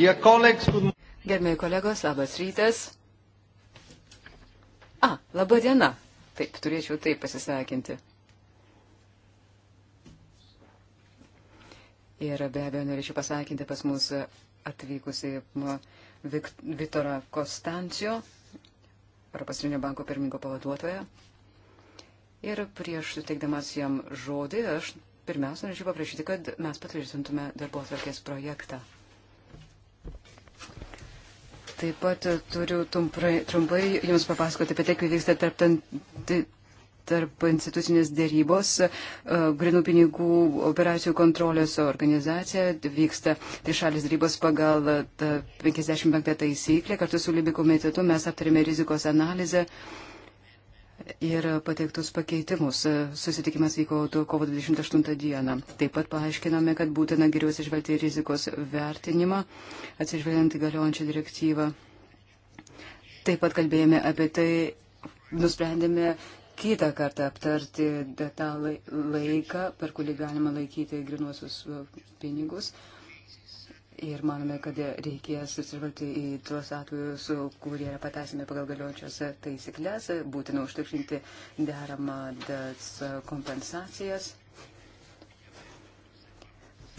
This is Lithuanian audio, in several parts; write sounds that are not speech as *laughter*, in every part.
Gerbėjai kolegos, labas rytas. A, laba diena. Taip, turėčiau taip pasisveikinti. Ir be abejo, norėčiau pasveikinti pas mus atvykusi Viktorą Kostancijo, Europos Rinio banko pirmininko pavaduotoją. Ir prieš suteikdamas jam žodį, aš pirmiausia, norėčiau paprašyti, kad mes patvirtintume darbo atvarkės projektą. Taip pat turiu tumprai, trumpai Jums papasakoti apie tai, kaip vyksta tarp, tarp institucinės dėrybos, e, grinų pinigų operacijų kontrolės organizacija vyksta trišalis dėrybos pagal 55 e, taisyklę. Kartu su Libi komitetu mes aptarėme rizikos analizę ir pateiktus pakeitimus. Susitikimas vyko kovo 28 dieną. Taip pat paaiškinome, kad būtina geriau atsižvelgti rizikos vertinimą, atsižvelgiant į galiojančią direktyvą. Taip pat kalbėjome apie tai, nusprendėme kitą kartą aptarti tą laiką, per kurį galima laikyti grinuosius uh, pinigus. Uh, Ir manome, kad reikės atsižvelgti į tuos atvejus, kurie yra pateisimi pagal galiojančias taisyklės, būtina užtikrinti deramą kompensacijas.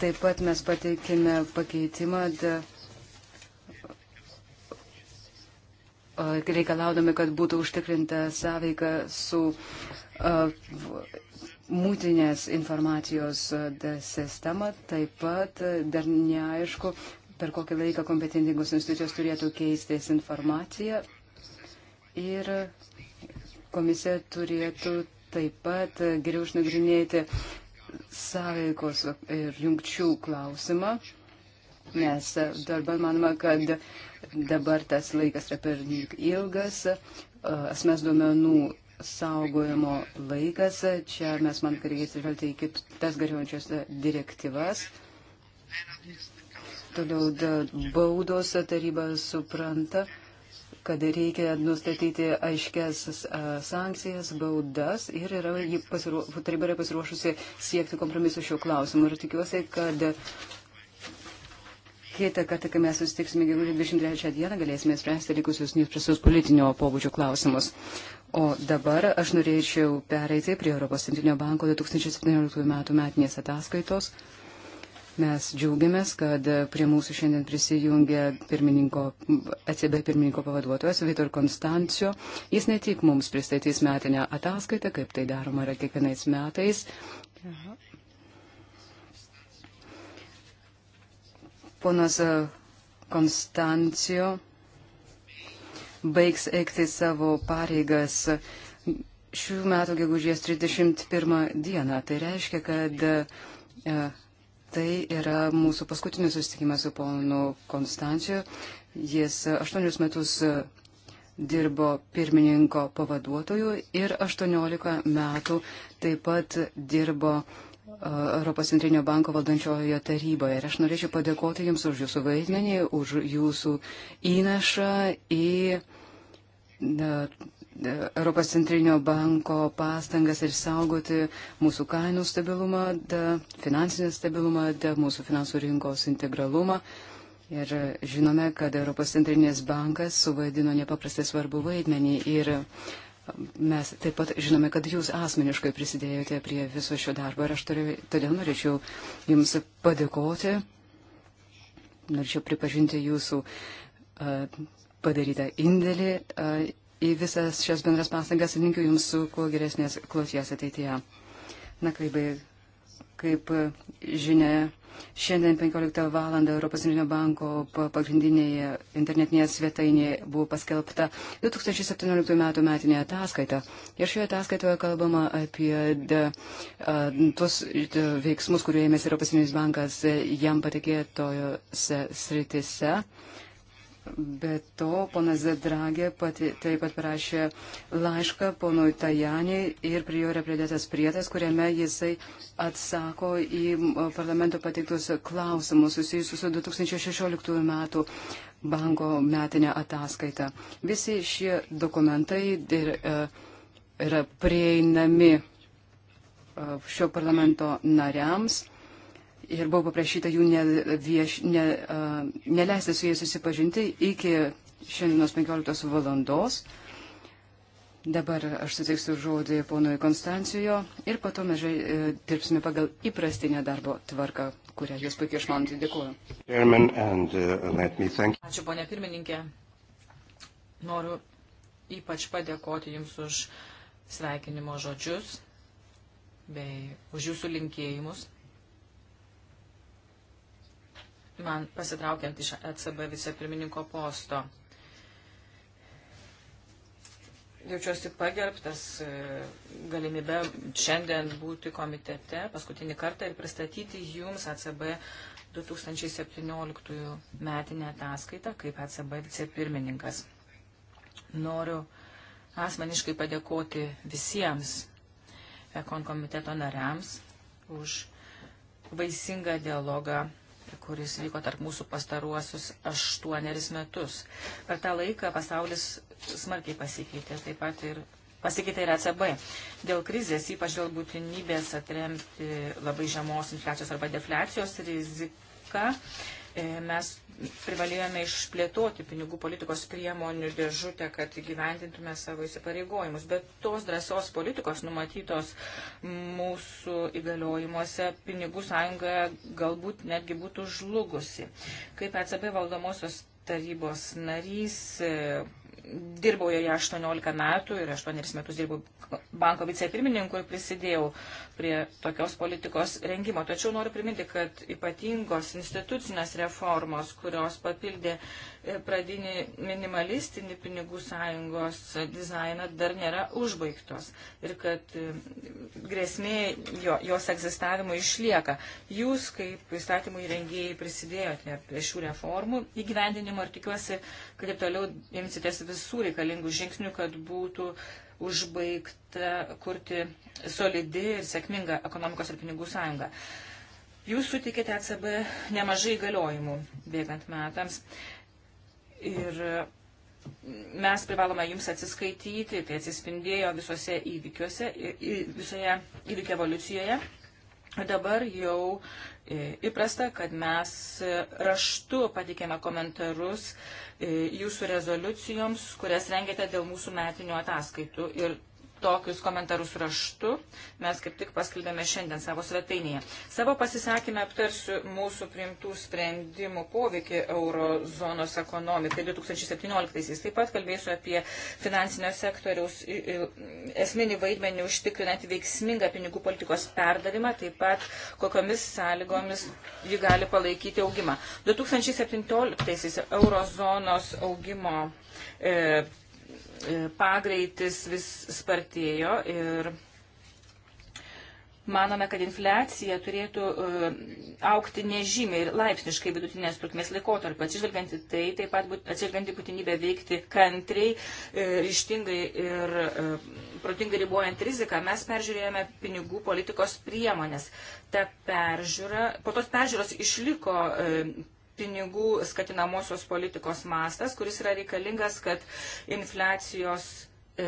Taip pat mes pateikime pakeitimą reikalaudami, kad būtų užtikrinta sąveika su mūtinės informacijos e, sistemą, taip pat e, dar neaišku, per kokį laiką kompetentingos institucijos turėtų keistis informaciją ir komisija turėtų taip pat e, geriau išnagrinėti sąveikos ir jungčių klausimą, nes dabar manoma, kad dabar tas laikas yra per ilgas, asmens duomenų saugojimo laikas. Čia mes man reikia atsižvelgti į kitas galiojančias direktyvas. Toliau baudos taryba supranta, kad reikia nustatyti aiškias sankcijas, baudas ir yra, pasiruo, taryba yra pasiruošusi siekti kompromisu šiuo klausimu. Ir tikiuosi, kad kitą kartą, kai mes susitiksime gegužės 23 dieną, galėsime spręsti likusius neįspręstus politinio pobūdžio klausimus. O dabar aš norėčiau pereiti prie Europos centrinio banko 2017 metų metinės ataskaitos. Mes džiaugiamės, kad prie mūsų šiandien prisijungia pirmininko, ECB pirmininko pavaduotojas Vitor Konstancijo. Jis ne tik mums pristatys metinę ataskaitą, kaip tai daroma yra kiekvienais metais. Ponas Konstancijo baigs eikti savo pareigas šių metų gegužės 31 dieną. Tai reiškia, kad e, tai yra mūsų paskutinis susitikimas su ponu Konstanciu. Jis aštuonius metus e, dirbo pirmininko pavaduotoju ir 18 metų taip pat dirbo uh, Europos centrinio banko valdančiojoje taryboje. Ir aš norėčiau padėkoti Jums už Jūsų vaidmenį, už Jūsų įnašą į Europos centrinio banko pastangas ir saugoti mūsų kainų stabilumą, finansinį stabilumą, mūsų finansų rinkos integralumą. Ir žinome, kad Europos centrinis bankas suvaidino nepaprastai svarbu vaidmenį. Ir Mes taip pat žinome, kad jūs asmeniškai prisidėjote prie viso šio darbo ir aš turiu, todėl norėčiau jums padėkoti, norėčiau pripažinti jūsų padarytą indėlį į visas šias bendras pastangas ir linkiu jums su kuo geresnės kloties ateityje. Na, kaip, kaip žinia, Šiandien 15 val. Europos Centrinio banko pagrindinėje internetinėje svetainėje buvo paskelbta 2017 m. metinė ataskaita. Ir šioje ataskaitoje kalbama apie de, a, tuos de, veiksmus, kuriuo ėmėsi Europos Centrinis bankas e, jam patikėtojose sritise. Bet to ponas Dragė pati, taip pat parašė laišką ponui Tajaniai ir prie jo yra pridėtas prietas, kuriame jisai atsako į parlamento pateiktus klausimus susijusius su 2016 metų banko metinė ataskaita. Visi šie dokumentai ir, e, yra prieinami e, šio parlamento nariams ir buvo paprašyta jų nevieš, ne, uh, neleisti su jais susipažinti iki šiandienos 15 valandos. Dabar aš suteiksiu žodį ponui Konstancijo ir po to mes uh, dirbsime pagal įprastinę darbo tvarką, kurią jūs puikiai išmanote. Dėkuoju. And, uh, Ačiū, ponė pirmininkė. Noriu ypač padėkoti Jums už sveikinimo žodžius bei už Jūsų linkėjimus man pasitraukiant iš ECB vicepirmininko posto. Jaučiuosi pagerbtas e, galimybę šiandien būti komitete paskutinį kartą ir pristatyti jums ECB 2017 metinę ataskaitą kaip ECB vicepirmininkas. Noriu asmeniškai padėkoti visiems ekon komiteto nariams už vaisingą dialogą kuris vyko tarp mūsų pastaruosius aštuoneris metus. Per tą laiką pasaulis smarkiai pasikeitė, taip pat ir pasikeitė ir ECB. Dėl krizės, ypač dėl būtinybės atremti labai žemos infliacijos arba defliacijos riziką, E, mes privalėjome išplėtoti pinigų politikos priemonių dėžutę, kad gyventintume savo įsipareigojimus. Bet tos drąsios politikos numatytos mūsų įgaliojimuose pinigų sąjunga galbūt netgi būtų žlugusi. Kaip ECB valdomosios tarybos narys dirbau joje 18 metų ir 8 metus dirbau banko vicepirmininku ir prisidėjau prie tokios politikos rengimo. Tačiau noriu priminti, kad ypatingos institucinės reformos, kurios papildė E, pradinį minimalistinį pinigų sąjungos dizainą dar nėra užbaigtos ir kad e, grėsmė jo, jos egzistavimo išlieka. Jūs, kaip įstatymų įrengėjai, prisidėjote prie šių reformų įgyvendinimo ir tikiuosi, kad ir toliau imsitės visų reikalingų žingsnių, kad būtų užbaigta kurti solidi ir sėkminga ekonomikos ir pinigų sąjunga. Jūs sutikėte ECB nemažai įgaliojimų bėgant metams. Ir mes privalome jums atsiskaityti, tai atsispindėjo visose įvykiuose, visoje įvykio evoliucijoje. Dabar jau e, įprasta, kad mes raštu patikėme komentarus e, jūsų rezoliucijoms, kurias rengėte dėl mūsų metinių ataskaitų. Ir tokius komentarus raštu. Mes kaip tik paskelbėme šiandien savo svetainėje. Savo pasisakymę aptarsiu mūsų priimtų sprendimų poveikį eurozonos ekonomikai 2017-aisiais. Taip pat kalbėsiu apie finansinio sektoriaus esminį vaidmenį užtikrinant veiksmingą pinigų politikos perdavimą, taip pat kokiomis sąlygomis ji gali palaikyti augimą. 2017-aisiais eurozonos augimo e, E, pagreitis vis spartėjo ir manome, kad infliacija turėtų e, aukti nežymiai ir laipsniškai vidutinės trukmės laikotarpio. Atsižvelgiant į tai, taip pat atsižvelgiant į būtinybę veikti kantriai, e, ryštingai ir protingai ribojant riziką, mes peržiūrėjome pinigų politikos priemonės. Ta peržiūra, po tos peržiūros išliko pinigų skatinamosios politikos mastas, kuris yra reikalingas, kad infliacijos e,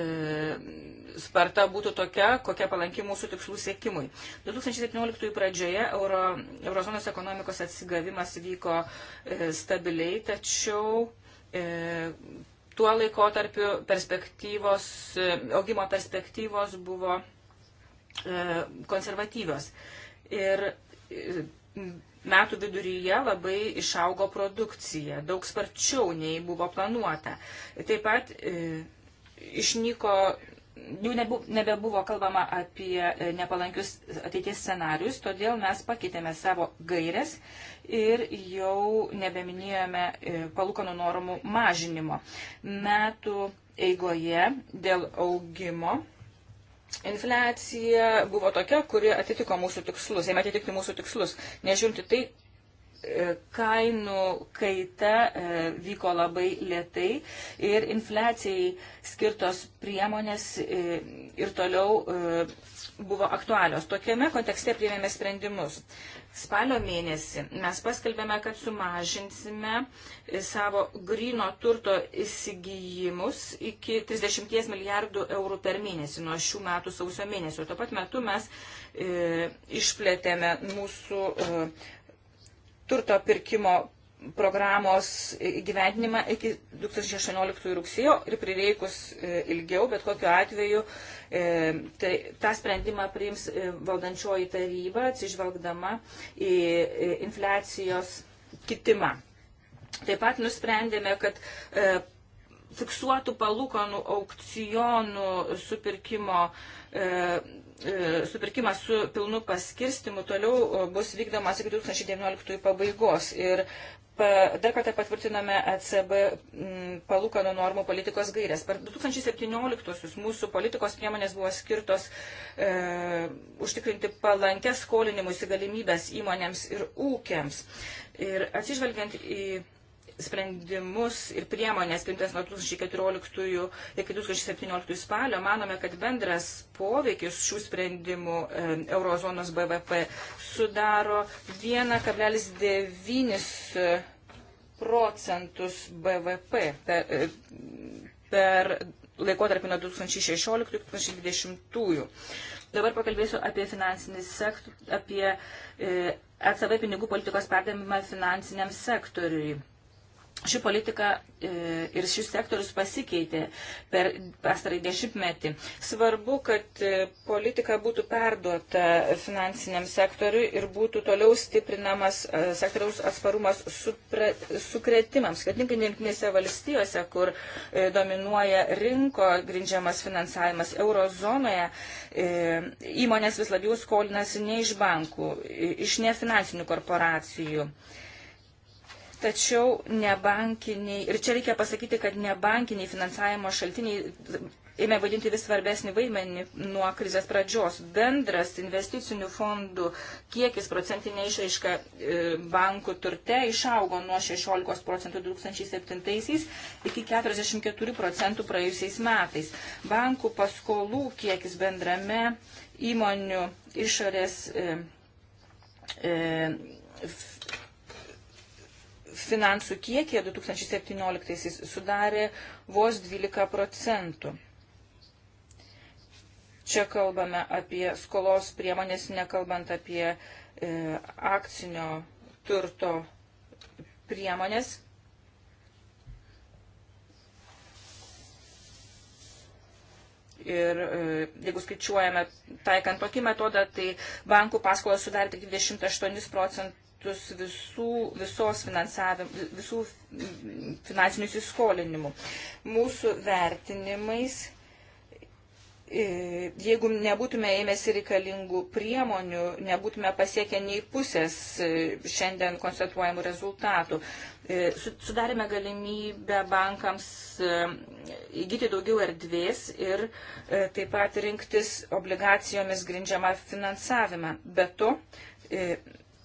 sparta būtų tokia, kokia palanki mūsų tikslų siekimui. 2017 pradžioje euro, eurozonos ekonomikos atsigavimas vyko e, stabiliai, tačiau e, tuo laikotarpiu perspektyvos, e, augimo perspektyvos buvo e, konservatyvios. Ir e, metų viduryje labai išaugo produkcija, daug sparčiau nei buvo planuota. Taip pat e, išnyko, jau nebu, nebebuvo kalbama apie e, nepalankius ateities scenarius, todėl mes pakeitėme savo gairias ir jau nebeminėjome e, palūkanų normų mažinimo. Metų eigoje dėl augimo infliacija buvo tokia, kuri atitiko mūsų tikslus, ėmė atitikti mūsų tikslus. Nežiūrinti tai, e, kainų kaita e, vyko labai lietai ir infliacijai skirtos priemonės e, ir toliau buvo aktualios. Tokiame kontekste priėmėme sprendimus. Spalio mėnesį mes paskelbėme, kad sumažinsime savo grino turto įsigijimus iki 30 milijardų eurų per mėnesį nuo šių metų sausio mėnesio. Tuo pat metu mes e, išplėtėme mūsų e, turto pirkimo programos įgyvendinimą iki 2018 rugsėjo ir prireikus e, ilgiau, bet kokiu atveju E, tai tą sprendimą priims e, valdančioji taryba, atsižvelgdama į e, infliacijos kitimą. Taip pat nusprendėme, kad fiksuotų palūkanų aukcionų supirkimo, e, e, supirkimas su pilnu paskirstimu toliau bus vykdomas iki 2019 pabaigos. Ir dar kartą patvirtiname ECB mm, palūkanų normų politikos gairias. Per 2017 mūsų politikos priemonės buvo skirtos e, užtikrinti palankės skolinimus į galimybės įmonėms ir ūkiams. Ir atsižvelgiant į sprendimus ir priemonės priimtas nuo 2014 iki 2017 spalio, manome, kad bendras poveikis šių sprendimų e, eurozonos BVP sudaro 1,9 procentus BVP per, e, per laikotarpį nuo 2016-2020. Dabar pakalbėsiu apie finansinį sektorių, apie ECB e pinigų politikos perdavimą finansiniam sektoriui. Ši politika e, ir šis sektorius pasikeitė per pastarąjį dešimtmetį. Svarbu, kad e, politika būtų perduota finansiniam sektoriui ir būtų toliau stiprinamas e, sektoriaus atsparumas supra, sukretimams. Skirtingai jungtinėse valstijose, kur dominuoja rinko grindžiamas finansavimas eurozonoje, įmonės vis labiau skolinasi ne iš bankų, iš nefinansinių korporacijų. Tačiau nebankiniai, ir čia reikia pasakyti, kad nebankiniai finansavimo šaltiniai ėmė vaidinti vis svarbesnį vaidmenį nuo krizės pradžios. Bendras investicinių fondų kiekis procentinė išaiška e, bankų turte išaugo nuo 16 procentų 2007 iki 44 procentų praėjusiais metais. Bankų paskolų kiekis bendrame įmonių išorės. E, e, finansų kiekį 2017 sudarė vos 12 procentų. Čia kalbame apie skolos priemonės, nekalbant apie e, akcinio turto priemonės. Ir e, jeigu skaičiuojame, taikant tokį metodą, tai bankų paskolos sudarė tik 28 procentus procentus visų, visos visų finansinių įsiskolinimų. Mūsų vertinimais, e, jeigu nebūtume ėmėsi reikalingų priemonių, nebūtume pasiekę nei pusės e, šiandien konstatuojamų rezultatų. E, sudarėme galimybę bankams įgyti daugiau erdvės ir taip pat rinktis obligacijomis grindžiamą finansavimą. Be to,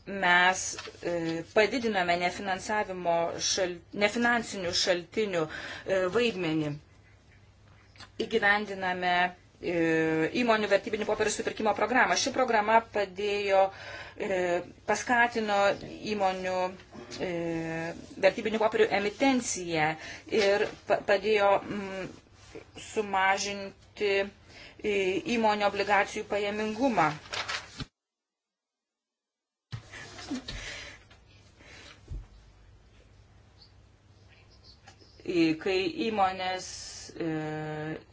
mes e, padidiname šal, nefinansinių šaltinių e, vaidmenį. Įgyvendiname e, įmonių vertybinių popierių supirkimo programą. Ši programa padėjo, paskatino įmonių vertybinių popierių emitenciją ir padėjo mm, sumažinti įmonių obligacijų pajamingumą. Kai įmonės e,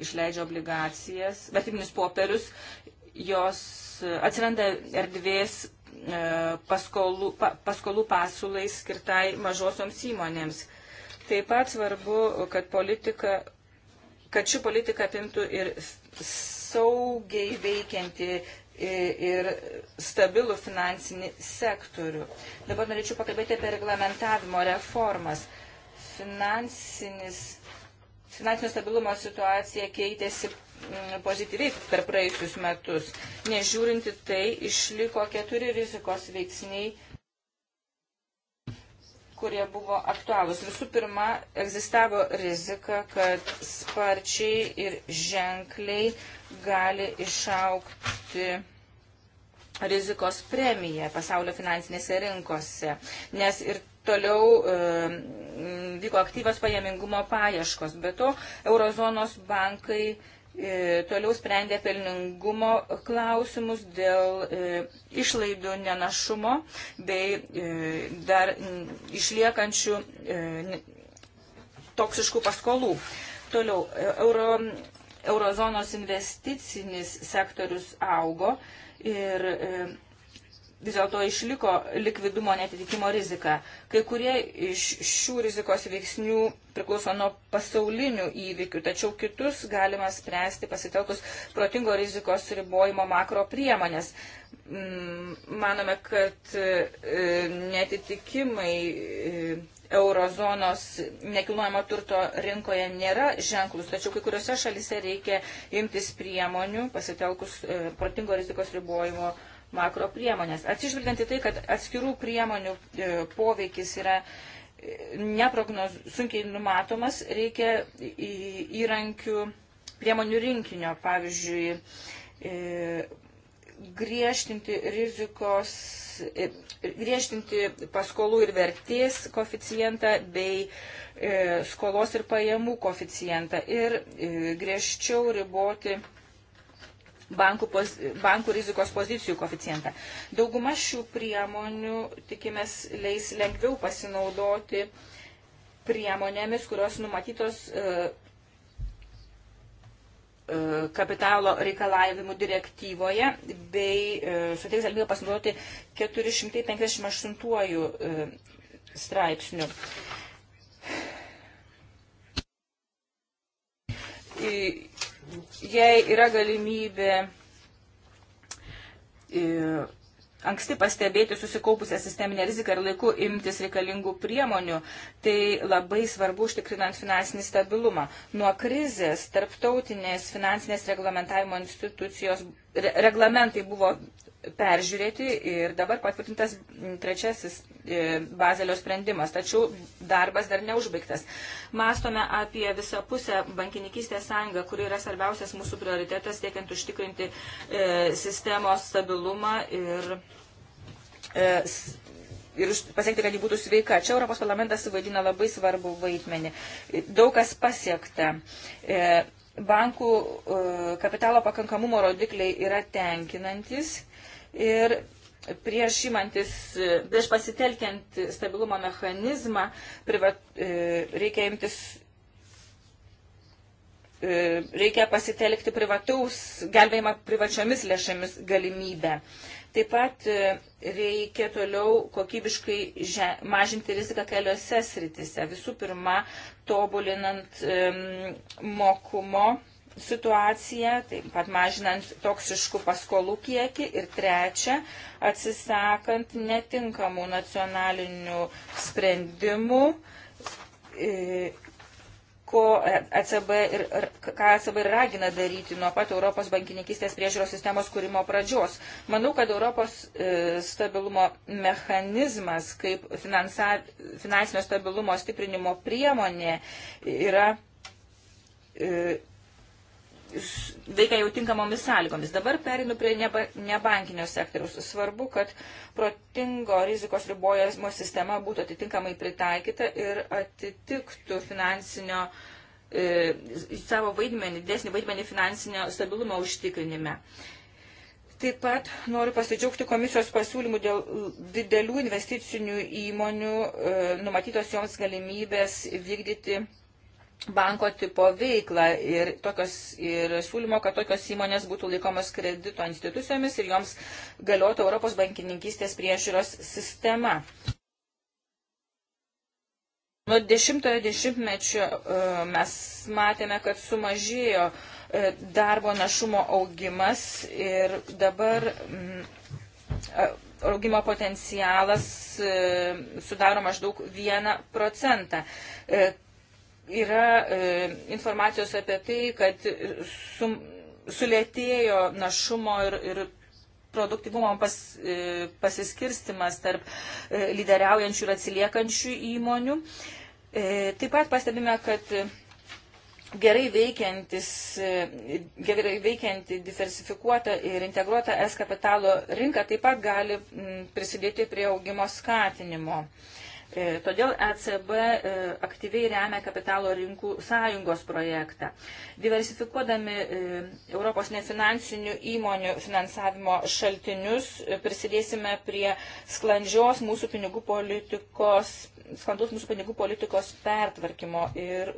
išleidžia obligacijas, vertybinius popierius, jos e, atsiranda erdvės e, paskolų, pa, paskolų pasiūlai skirtai mažosioms įmonėms. Taip pat svarbu, kad politika kad ši politika apimtų ir saugiai veikianti ir stabilų finansinį sektorių. Dabar norėčiau pakalbėti apie reglamentavimo reformas. Finansinis, finansinio stabilumo situacija keitėsi mm, pozityviai per praėjusius metus. Nežiūrinti tai, išliko keturi rizikos veiksniai kurie buvo aktualūs. Visų pirma, egzistavo rizika, kad sparčiai ir ženkliai gali išaukti rizikos premija pasaulio finansinėse rinkose, nes ir toliau e, vyko aktyvios pajamingumo paieškos. Be to, eurozonos bankai E, toliau sprendė pelningumo klausimus dėl e, išlaidų nenašumo bei e, dar išliekančių toksiškų paskolų. Toliau, euro, eurozonos investicinis sektorius augo ir vis dėlto išliko likvidumo netitikimo rizika. Kai kurie iš šių rizikos veiksnių priklauso nuo pasaulinių įvykių, tačiau kitus galima spręsti pasitelkus protingo rizikos ribojimo makro priemonės. Mm, manome, kad e, netitikimai e, eurozonos nekilnojamo turto rinkoje nėra ženklus, tačiau kai kuriuose šalise reikia imtis priemonių pasitelkus e, protingo rizikos ribojimo makro priemonės makro priemonės. Atsižvelgiant į tai, kad atskirų priemonių e, poveikis yra e, neprognoz, sunkiai numatomas, reikia įrankių priemonių rinkinio, pavyzdžiui, e, griežtinti rizikos, griežtinti paskolų ir vertės koficijantą bei skolos ir pajamų koficijantą ir griežčiau riboti bankų, poz, bankų rizikos pozicijų koficijantą. Dauguma šių priemonių, tikimės, leis lengviau pasinaudoti priemonėmis, kurios numatytos e, e kapitalo reikalavimų direktyvoje bei e, suteiks galimybę pasinaudoti 458 e, straipsniu. I, e, jei yra galimybė e, anksti pastebėti susikaupusią sisteminę riziką ir laiku imtis reikalingų priemonių, tai labai svarbu užtikrinant finansinį stabilumą. Nuo krizės tarptautinės finansinės reglamentavimo institucijos re, reglamentai buvo peržiūrėti ir dabar patvirtintas trečiasis e, bazelio sprendimas, tačiau darbas dar neužbaigtas. Mastome apie visą pusę bankininkystės sąjungą, kuri yra svarbiausias mūsų prioritetas, tiekiant užtikrinti e, sistemos stabilumą ir. E, ir pasiekti, kad ji būtų sveika. Čia Europos parlamentas suvaidina labai svarbų vaidmenį. Daug kas pasiekta. E, bankų e, kapitalo pakankamumo rodikliai yra tenkinantis Ir prieš įmantis, prieš pasitelkiant stabilumo mechanizmą, privat, e, reikia imtis e, reikia pasitelkti privataus gelbėjimą privačiomis lėšomis galimybę. Taip pat e, reikia toliau kokybiškai že, mažinti riziką keliose sritise. Visų pirma, tobulinant um, mokumo situaciją, taip pat mažinant toksiškų paskolų kiekį ir trečia, atsisakant netinkamų nacionalinių sprendimų, e, ko ECB ir, ką ECB ir ragina daryti nuo pat Europos bankininkistės priežiūros sistemos kūrimo pradžios. Manau, kad Europos e, stabilumo mechanizmas kaip finansa, finansinio stabilumo stiprinimo priemonė yra e, veikia jau tinkamomis sąlygomis. Dabar perinu prie neba, nebankinio sektoriaus. Svarbu, kad protingo rizikos ribojimo sistema būtų atitinkamai pritaikyta ir atitiktų finansinio e, savo vaidmenį, didesnį vaidmenį finansinio stabilumo užtikrinime. Taip pat noriu pasidžiaugti komisijos pasiūlymų dėl didelių investicinių įmonių e, numatytos joms galimybės vykdyti banko tipo veiklą ir, tokios, ir siūlymo, kad tokios įmonės būtų laikomas kredito institucijomis ir joms galiotų Europos bankininkystės priežiūros sistema. Nuo 10-ojo dešimtmečio e, mes matėme, kad sumažėjo e, darbo našumo augimas ir dabar mm, e, augimo potencialas sudaro maždaug 1 procentą yra e, informacijos apie tai, kad sum, sulėtėjo našumo ir, ir produktivumo pas, e, pasiskirstimas tarp e, lyderiaujančių ir atsiliekančių įmonių. E, taip pat pastebime, kad gerai veikiantis, e, gerai veikianti diversifikuota ir integruota S kapitalo rinka taip pat gali prisidėti prie augimo skatinimo. E, E, todėl ECB e, aktyviai remia kapitalo rinkų sąjungos projektą. Diversifikuodami e, Europos nefinansinių įmonių finansavimo šaltinius prisidėsime prie sklandžios mūsų pinigų politikos sklandus mūsų pinigų politikos pertvarkymo ir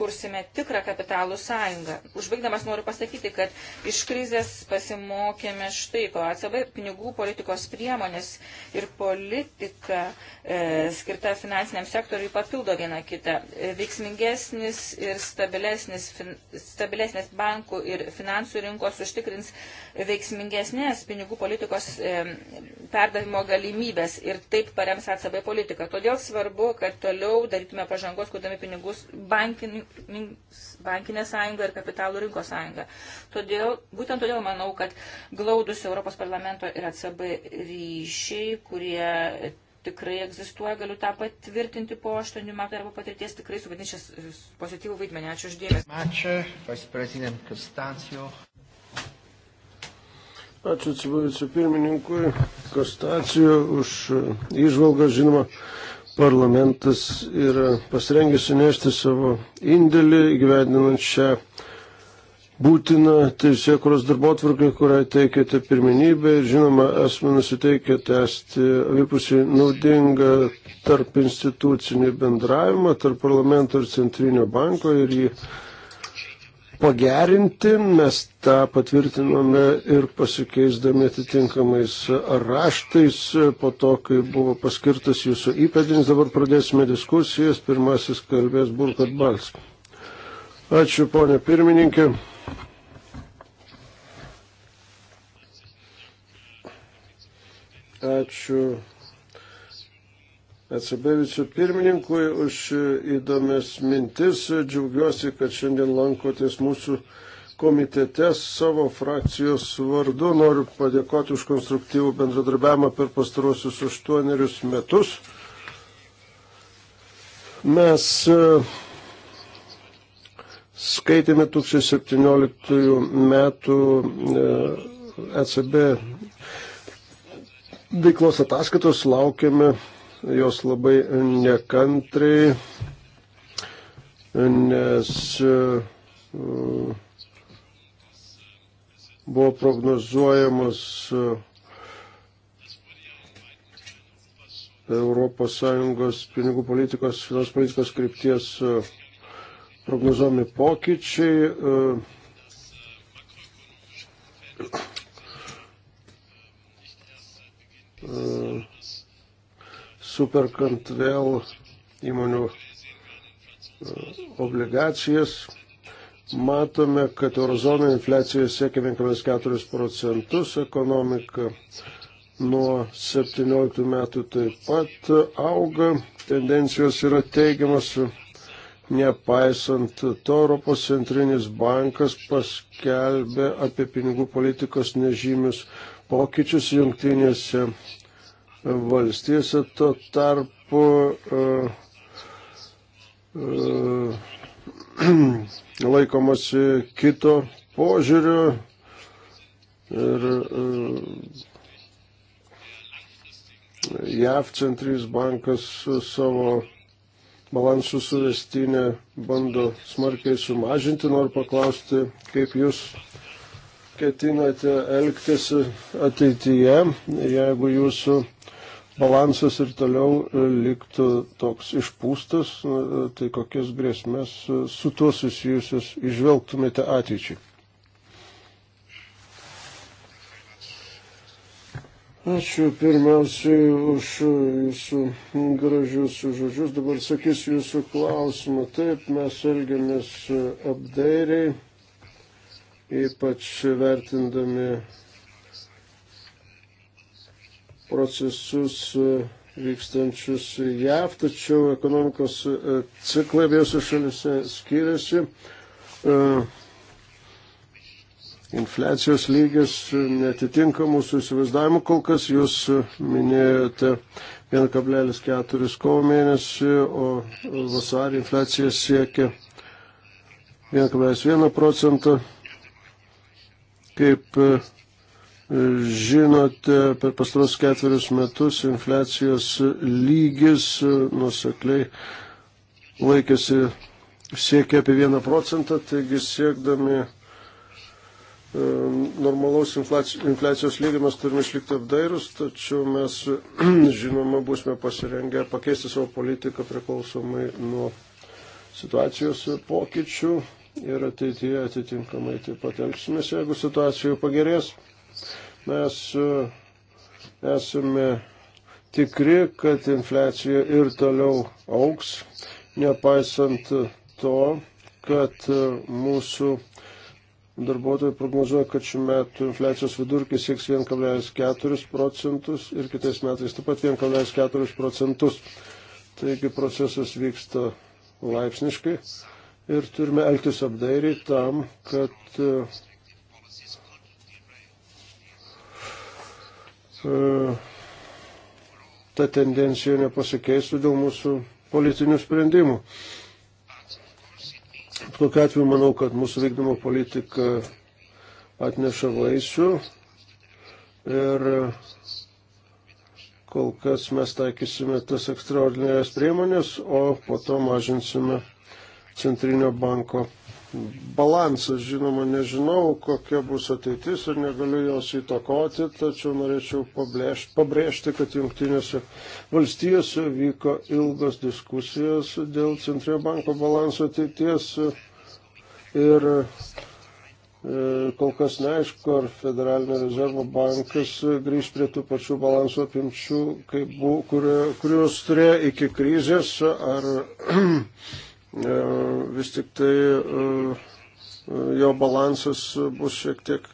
kursime tikrą kapitalų sąjungą. Užbaigdamas noriu pasakyti, kad iš krizės pasimokėme štai ko. ACB pinigų politikos priemonės ir politika e, skirta finansiniam sektoriui papildo vieną kitą. E, veiksmingesnis ir stabilesnis, fin, stabilesnis bankų ir finansų rinkos užtikrins veiksmingesnės pinigų politikos e, perdavimo galimybės ir taip parems ACB politiką. Todėl svarbu, kad toliau darytume pažangos, kurdami pinigus bankin, bankinė sąjunga ir kapitalų rinkos sąjunga. Todėl, būtent todėl manau, kad glaudus Europos parlamento ir ACB ryšiai, kurie tikrai egzistuoja, galiu tą patvirtinti po 8 metų darbo patirties, tikrai suvaidins šias pozityvų vaidmenį. Ačiū uždėmesi. Ačiū, viceprezident Konstancijo. Ačiū vicepirmininkui Konstancijo už e, įžvalgą, žinoma parlamentas yra pasirengęs sunešti savo indėlį gyvendinant šią būtiną teisėkuros darbotvarkę, kurią teikėte pirmenybę ir žinoma, esame nusiteikę tęsti abipusiai naudingą tarp institucinį bendravimą, tarp parlamento ir centrinio banko ir jį pagerinti, mes tą patvirtinome ir pasikeisdami atitinkamais raštais po to, kai buvo paskirtas jūsų įpėdinis. Dabar pradėsime diskusijas. Pirmasis kalbės Burkat Bals. Ačiū, ponė pirmininkė. Ačiū Atsabevičiu pirmininkui už įdomias mintis. Džiaugiuosi, kad šiandien lankotės mūsų komitete savo frakcijos vardu. Noriu padėkoti už konstruktyvų bendradarbiavimą per pastarosius aštuonerius metus. Mes e, skaitėme 2017 metų ECB e veiklos ataskaitos, laukiame jos labai nekantriai, nes e, buvo prognozuojamos e, ES pinigų politikos, finansų politikos krypties e, prognozuomi pokyčiai. Uh, uh, superkant vėl įmonių e, obligacijas. Matome, kad eurozono infliacija siekia 1,4 procentus, ekonomika nuo 17 metų taip pat auga, tendencijos yra teigiamas, nepaisant to Europos centrinis bankas paskelbė apie pinigų politikos nežymius pokyčius jungtinėse valstijose tuo tarpu uh, *clears throat* uh, laikomasi kito požiūrio ir uh, JAV centrinis bankas savo balansų suvestinę bando smarkiai sumažinti. Noriu paklausti, kaip jūs ketinate elgtis ateityje, jeigu jūsų uh, balansas ir toliau e, liktų toks išpūstas, e, tai kokias grėsmės e, su tuo susijusius išvelgtumėte ateičiai? Ačiū pirmiausiai už jūsų gražius žodžius. Dabar sakysiu jūsų klausimą. Taip, mes elgiamės apdairiai, ypač vertindami procesus e, vykstančius JAV, tačiau ekonomikos e, ciklai abiejose šalise skiriasi. E, infliacijos lygis netitinka mūsų įsivaizdavimu kol kas. Jūs minėjote 1,4 kovo mėnesį, o vasarį infliacija siekia 1,1 procentą. Kaip žinote, per pastaros ketverius metus infliacijos lygis e, nusekliai laikėsi siekia apie vieną procentą, taigi siekdami e, normalaus infliacijos lygio mes turime išlikti apdairus, tačiau mes, *clears throat* žinoma, būsime pasirengę pakeisti savo politiką priklausomai nuo situacijos pokyčių ir ateityje atitinkamai taip pat elgsimės, jeigu situacijų pagerės mes e, esame tikri, kad infliacija ir toliau auks, nepaisant to, kad e, mūsų darbuotojai prognozuoja, kad šių metų infliacijos vidurkis sieks 1,4 procentus ir kitais metais taip pat 1,4 procentus. Taigi procesas vyksta laipsniškai ir turime elgtis apdairiai tam, kad e, E, ta tendencija nepasikeistų dėl mūsų politinių sprendimų. Kokiu atveju manau, kad mūsų vykdymo politika atneša vaisių ir kol kas mes taikysime tas ekstraordinarias priemonės, o po to mažinsime Centrinio banko balansas. Žinoma, nežinau, kokia bus ateitis ir negaliu jos įtakoti, tačiau norėčiau pabrėž, pabrėžti, kad jungtinėse valstijose vyko ilgas diskusijos dėl Centrinio banko balanso ateities ir e, kol kas neaišku, ar Federalinio rezervo bankas grįž prie tų pačių balanso apimčių, kuriuos turėjo iki krizės, ar E, vis tik tai e, jo balansas bus šiek tiek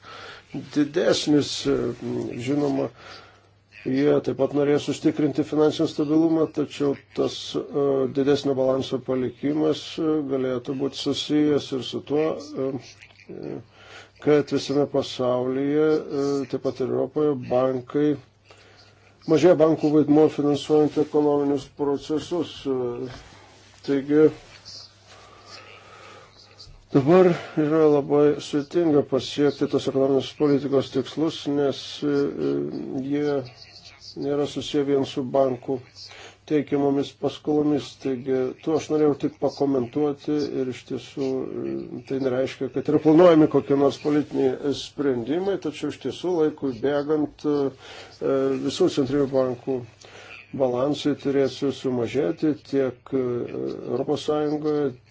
didesnis, e, žinoma, jie taip pat norės užtikrinti finansinį stabilumą, tačiau tas didesnio balanso palikimas galėtų būti susijęs ir su tuo, kad visame pasaulyje, taip pat ir Europoje, bankai mažėja bankų vaidmuo finansuojant ekonominius procesus. Taigi Dabar yra labai sudėtinga pasiekti tos ekonominės politikos tikslus, nes e, e, jie nėra susiję vien su bankų teikiamomis paskolomis. Taigi, tuo aš norėjau tik pakomentuoti ir iš tiesų e, tai nereiškia, kad yra planuojami kokie nors politiniai sprendimai, tačiau iš tiesų laikui bėgant visų centrinių bankų balansai turės sumažėti tiek ES,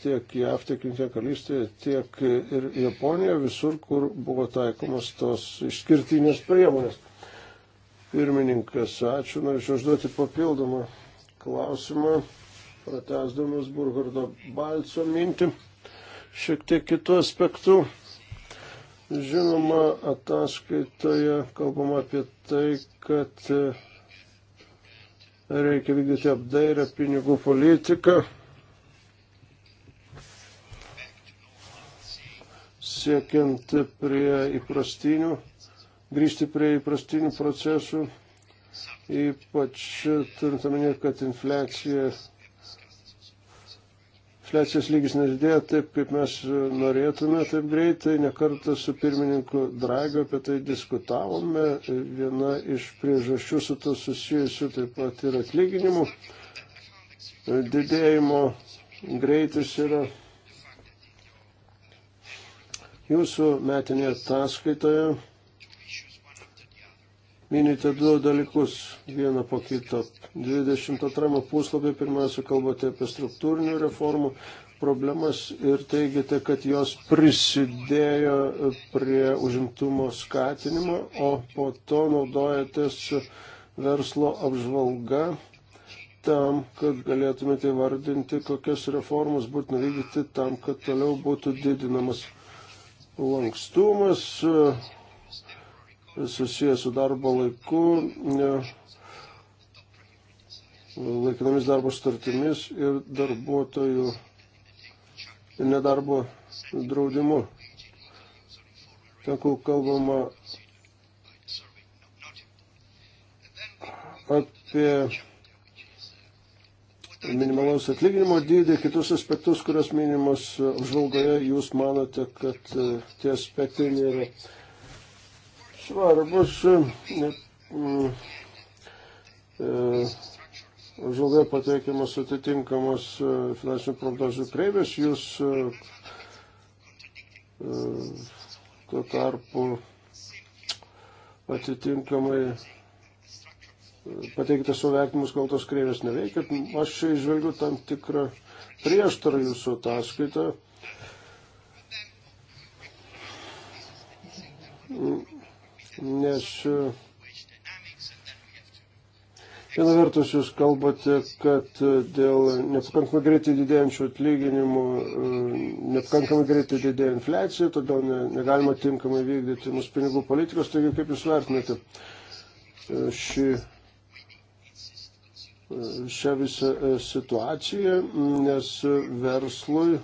tiek JAV, tiek Junktinė karalystė, tiek ir Japonija, visur, kur buvo taikomas tos išskirtinės priemonės. Pirmininkas, ačiū, norėčiau užduoti papildomą klausimą, pratesdamas Burgardo Balco mintį, šiek tiek kitų aspektų. Žinoma, ataskaitoje kalbama apie tai, kad Reikia vykdyti apdairę pinigų politiką. Siekiant prie įprastinių, grįžti prie įprastinių procesų, ypač turint omenyje, kad infliacija infliacijos lygis nedidėja taip, kaip mes e, norėtume taip greitai. Nekartą su pirmininku Dragio apie tai diskutavome. Viena iš priežasčių su to susijusių taip pat ir atlyginimų didėjimo greitis yra. Jūsų metinėje ataskaitoje minite du dalykus vieną po kito. 22 puslapį pirmiausia kalbate apie struktūrinių reformų problemas ir teigiate, kad jos prisidėjo prie užimtumo skatinimo, o po to naudojatės verslo apžvalga tam, kad galėtumėte įvardinti, kokias reformas būtina vykdyti tam, kad toliau būtų didinamas lankstumas, susijęs su darbo laiku, laikinomis darbo sutartimis ir darbuotojų ir nedarbo draudimu. Ten, kur kalbama apie minimalaus atlyginimo dydį, kitus aspektus, kurios minimos apžvalgoje, jūs manote, kad e, tie aspektai nėra svarbus. E, e, e, Žalgai pateikiamas atitinkamas finansinių prognozių kreivės, jūs tuo tarpu atitinkamai pateikite savo vertimus, kol tos kreivės neveikia. Aš čia išvelgiu tam tikrą prieštarą jūsų ataskaitą nes e, viena vertus jūs kalbate, kad e, dėl nepakankamai greitai didėjančių atlyginimų, e, nepakankamai greitai didėja infliacija, todėl negalima tinkamai vykdyti mūsų pinigų politikos, taigi kaip jūs vertinate šį šią visą situaciją, nes verslui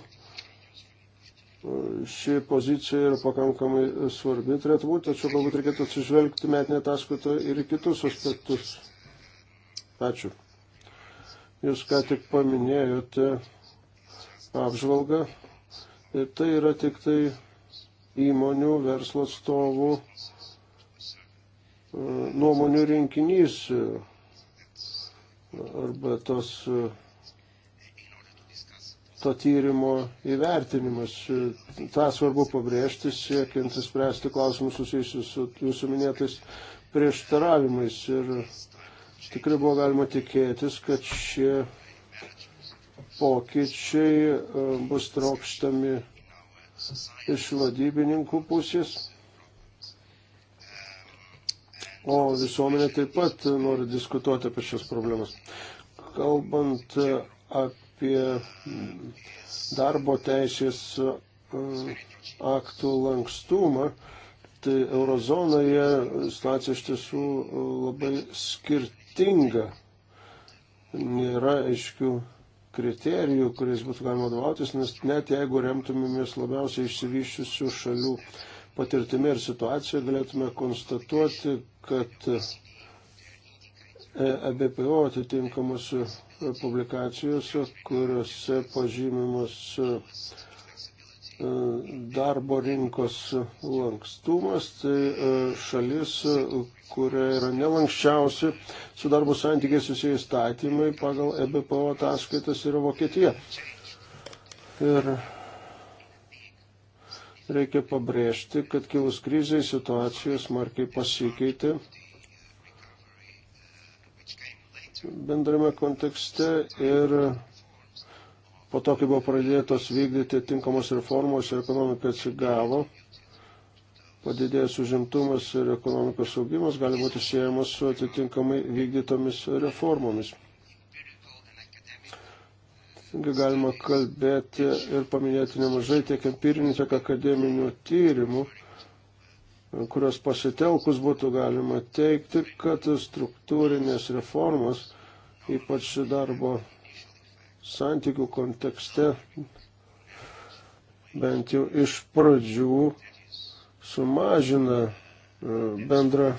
ši pozicija yra pakankamai svarbi, turėtų būti, tačiau galbūt reikėtų atsižvelgti metinę ataskaitą ir į kitus aspektus. Ačiū. Jūs ką tik paminėjote apžvalgą ir tai yra tik tai įmonių, verslo atstovų e, nuomonių rinkinys arba tos e, to tyrimo įvertinimas. Ta svarbu pabrėžti, siekiant spręsti klausimus susijusius su jūsų minėtais prieštaravimais. Ir tikrai buvo galima tikėtis, kad šie pokyčiai e, bus trokštami iš vadybininkų pusės. O visuomenė taip pat nori diskutuoti apie šias problemas. Kalbant apie apie darbo teisės e, aktų lankstumą, tai eurozonoje situacija iš tiesų e, labai skirtinga. Nėra aiškių kriterijų, kuriais būtų galima vadovautis, nes net jeigu remtumėmės labiausiai išsivyščiusių šalių patirtimi ir situacija, galėtume konstatuoti, kad E ABPO atitinkamos e, publikacijose, kuriuose pažymimas e, darbo rinkos lankstumas, tai šalis, kurioje yra nelankščiausi su darbo santykiai susiję įstatymai pagal EBPO ataskaitas yra Vokietija. Ir reikia pabrėžti, kad kilus kriziai situacijos markiai pasikeitė bendrame kontekste ir po to, kai buvo pradėtos vykdyti tinkamos reformos ir ekonomika atsigavo, padidėjęs užimtumas ir ekonomikos augimas gali būti siejamas su atitinkamai vykdytomis reformomis. Taigi galima kalbėti ir paminėti nemažai tiek empirinių, tiek akademinių tyrimų, kurios pasitelkus būtų galima teikti, kad struktūrinės reformos, ypač darbo santykių kontekste, bent jau iš pradžių sumažina e, bendrą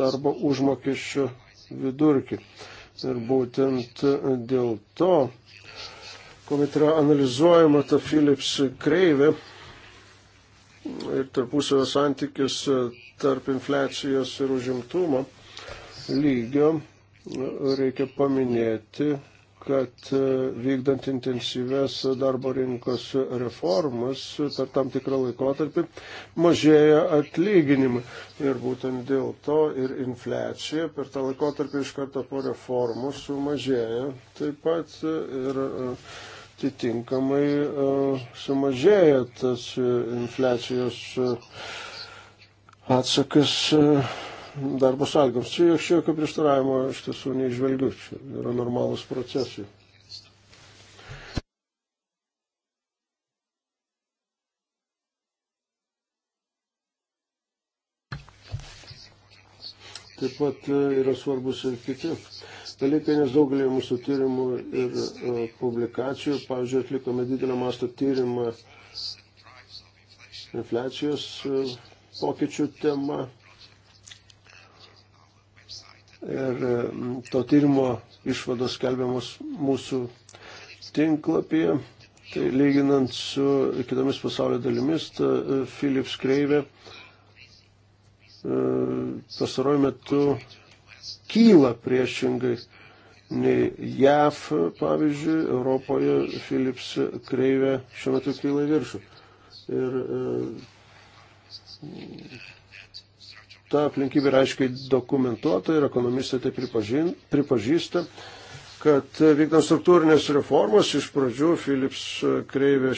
darbo užmokesčio vidurkį. Ir būtent dėl to, kuomet yra analizuojama ta Philips kreivė, ir tarpusavio santykis tarp infliacijos ir užimtumo lygio, reikia paminėti, kad vykdant intensyves darbo rinkos reformas per tam tikrą laikotarpį mažėja atlyginimai. Ir būtent dėl to ir infliacija per tą laikotarpį iš karto po reformų sumažėja taip pat ir atitinkamai e, sumažėja tas e, infliacijos e, atsakas darbo sąlygoms. Čia jokio, jokio prieštaravimo iš tiesų neižvelgiu, čia yra normalūs procesai. Taip pat yra svarbus ir kiti dalykai, nes daugelį mūsų tyrimų ir e, publikacijų, pavyzdžiui, atlikome didelio masto tyrimą infliacijos e, pokyčių tema. Ir e, to tyrimo išvados skelbiamos mūsų tinklapyje. Tai lyginant su kitomis pasaulio dalimis, ta Philips kreivė pastaruoju metu kyla priešingai nei JAV, pavyzdžiui, Europoje Philips kreivė šiuo metu kyla į viršų. Ir e, ta aplinkybė yra aiškiai dokumentuota ir ekonomistai tai pripažin, pripažįsta, kad vykdant struktūrinės reformas iš pradžių Philips kreivė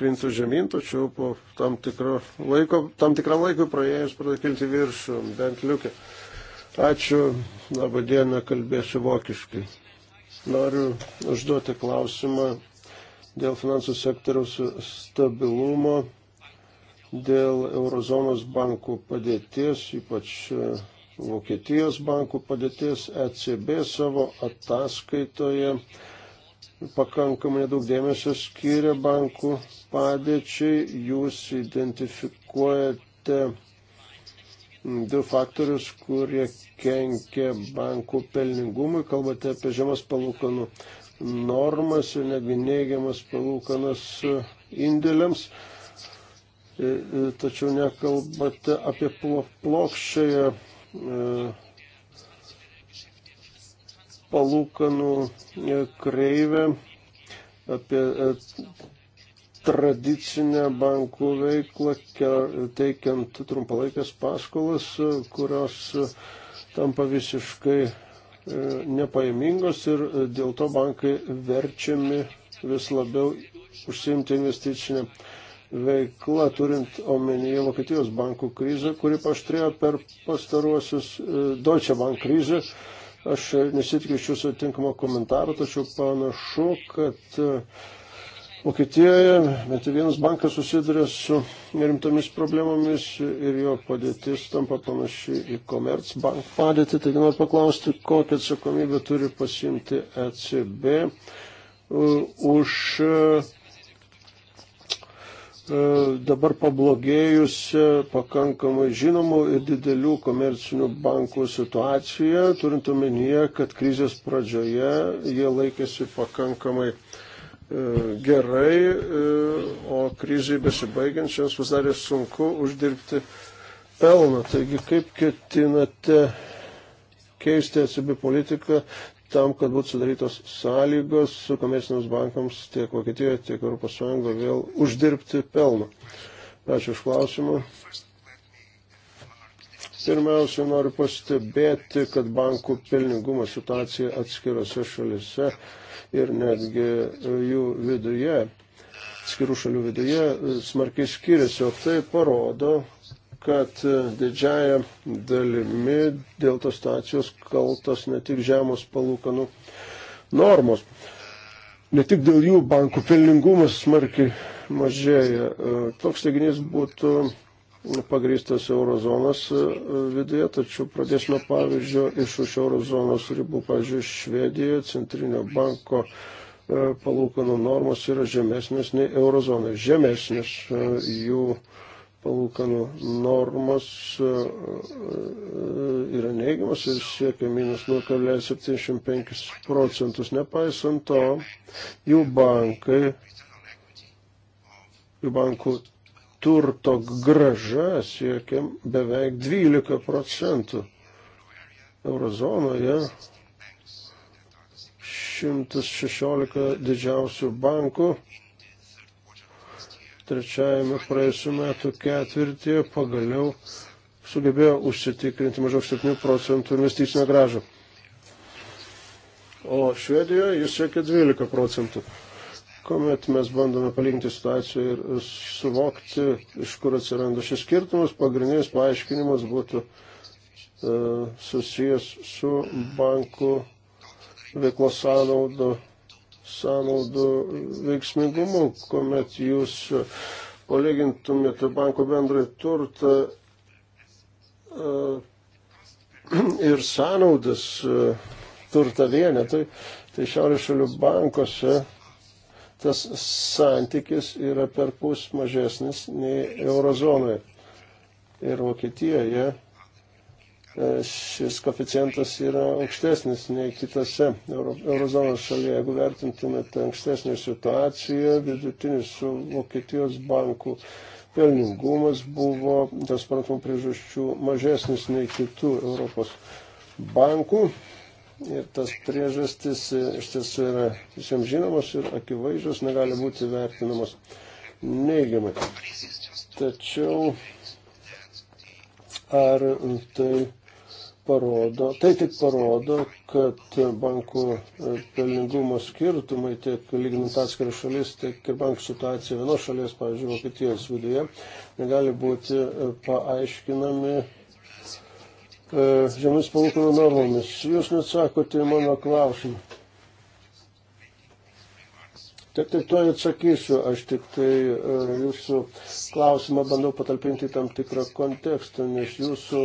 krinta žemyn, tačiau po tam tikro laiko, tam tikram laikui praėjus pradėjo kilti viršų, bent liukia. E, Ačiū, labą dieną, kalbėsiu vokiškai. Noriu užduoti klausimą dėl finansų sektoriaus stabilumo, dėl eurozonos bankų padėties, ypač e, Vokietijos bankų padėties ECB savo ataskaitoje pakankamai daug dėmesio skiria bankų padėčiai. Jūs identifikuojate du faktorius, kurie kenkia bankų pelningumui. Kalbate apie žemas palūkanų normas ir netgi neigiamas palūkanas indėliams. E, e, tačiau nekalbate apie plokščiąją e, palūkanų kreivę, apie tradicinę bankų veiklą, teikiant trumpalaikės paskolas, kurios tampa visiškai e, nepaimingos ir dėl to bankai verčiami vis labiau užsiimti investicinę veiklą, turint omenyje Vokietijos bankų krizę, kuri paštrėjo per pastaruosius e, Deutsche Bank krizę. Aš nesitikiu iš jūsų tinkamo komentaro, tačiau panašu, kad uh, Vokietijoje bent vienas bankas susiduria su rimtomis problemomis ir jo padėtis tampa panaši į Commerzbank padėtį. Taigi noriu paklausti, kokią atsakomybę turi pasimti ECB e, už e, dabar pablogėjusi pakankamai žinomų ir didelių komercinių bankų situacija, turint omenyje, kad krizės pradžioje jie laikėsi pakankamai uh, E, gerai, e, o kryžiai besibaigiančiams pasidarė sunku uždirbti pelną. Taigi kaip ketinate keisti ECB politiką tam, kad būtų sudarytos sąlygos su komerciniams bankams tiek Vokietijoje, tiek ES vėl uždirbti pelną. Ačiū už klausimą. Pirmiausia, noriu pastebėti, kad bankų pelningumo situacija atskirose šalise ir netgi jų viduje, skirų šalių viduje, smarkiai skiriasi. O tai parodo, kad didžiaja dalimi dėl tos stacijos kaltos ne tik žemos palūkanų normos. Ne tik dėl jų bankų pelningumas smarkiai mažėja. Toks teiginys būtų pagrįstas eurozonos e, viduje, tačiau pradėsime pavyzdžio iš už eurozonos ribų, pavyzdžiui, Švedijoje centrinio banko e, palūkanų normos yra žemesnės nei eurozonai. Žemesnės e, jų palūkanų normos yra neigiamas ir siekia minus 0,75 procentus. Nepaisant to, jų bankai, jų bankų turto graža siekia beveik 12 procentų. Eurozonoje 116 didžiausių bankų trečiajame praėjusiu metu ketvirtyje pagaliau sugebėjo užsitikrinti maždaug 7 procentų investicinę gražą. O Švedijoje jis siekia 12 procentų kuomet mes bandome palyginti situaciją ir suvokti, iš kur atsiranda šis skirtumas, pagrindinis paaiškinimas būtų e, susijęs su bankų veiklos sąnaudų, sąnaudų veiksmingumu, kuomet jūs palygintumėte banko bendrai turtą e, *clears throat* ir sąnaudas e, turtą vienetui, tai šiaurės šalių bankose tas santykis yra per pus mažesnis nei eurozonoje. Ir Vokietijoje e, šis koficijantas yra aukštesnis nei kitose euro, eurozonos šalyje. Jeigu vertintumėte ankstesnę situaciją, vidutinis su Vokietijos bankų pelningumas buvo, dėl suprantamų priežasčių, mažesnis nei kitų Europos bankų. Ir tas priežastis e, iš tiesų yra visiems žinomos ir akivaizdžios, negali būti vertinamos neigiamai. Tačiau ar tai parodo, tai tik parodo, kad bankų e, pelningumo skirtumai tiek lyginant atskiras šalis, tiek ir bankų situacija vienos šalies, pavyzdžiui, Vokietijos viduje, negali būti e, paaiškinami E, žemės palūkanų normomis. Jūs neatsakote į mano klausimą. Tik tai to atsakysiu, aš tik tai e, jūsų klausimą bandau patalpinti tam tikrą kontekstą, nes jūsų,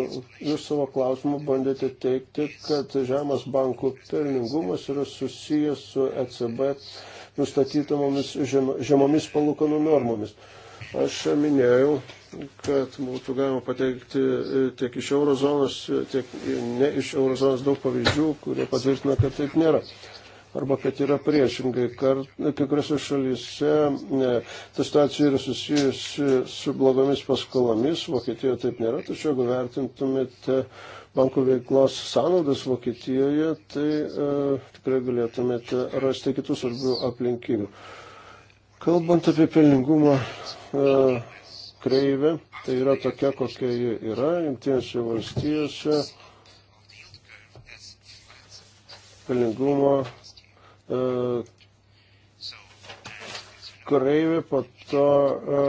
jūs savo klausimą bandėte teikti, kad žemės bankų pelningumas yra susijęs su ECB nustatytomomis žem, žemomis palūkanų normomis. Aš minėjau kad būtų galima pateikti e, tiek iš eurozonos, e, tiek ne iš eurozonos daug pavyzdžių, kurie patvirtina, kad taip nėra. Arba kad yra priešingai. Kai kuriuose šalyse e, ta situacija yra susijusi su blogomis paskolomis, Vokietijoje taip nėra, tačiau jeigu vertintumėte bankų veiklos sąnaudas Vokietijoje, tai e, tikrai galėtumėte rasti kitus svarbių aplinkybių. Kalbant apie pelningumą. E, kreivė, tai yra tokia, kokia ji yra, jungtinėse valstijose pelningumo e, kareivė po to e,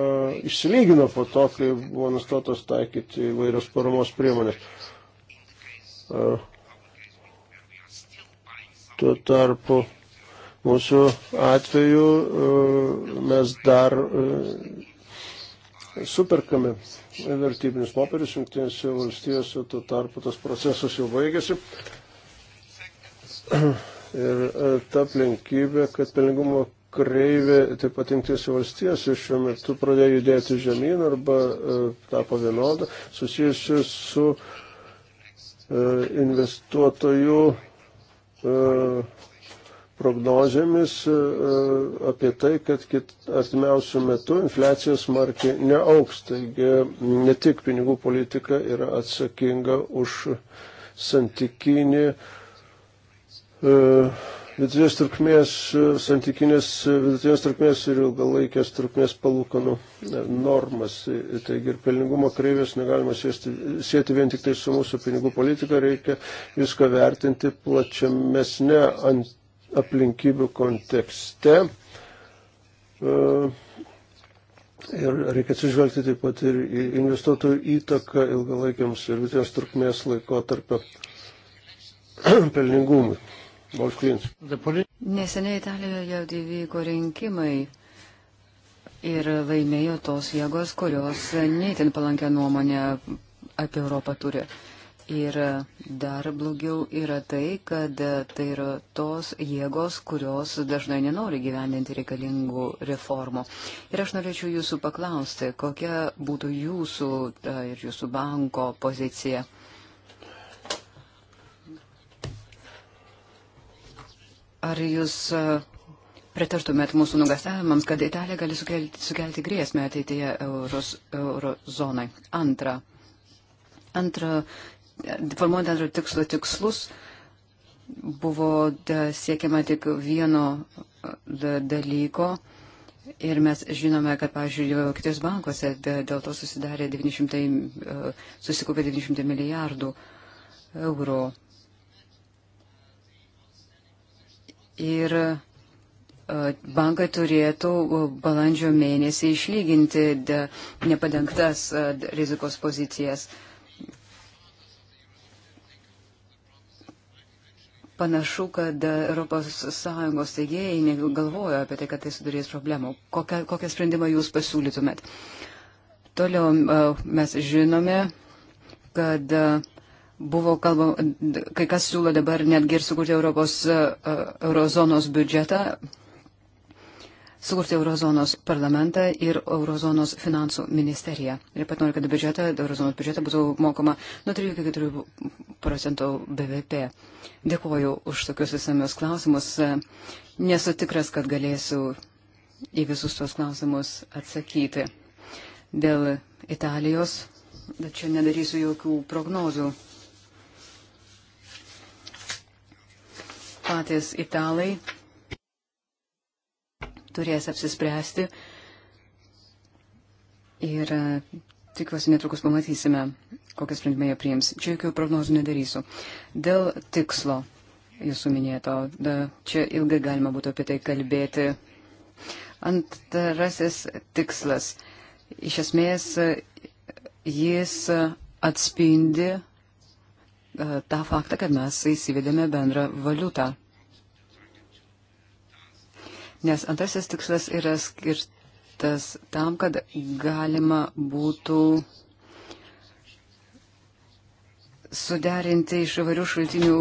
išsilygino po to, kai buvo nustotos taikyti įvairios paramos priemonės. E, tuo tarpu mūsų atveju e, mes dar e, superkame vertybinius popierius, jungtinėse valstijose tuo tarpu tas procesas jau baigėsi. *clears throat* Ir e, ta aplinkybė, kad pelningumo kreivė taip pat jungtinėse valstijose šiuo metu pradėjo judėti žemyn arba e, tapo vienoda, susijusi su e, investuotojų prognozėmis e, e, apie tai, kad kit, artimiausių metų infliacija smarkiai neauks. Taigi ne tik pinigų politika yra atsakinga už santykinį e, vidutinės trukmės, santykinės vidutinės trukmės ir ilgalaikės trukmės palūkanų normas. Taigi ir pelningumo kreivės negalima sėsti, sėti vien tik tai su mūsų pinigų politika, reikia viską vertinti plačiamesne ant aplinkybių kontekste. E, ir reikia atsižvelgti taip pat ir į investuotojų įtaką ilgalaikiams ir vidutinės trukmės laikotarpio *clears throat* pelningumui. Neseniai Italijoje jau įvyko rinkimai ir laimėjo tos jėgos, kurios neįtin palankę nuomonę apie Europą turi. Ir e, dar blogiau yra tai, kad e, tai yra tos jėgos, kurios dažnai nenori gyvendinti reikalingų reformų. Ir aš norėčiau jūsų paklausti, kokia būtų jūsų ta, e, ir jūsų banko pozicija. Ar jūs Pritartumėt mūsų nugastavimams, kad Italija gali sukelti, sukelti grėsmę ateityje euros, eurozonai. Antra. Antra formuojant antro tikslo tikslus, buvo siekiama tik vieno dalyko. Ir mes žinome, kad, pavyzdžiui, Vokietijos bankuose dėl to susidarė 900, susikupė 900 milijardų eurų. Ir bankai turėtų balandžio mėnesį išlyginti nepadengtas rizikos pozicijas. Uh, Panašu, kad ES teigėjai negalvojo apie tai, kad tai sudarys problemų. Kokią, kokią sprendimą jūs pasiūlytumėt? Toliau mes žinome, kad buvo kalbama, kai kas siūlo dabar netgi ir sukurti Europos eurozonos biudžetą, sukurti Eurozonos parlamentą ir Eurozonos finansų ministeriją. Ir pat noriu, kad biudžetą, Eurozonos biudžetą būtų mokoma nuo 3 iki 4 procentų BVP. Dėkuoju už tokius visamius klausimus. Nesu tikras, kad galėsiu į visus tuos klausimus atsakyti. Dėl Italijos, bet čia nedarysiu jokių prognozių. Patys italai turės apsispręsti. Ir e, tikiuosi netrukus pamatysime, kokią sprendimą jie priims. Čia jokių prognozų nedarysiu. Dėl tikslo jūsų minėto, da, čia ilgai galima būtų apie tai kalbėti. Antrasis tikslas. Iš esmės, jis atspindi e, tą faktą, kad mes įsivedėme bendrą valiutą nes antrasis tikslas yra skirtas tam, kad galima būtų suderinti iš įvairių šaltinių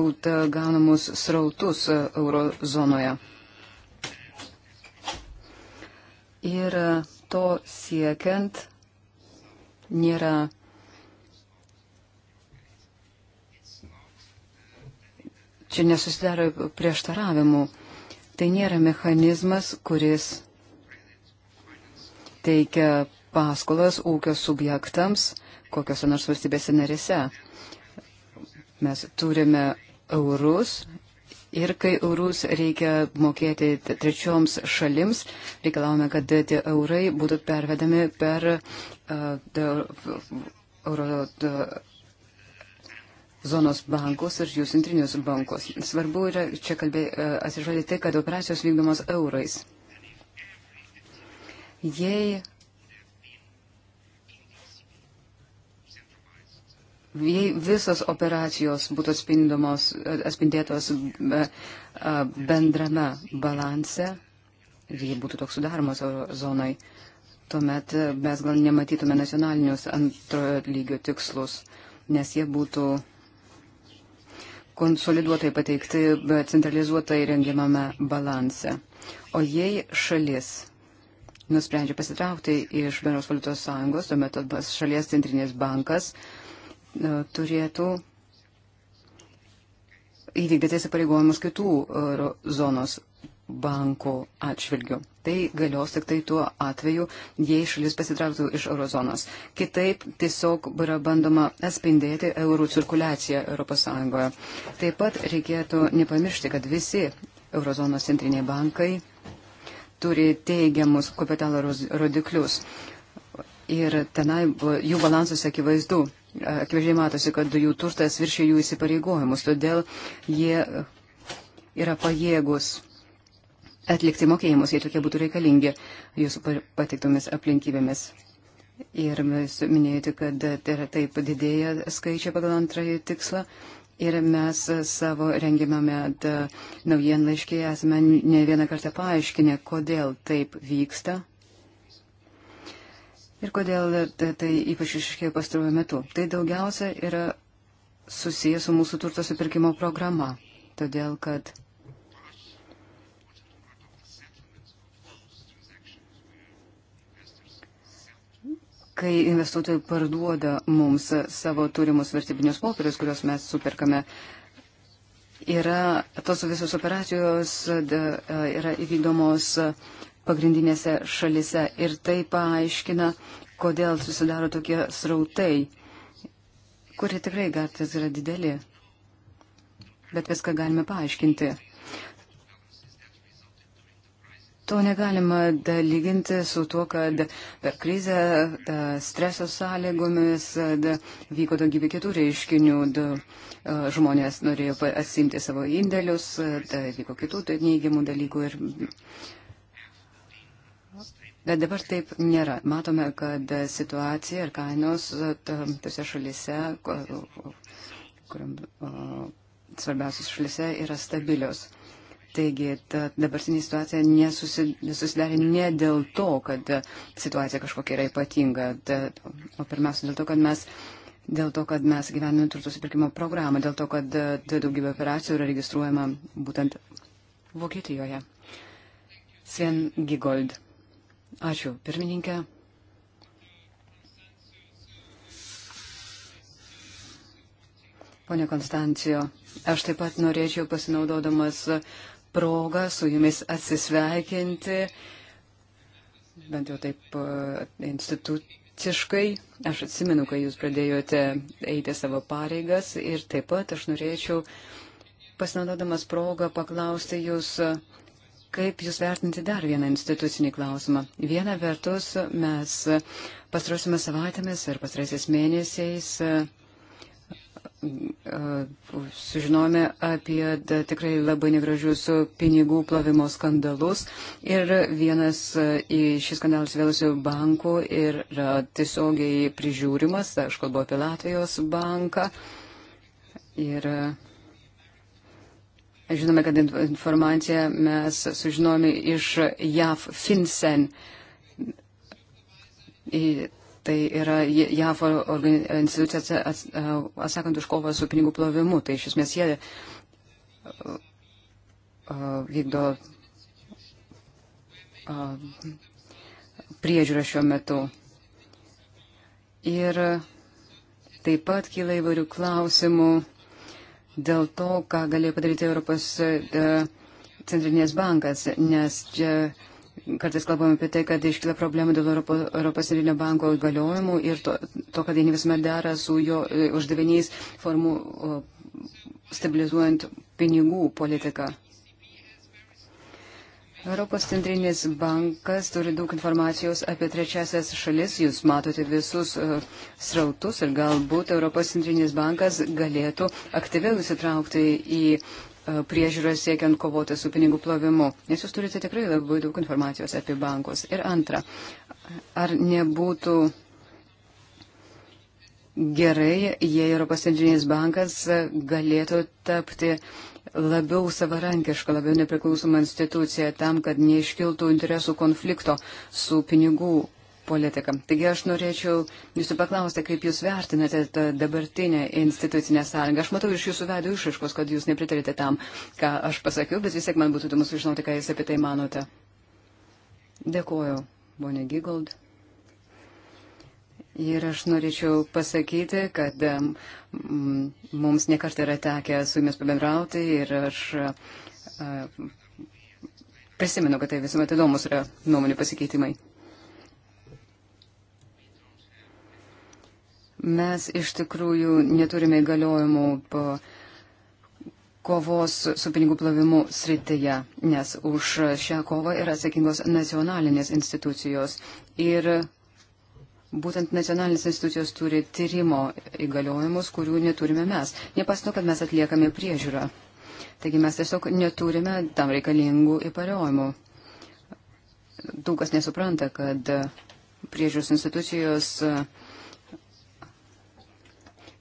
gaunamus srautus e, eurozonoje. Ir e, to siekiant nėra čia nesusidaro prieštaravimų. Tai nėra mechanizmas, kuris teikia paskolas ūkio subjektams kokios nors valstybėse narėse. Mes turime eurus ir kai eurus reikia mokėti trečioms šalims, reikalavome, kad tie eurai būtų pervedami per uh, euro. Uh, zonos bankus ir jų centrinius bankus. Svarbu yra čia kalbė, e, atsižvelgti tai, kad operacijos vykdomos eurais. Jei jei visos operacijos būtų atspindėtos e, e, bendrame balanse, jei būtų toks sudaromas zonai, tuomet mes gal nematytume nacionalinius antro lygio tikslus, nes jie būtų konsoliduotai pateikti centralizuotai rengiamame balanse. O jei šalis nusprendžia pasitraukti iš bendros valiutos sąjungos, tuomet šalies centrinės bankas e, turėtų įvykdyti įsipareigojimus kitų zonos bankų atšvilgių tai galios tik tai tuo atveju, jei šalis pasitrauktų iš eurozonos. Kitaip tiesiog yra bandoma atspindėti eurų cirkulaciją ES. Taip pat reikėtų nepamiršti, kad visi eurozonos centriniai bankai turi teigiamus kapitalo rodiklius. Ir tenai jų balansus akivaizdu. Akivaizdžiai matosi, kad jų turtas viršė jų įsipareigojimus, todėl jie yra pajėgus atlikti mokėjimus, jei tokie būtų reikalingi jūsų patiktomis aplinkybėmis. Ir mes minėjote, kad tai taip didėja skaičiai pagal antrąjį tikslą. Ir mes savo rengiamame naujienlaiškėje esame ne vieną kartą paaiškinę, kodėl taip vyksta. Ir kodėl tai ypač išaiškėjo pastaruoju metu. Tai daugiausia yra susijęs su mūsų turto supirkimo programa. Todėl, kad kai investuotojai parduoda mums savo turimus vertybinius popierius, kuriuos mes superkame, yra tos visos operacijos da, yra įvykdomos pagrindinėse šalise ir tai paaiškina, kodėl susidaro tokie srautai, kurie tikrai gartis yra dideli. Bet viską galime paaiškinti. To negalima da, lyginti su tuo, kad per krizę, da, e, streso sąlygomis e, da, vyko daugybė kitų reiškinių, da, e, žmonės norėjo atsimti savo indėlius, da, tai vyko kitų da, neįgimų dalykų. Ir... Bet dabar taip nėra. Matome, kad situacija ir kainos tose šalise, kuriam, svarbiausios šalise, yra stabilios. Taigi, ta dabartinė situacija nesusi, nesusidarė ne dėl to, kad situacija kažkokia yra ypatinga, ta, o pirmiausia dėl to, kad mes. Dėl to, kad mes gyvename turtų supirkimo programą, dėl to, kad daugybė operacijų yra registruojama būtent Vokietijoje. Sven Gigold. Ačiū, pirmininkė. Pone Konstancijo, aš taip pat norėčiau pasinaudodamas progą su jumis atsisveikinti, bent jau taip e, instituciškai. Aš atsimenu, kai jūs pradėjote eiti savo pareigas ir taip pat aš norėčiau, pasinaudodamas progą, paklausti jūs, kaip jūs vertinti dar vieną institucinį klausimą. Viena vertus, mes pastarosiamis savaitėmis ir pastaraisiais mėnesiais sužinojome apie da, tikrai labai negražius pinigų plovimo skandalus. Ir vienas į e, šį skandalą svėlusių bankų yra e, tiesiogiai prižiūrimas, aš kalbu apie Latvijos banką. Ir e, žinome, kad informaciją mes sužinojome iš JAV FinCEN. Tai yra JAF institucija atsakant už kovą su pinigų plovimu. Tai iš esmės jie vykdo priežiūrą šiuo metu. Ir taip pat kyla įvairių klausimų dėl to, ką galėjo padaryti Europos centrinės bankas, nes čia. Uh, kartais kalbame apie tai, kad iškyla problemų dėl Europo, Europos Centrinio banko galiojimų ir to, to kad jie ne visuomet dera su jo e, uždaviniais formų stabilizuojant pinigų politiką. Europos centrinis bankas turi daug informacijos apie trečiasias šalis. Jūs matote visus uh, srautus ir galbūt Europos centrinis bankas galėtų aktyviau įsitraukti į E, priežiūros siekiant kovoti su pinigų plovimu? Nes jūs turite tikrai labai daug informacijos apie bankus. Ir antra, ar nebūtų gerai, jei Europos centrinis bankas galėtų tapti labiau savarankišką, labiau nepriklausomą instituciją tam, kad neiškiltų interesų konflikto su pinigų politiką. Taigi aš norėčiau jūsų paklausti, kaip jūs vertinate tą dabartinę institucinę sąrangą. Aš matau iš jūsų veidų išaiškos, kad jūs nepritarite tam, ką aš pasakiau, bet vis tiek man būtų įdomu sužinoti, ką jūs apie tai manote. Dėkuoju, ponė Gigold. Ir aš norėčiau pasakyti, kad mums nekart yra tekę su jumis pabendrauti ir aš prisimenu, kad tai visuomet įdomus yra nuomonių pasikeitimai. Mes iš tikrųjų neturime įgaliojimų kovos su pinigų plovimu srityje, nes už šią kovą yra atsakingos nacionalinės institucijos. Ir būtent nacionalinės institucijos turi tyrimo įgaliojimus, kurių neturime mes. Nepasto, kad mes atliekame priežiūrą. Taigi mes tiesiog neturime tam reikalingų įpareojimų. Daug kas nesupranta, kad priežiūros institucijos uh,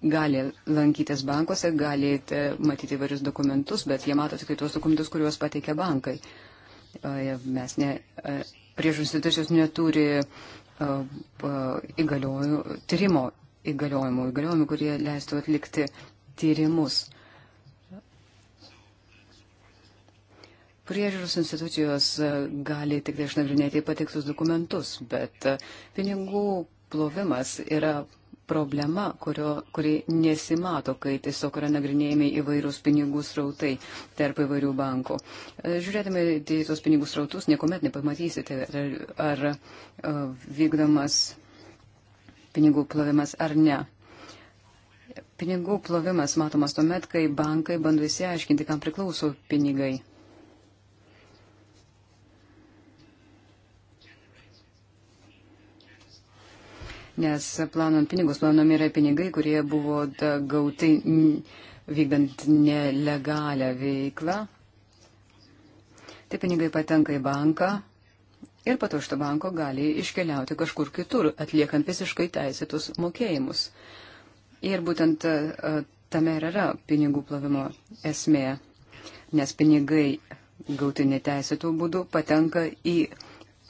gali lankytis bankuose, gali matyti įvairius dokumentus, bet jie mato tik tai tuos dokumentus, kuriuos pateikia bankai. E, mes ne, e, prieš institucijos neturi e, įgaliojimų, tyrimo įgaliojimų, įgaliojimų, kurie leistų atlikti tyrimus. Priežiūros institucijos gali tik tai išnagrinėti patiktus dokumentus, bet pinigų plovimas yra problema, kurio, kuri nesimato, kai tiesiog yra nagrinėjami įvairūs pinigų srautai tarp įvairių bankų. E, žiūrėdami į tos pinigų srautus, niekuomet nepamatysite, ar, ar e, vykdomas pinigų plovimas ar ne. Pinigų plovimas matomas tuomet, kai bankai bando įsiaiškinti, kam priklauso pinigai. nes planuojant pinigus, planuojami yra pinigai, kurie buvo da, gauti vykdant nelegalią veiklą. Tie pinigai patenka į banką ir pato iš to banko gali iškeliauti kažkur kitur, atliekant visiškai teisėtus mokėjimus. Ir būtent tame ir yra pinigų plovimo esmė, nes pinigai gauti neteisėtų būdų patenka į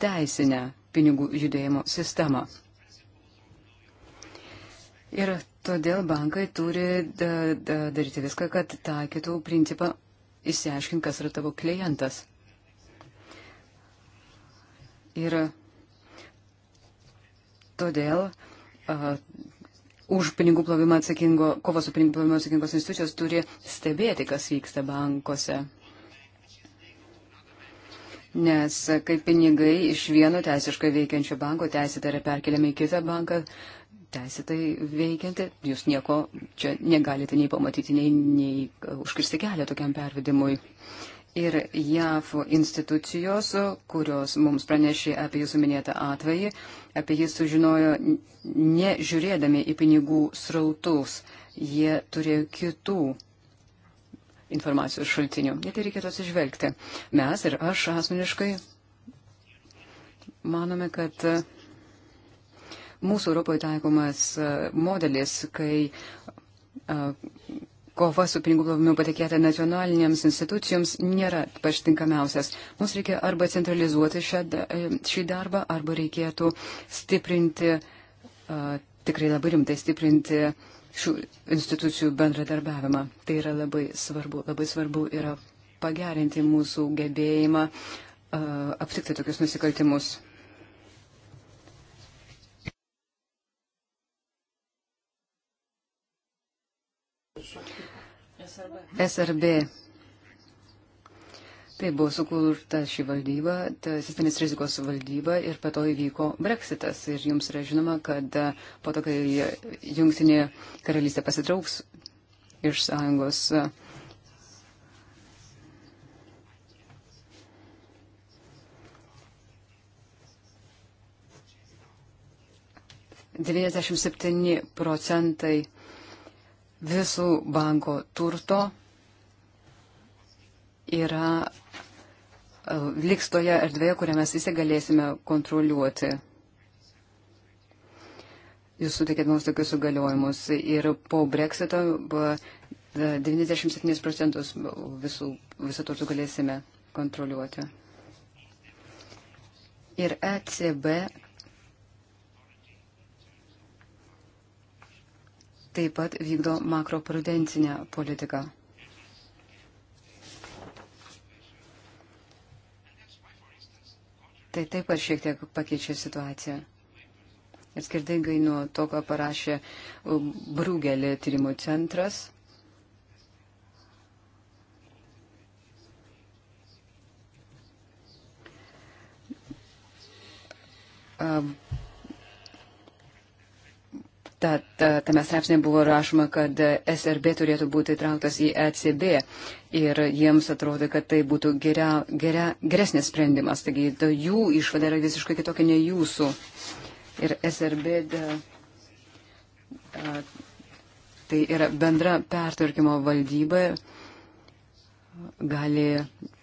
teisinę pinigų judėjimo sistemą. Ir todėl bankai turi da, da, daryti viską, kad taikytų principą išsiaiškink, kas yra tavo klientas. Ir todėl uh, už pinigų plovimą atsakingo, kovo su pinigų plovimu atsakingos institucijos turi stebėti, kas vyksta bankuose. Nes kai pinigai iš vieno teisiškai veikiančio banko teisėtai yra perkeliami į kitą banką, teisėtai veikianti, jūs nieko čia negalite nei pamatyti, nei, nei užkirsti kelią tokiam pervedimui. Ir JAF institucijos, kurios mums pranešė apie jūsų minėtą atvejį, apie jį sužinojo nežiūrėdami į pinigų srautus, jie turėjo kitų informacijos šaltinių. Net tai reikėtų atsižvelgti. Mes ir aš asmeniškai manome, kad mūsų Europoje taikomas e, modelis, kai e, kova su pinigų plovimu patikėta nacionalinėms institucijoms nėra paštinkamiausias. Mums reikia arba centralizuoti šią, e, šį darbą, arba reikėtų stiprinti, tikrai labai rimtai stiprinti šių institucijų bendradarbiavimą. Tai yra labai svarbu. Labai svarbu yra pagerinti mūsų gebėjimą aptikti tokius nusikaltimus. SRB. Tai buvo sukurta ši valdyba, sisteminės rizikos valdyba ir pato įvyko breksitas. Ir jums yra žinoma, kad po to, kai jungtinė karalystė pasitrauks iš sąjungos. Devyniasdešimt septyni procentai visų banko turto yra e, liks toje erdvėje, kurią mes visi galėsime kontroliuoti. Jūs sutikėt mums tokius sugaliojimus ir po breksito 97 e, procentus visų, visų turtų galėsime kontroliuoti. Ir ECB taip pat vykdo makroprudencinę politiką. Tai taip pat šiek tiek pakeičia situaciją. Ir skirtingai nuo to, ką parašė Brūgelė tyrimų centras, Tad e, tame straipsnėje buvo rašoma, kad SRB turėtų būti įtrauktas į ECB ir jiems atrodo, kad tai būtų geria, geria, geresnis sprendimas. Taigi ta jų išvada yra visiškai kitokia nei jūsų. Ir SRB da, a, tai yra bendra pertvarkymo valdyba gali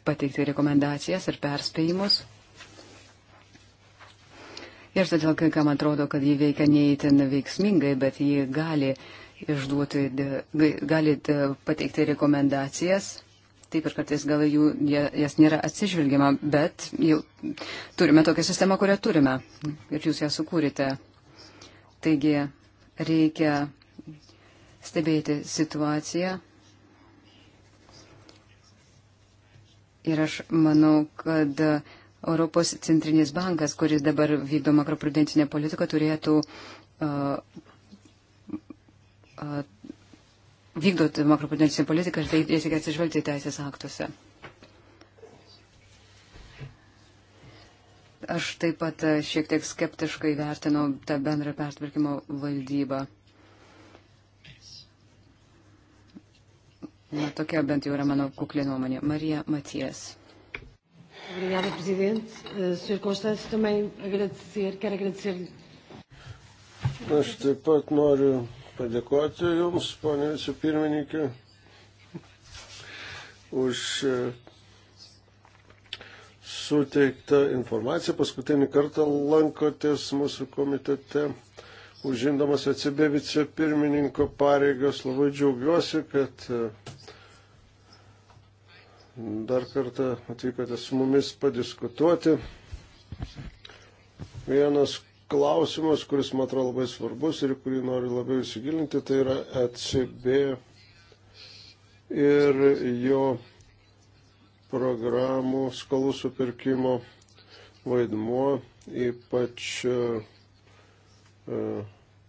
pateikti rekomendacijas ir perspėjimus. Ir todėl, kai kam atrodo, kad ji veikia neįtin veiksmingai, bet ji gali išduoti, gali pateikti rekomendacijas. Taip ir kartais gal jų, jas nėra atsižvelgiama, bet jau turime tokią sistemą, kurią turime. Ir jūs ją sukūrite. Taigi reikia stebėti situaciją. Ir aš manau, kad uh, Europos centrinis bankas, kuris dabar vykdo makroprudentinę politiką, turėtų uh, uh, vykdot makroprudentinę politiką ir tai reikia atsižvelgti teisės aktuose. Aš taip pat šiek tiek skeptiškai vertinu tą bendrą pertvarkymo valdybą. Na, tokia bent jau yra mano kuklė nuomonė. Marija Matijas. Obrigada, Presidente. Uh, Sr. Constâncio, também agradecer, quero agradecer-lhe. Aš taip pat noriu padėkoti Jums, ponė vicepirmininkė, už eh, suteiktą informaciją. Paskutinį kartą lankotės mūsų komitete, užimdamas atsibė vicepirmininko pareigas. Labai džiaugiuosi, kad dar kartą atvykote su mumis padiskutuoti. Vienas klausimas, kuris man atrodo labai svarbus ir kurį noriu labiau įsigilinti, tai yra ECB ir jo programų skolų supirkimo vaidmuo, ypač e, e,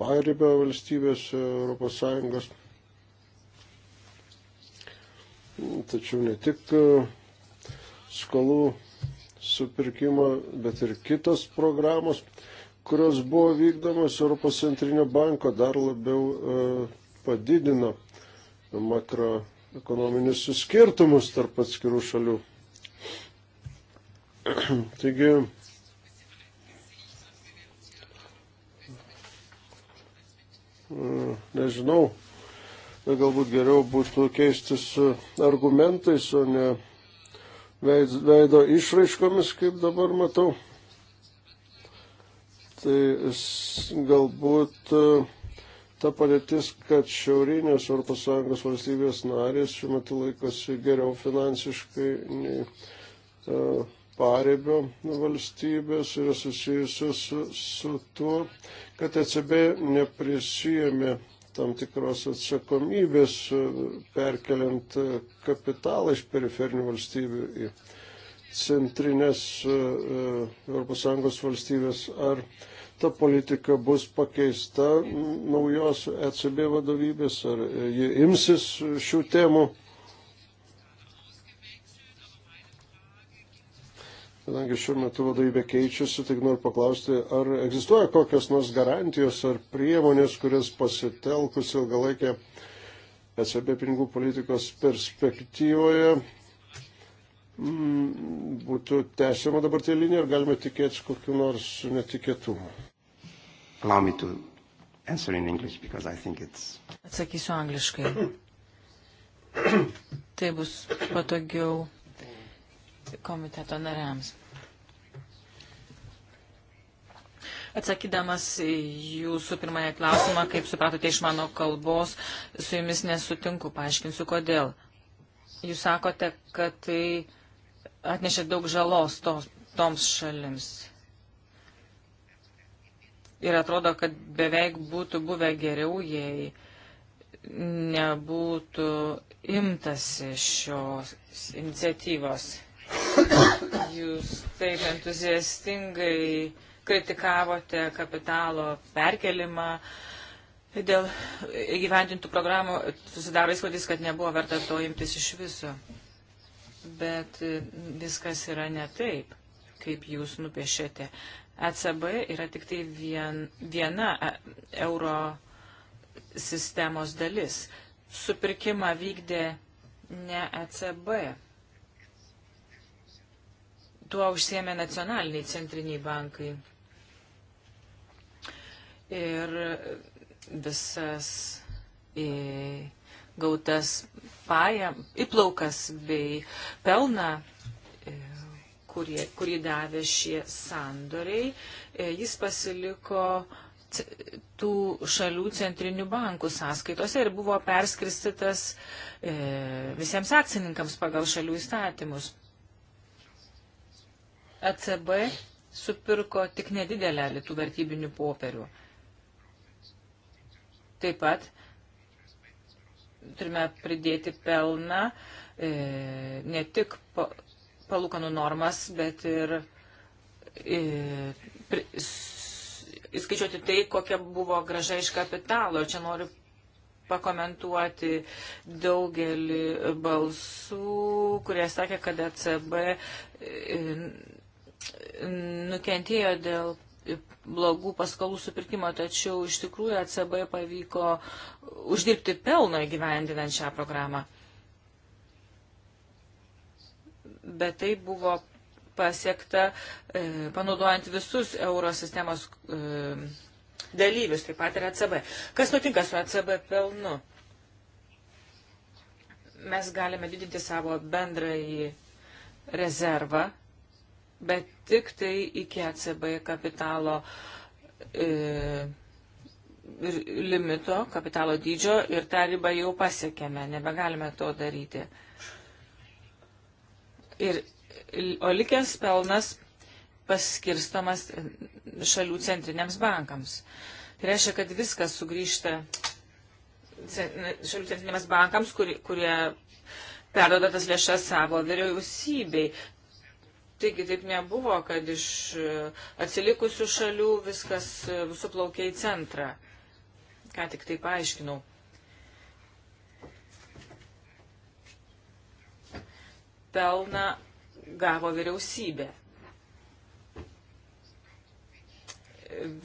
paribio valstybės ES tačiau ne tik e, skolų supirkimo, bet ir kitos programos, kurios buvo vykdomos Europos centrinio banko, dar labiau e, padidino makroekonominius skirtumus tarp atskirų šalių. *clears throat* Taigi, e, nežinau, galbūt geriau būtų keistis e, argumentais, o ne veido išraiškomis, kaip dabar matau. Tai galbūt e, ta padėtis, kad šiaurinės ES valstybės narės šiuo metu laikosi geriau finansiškai nei e, parebio valstybės yra susijusios su, su tuo, kad ECB neprisijėmė tam tikros atsakomybės, e, perkeliant e, kapitalą iš periferinių valstybių į centrinės e, ES valstybės. Ar ta politika bus pakeista naujos ECB vadovybės, ar ji imsis šių temų? Kadangi šiuo metu vadovybė keičiasi, tik noriu paklausti, ar egzistuoja kokios nors garantijos ar priemonės, kurias pasitelkus ilgalaikė ECB pinigų politikos perspektyvoje mm, būtų tęsiama dabartinė linija ir galime tikėtis kokiu nors netikėtumu. Atsakysiu angliškai. *coughs* tai bus patogiau komiteto nariams. Atsakydamas jūsų pirmąją klausimą, kaip supratote iš mano kalbos, su jumis nesutinku, paaiškinsiu kodėl. Jūs sakote, kad tai atnešė daug žalos tos, toms šalims. Ir atrodo, kad beveik būtų buvę geriau, jei nebūtų imtasi šios iniciatyvos. Jūs taip entuziastingai kritikavote kapitalo perkelimą. Dėl įgyventintų programų susidaro įspūdis, kad nebuvo verta to imtis iš viso. Bet viskas yra ne taip, kaip jūs nupiešėte. ECB yra tik tai vien, viena e, euro sistemos dalis. Supirkimą vykdė ne ECB tuo užsiemė nacionaliniai centriniai bankai. Ir visas į, e, gautas pajam, įplaukas bei pelną, e, kurie, kurį davė šie sandoriai, e, jis pasiliko tų šalių centrinių bankų sąskaitose ir buvo perskristytas e, visiems akcininkams pagal šalių įstatymus. ECB supirko tik nedidelę litų vertybinių popierių. Taip pat turime pridėti pelną e, ne tik pa, palūkanų normas, bet ir e, pri, įskaičiuoti tai, kokia buvo graža iš kapitalo. Čia noriu pakomentuoti daugelį balsų, kurie sakė, kad ECB e, nukentėjo dėl blogų paskolų supirkimo, tačiau iš tikrųjų ECB pavyko uždirbti pelno įgyvendinant šią programą. Bet tai buvo pasiekta e, panaudojant visus eurosistemos e, dalyvius, taip pat ir ECB. Kas nutinka su ECB pelnu? Mes galime didinti savo bendrąjį rezervą bet tik tai iki ECB kapitalo e, limito, kapitalo dydžio ir tą ribą jau pasiekėme, nebegalime to daryti. Ir, o likęs pelnas paskirstomas šalių centriniams bankams. Tai reiškia, kad viskas sugrįžta šalių centriniams bankams, kurie, kurie perdoda tas lėšas savo vyriausybei. Taigi taip nebuvo, kad iš e, atsilikusių šalių viskas e, suplaukė į centrą. Ką tik tai paaiškinau. Pelną gavo vyriausybė.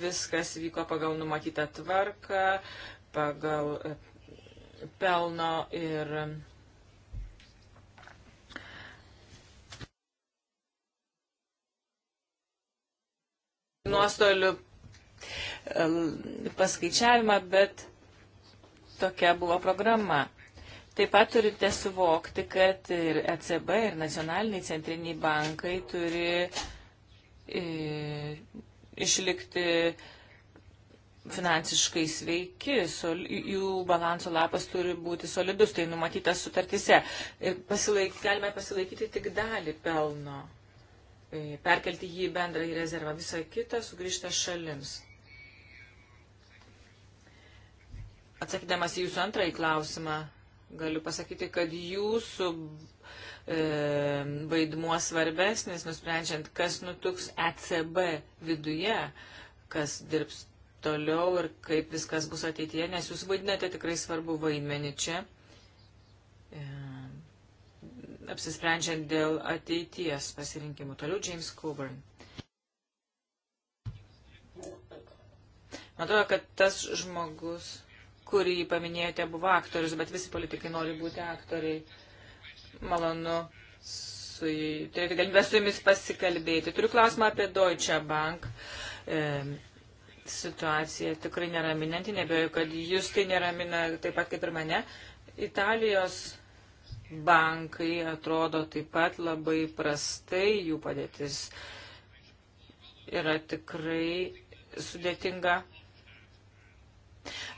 Viskas vyko pagal numatytą tvarką, pagal e, pelno ir nuostolių paskaičiavimą, bet tokia buvo programa. Taip pat turite suvokti, kad ir ECB, ir nacionaliniai centriniai bankai turi i, e, išlikti finansiškai sveiki, sol, jų balanso lapas turi būti solidus, tai numatytas sutartise. Ir pasilaik, galime pasilaikyti tik dalį pelno. E, perkelti jį į bendrąjį rezervą, visą kitą sugrįžta šalims. Atsakydamas į jūsų antrąjį klausimą, galiu pasakyti, kad jūsų e, vaidmuo svarbesnis, nusprendžiant, kas nutuks ECB viduje, kas dirbs toliau ir kaip viskas bus ateityje, nes jūs vaidinate tikrai svarbu vaidmenį čia apsisprendžiant dėl ateities pasirinkimų. Toliau James Coburn. Matau, kad tas žmogus, kurį paminėjote, buvo aktorius, bet visi politikai nori būti aktoriai. Malonu su, turėti galimybę su jumis pasikalbėti. Turiu klausimą apie Deutsche Bank. E, situacija tikrai neraminanti, nebejoju, kad jūs tai neramina taip pat kaip ir mane. Italijos bankai atrodo taip pat labai prastai, jų padėtis yra tikrai sudėtinga.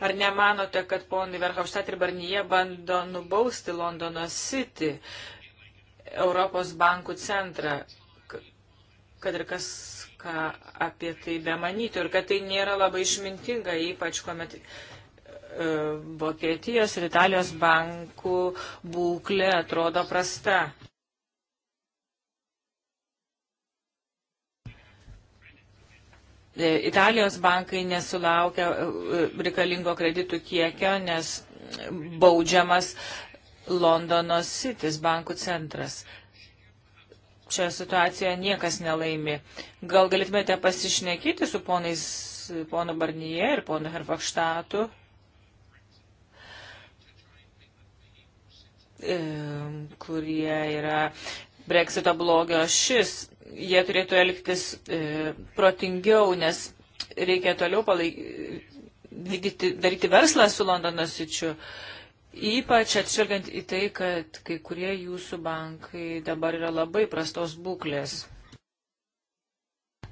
Ar nemanote, kad ponai Verhofstadt ir Barnyje bando nubausti Londono City, Europos bankų centrą, kad ir kas ką apie tai bemanytų ir kad tai nėra labai išmintinga, ypač kuomet E, Vokietijos ir Italijos bankų būklė atrodo prasta. E, Italijos bankai nesulaukia e, reikalingo kreditų kiekio, nes baudžiamas Londono Citys bankų centras. Čia situacijoje niekas nelaimi. Gal galėtumėte pasišnekyti su ponais, ponu Barnyje ir ponu Herfakštatu? kurie yra breksito blogio šis. Jie turėtų elgtis e, protingiau, nes reikia toliau palaik... vykdyti, daryti verslą su Londono sičiu. Ypač atšvelgiant į tai, kad kai kurie jūsų bankai dabar yra labai prastos būklės.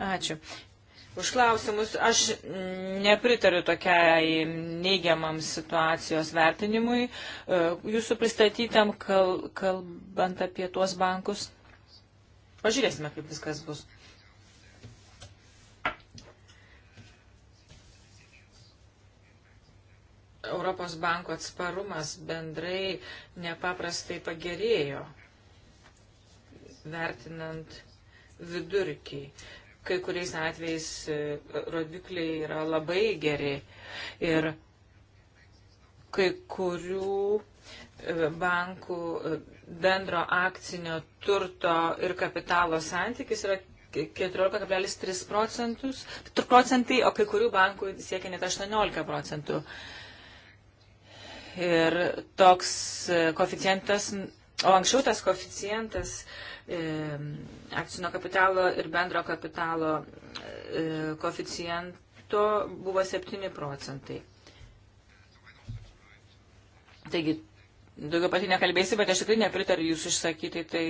Ačiū už klausimus. Aš nepritariu tokiai neigiamam situacijos vertinimui. E, jūsų pristatytam, kal, kalbant apie tuos bankus. Pažiūrėsime, kaip viskas bus. Europos banko atsparumas bendrai nepaprastai pagerėjo, vertinant vidurkį kai kuriais atvejais e, rodikliai yra labai geri. Ir kai kurių e, bankų e, bendro akcinio turto ir kapitalo santykis yra 14,3 procentus, procentai, o kai kurių bankų siekia net 18 procentų. Ir toks koficijantas, o anksčiau tas koficijantas uh, E, akcinio kapitalo ir bendro kapitalo e, koficijento buvo 7 procentai. Taigi, daugiau pati nekalbėsiu, bet aš tikrai nepritariu jūsų išsakyti tai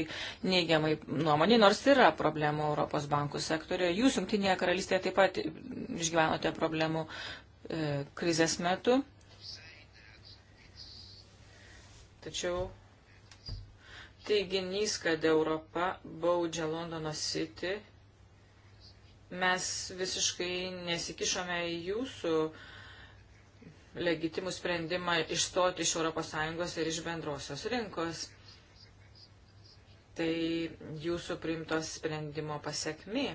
neigiamai nuomonį, nors yra problemų Europos bankų sektorioje. Jūs Junktinėje karalystėje taip pat išgyvenote problemų e, krizės metu. Tačiau teiginys, kad Europa baudžia Londono City, mes visiškai nesikišome į jūsų legitimų sprendimą išstoti iš ES ir iš bendrosios rinkos. Tai jūsų priimtos sprendimo pasiekmi.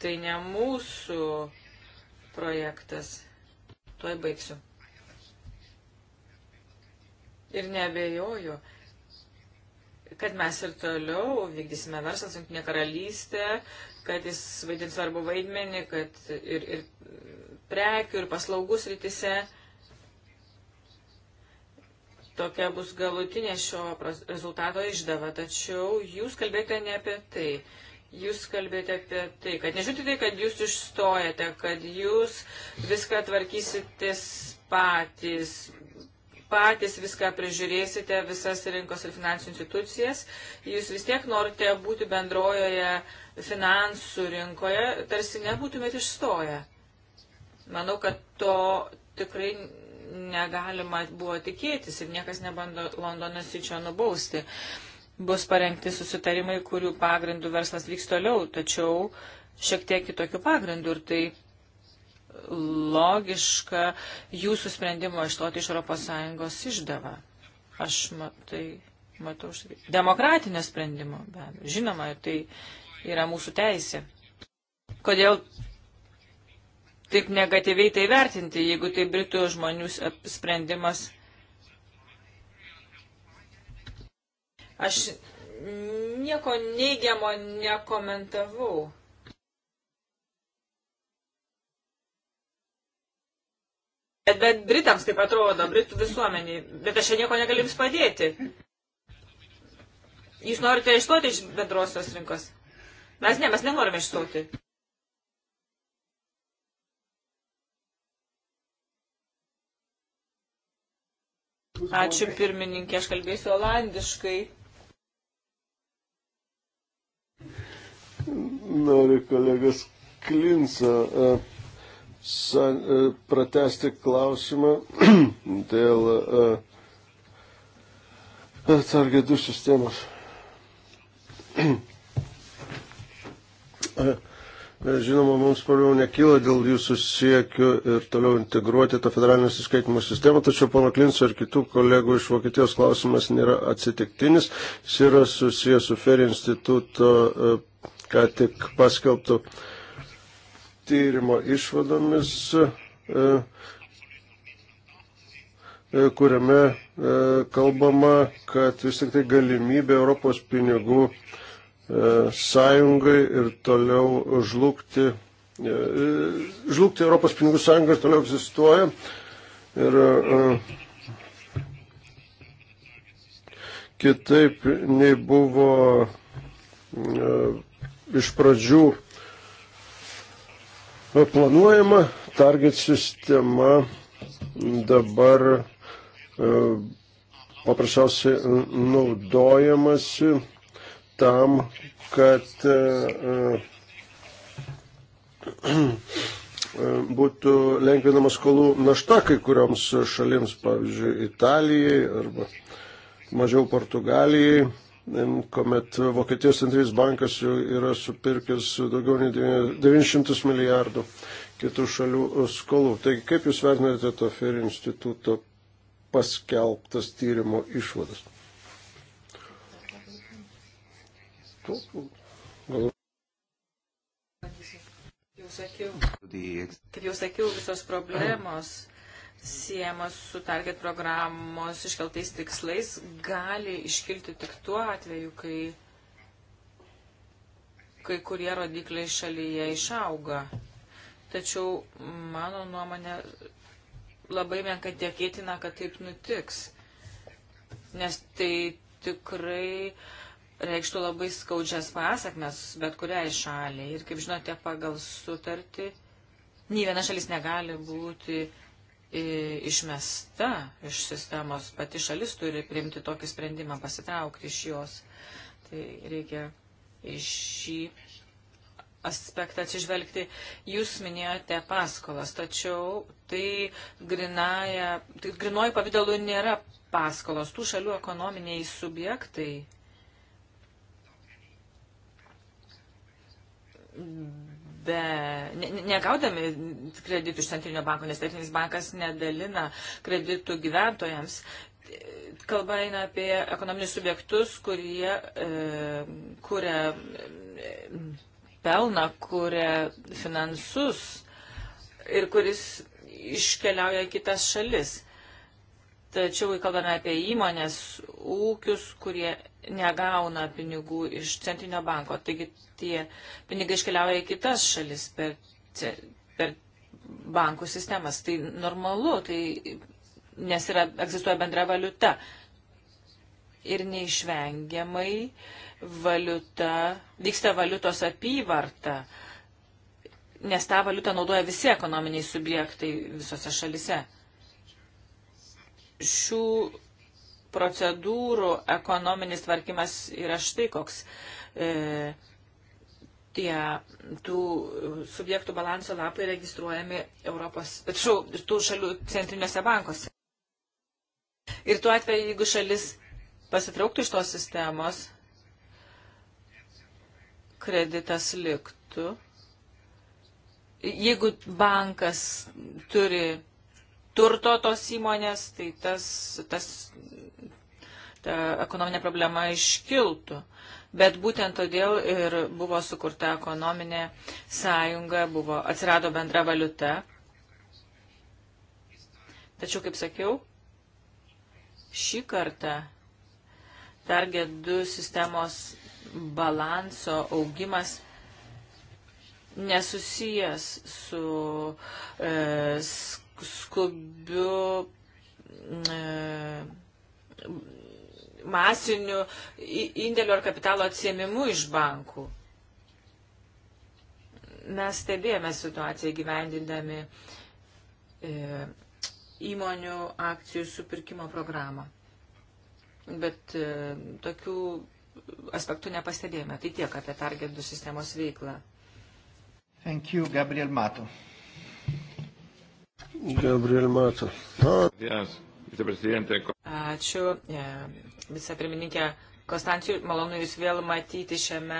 Tai ne mūsų projektas. Tuoj baigsiu. Ir nebejoju, kad mes ir toliau vykdysime verslą su Junktinė karalystė, kad jis vaidins svarbu vaidmenį, kad ir, ir prekių, ir paslaugų srityse. Tokia bus galutinė šio rezultato išdava, tačiau jūs kalbėjote ne apie tai. Jūs kalbėjote apie tai, kad nežiūrite tai, kad jūs išstojate, kad jūs viską tvarkysitės patys, patys viską prižiūrėsite, visas rinkos ir finansų institucijas, jūs vis tiek norite būti bendrojoje finansų rinkoje, tarsi nebūtumėte išstoję. Manau, kad to tikrai negalima buvo tikėtis ir niekas nebando Londonas į čia nubausti. Bus parengti susitarimai, kurių pagrindų verslas vyks toliau, tačiau šiek tiek kitokių pagrindų ir tai logiška jūsų sprendimo išstoti iš ES išdava. Aš tai matau štai. Demokratinio sprendimo, be abejo. Žinoma, tai yra mūsų teisė. Kodėl taip negatyviai tai vertinti, jeigu tai Britų žmonių sprendimas? Aš nieko neigiamo nekomentavau. Bet, bet Britams taip atrodo, Britų visuomeniai. Bet aš čia nieko negaliu jums padėti. Jūs norite išstoti iš bendrosios rinkos? Mes ne, mes nenorime išstoti. Ačiū pirmininkė, aš kalbėsiu olandiškai. Noriu kolegas Klinsą. Uh E, pratesti klausimą *clears throat* dėl e, atsargiai du sistemos. *clears throat* E, žinoma, mums problemų nekyla dėl jūsų siekių ir toliau integruoti tą federalinę suskaitimo sistemą, tačiau pono Klinso ir kitų kolegų iš Vokietijos klausimas nėra atsitiktinis. Jis yra susijęs su Ferry instituto ką tik paskelbtų tyrimo išvadomis, e, e, kuriame e, kalbama, kad vis tik tai galimybė Europos pinigų sąjungai ir toliau žlugti, žlugti Europos pinigų sąjungai ir toliau egzistuoja. Ir kitaip nei buvo iš pradžių planuojama. Target sistema dabar e, paprasčiausiai e, naudojamasi tam, kad e, *clears throat* būtų lengvinama skolų našta kai kurioms šalims, pavyzdžiui, Italijai arba mažiau Portugalijai kuomet Vokietijos centrinis bankas jau yra supirkęs daugiau nei 900 milijardų kitų šalių e, skolų. Taigi, kaip Jūs vertinate to Fer instituto paskelbtas tyrimo išvadas? Galbūt. Kaip jau sakiau, visos problemos siejamos su target programos iškeltais tikslais gali iškilti tik tuo atveju, kai kai kurie rodikliai šalyje išauga. Tačiau mano nuomonė labai menkai tiekėtina, kad taip nutiks. Nes tai tikrai reikštų labai skaudžias pasakmes bet kuriai šaliai. Ir kaip žinote, pagal sutartį, nei viena šalis negali būti išmesta iš sistemos, pati šalis turi priimti tokį sprendimą, pasitraukti iš jos. Tai reikia iš šį aspektą atsižvelgti. Jūs minėjote paskolas, tačiau tai, grinaja, tai grinuoju pavydalu nėra paskolos. Tų šalių ekonominiai subjektai be, ne, negaudami kreditų iš Centrinio banko, nes Centrinis bankas nedalina kreditų gyventojams. Kalba eina apie ekonominius subjektus, kurie e, kuria e, pelną, kuria finansus ir kuris iškeliauja kitas šalis. Tačiau, kai kalbame apie įmonės, ūkius, kurie negauna pinigų iš centrinio banko, taigi tie pinigai iškeliauja į kitas šalis per, per bankų sistemas. Tai normalu, tai, nes yra, egzistuoja bendra valiuta. Ir neišvengiamai valiuta, vyksta valiutos apyvarta, nes tą valiutą naudoja visi ekonominiai subjektai visose šalise šių procedūrų ekonominis tvarkymas yra štai koks. E, tie tų subjektų balanso lapai registruojami Europos, tačiau tų šalių centriniuose bankuose. Ir tuo atveju, jeigu šalis pasitrauktų iš tos sistemos, kreditas liktų. Jeigu bankas turi turto tos įmonės, tai tas, tas, ta ekonominė problema iškiltų. Bet būtent todėl ir buvo sukurta ekonominė sąjunga, buvo, atsirado bendra valiuta. Tačiau, kaip sakiau, šį kartą Target 2 sistemos balanso augimas nesusijęs su e, skubiu e, masiniu indėlių ar kapitalo atsiemimu iš bankų. Mes stebėjome situaciją gyvendindami e, įmonių akcijų supirkimo programą. Bet e, tokių aspektų nepastebėjome. Tai tiek apie targetų sistemos veiklą. Thank you, Gabriel Mato. Gabriel Mato. Ačiū, e, vicepirmininkė Konstancijų, malonu Jūs vėl matyti šiame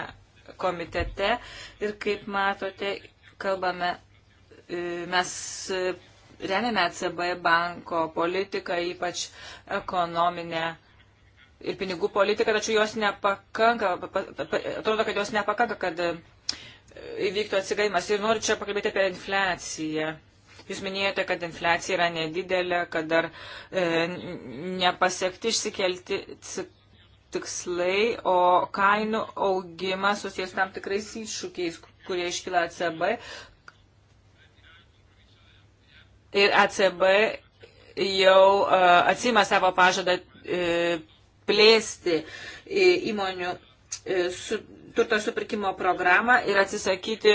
komitete ir kaip matote, kalbame, e, mes remiame ECB banko politiką, ypač ekonominę ir pinigų politiką, tačiau jos nepakanka, atrodo, kad jos nepakanka, kad e, įvyktų atsigaimas. Ir noriu čia pakalbėti apie infliaciją. Jūs minėjote, kad infliacija yra nedidelė, kad dar e, nepasiekti išsikelti tikslai, o kainų augimas susijęs tam tikrais iššūkiais, kurie iškyla ECB. Ir ECB jau uh, atsima savo pažadą uh, plėsti e, įmonių uh, su, turto supirkimo programą ir atsisakyti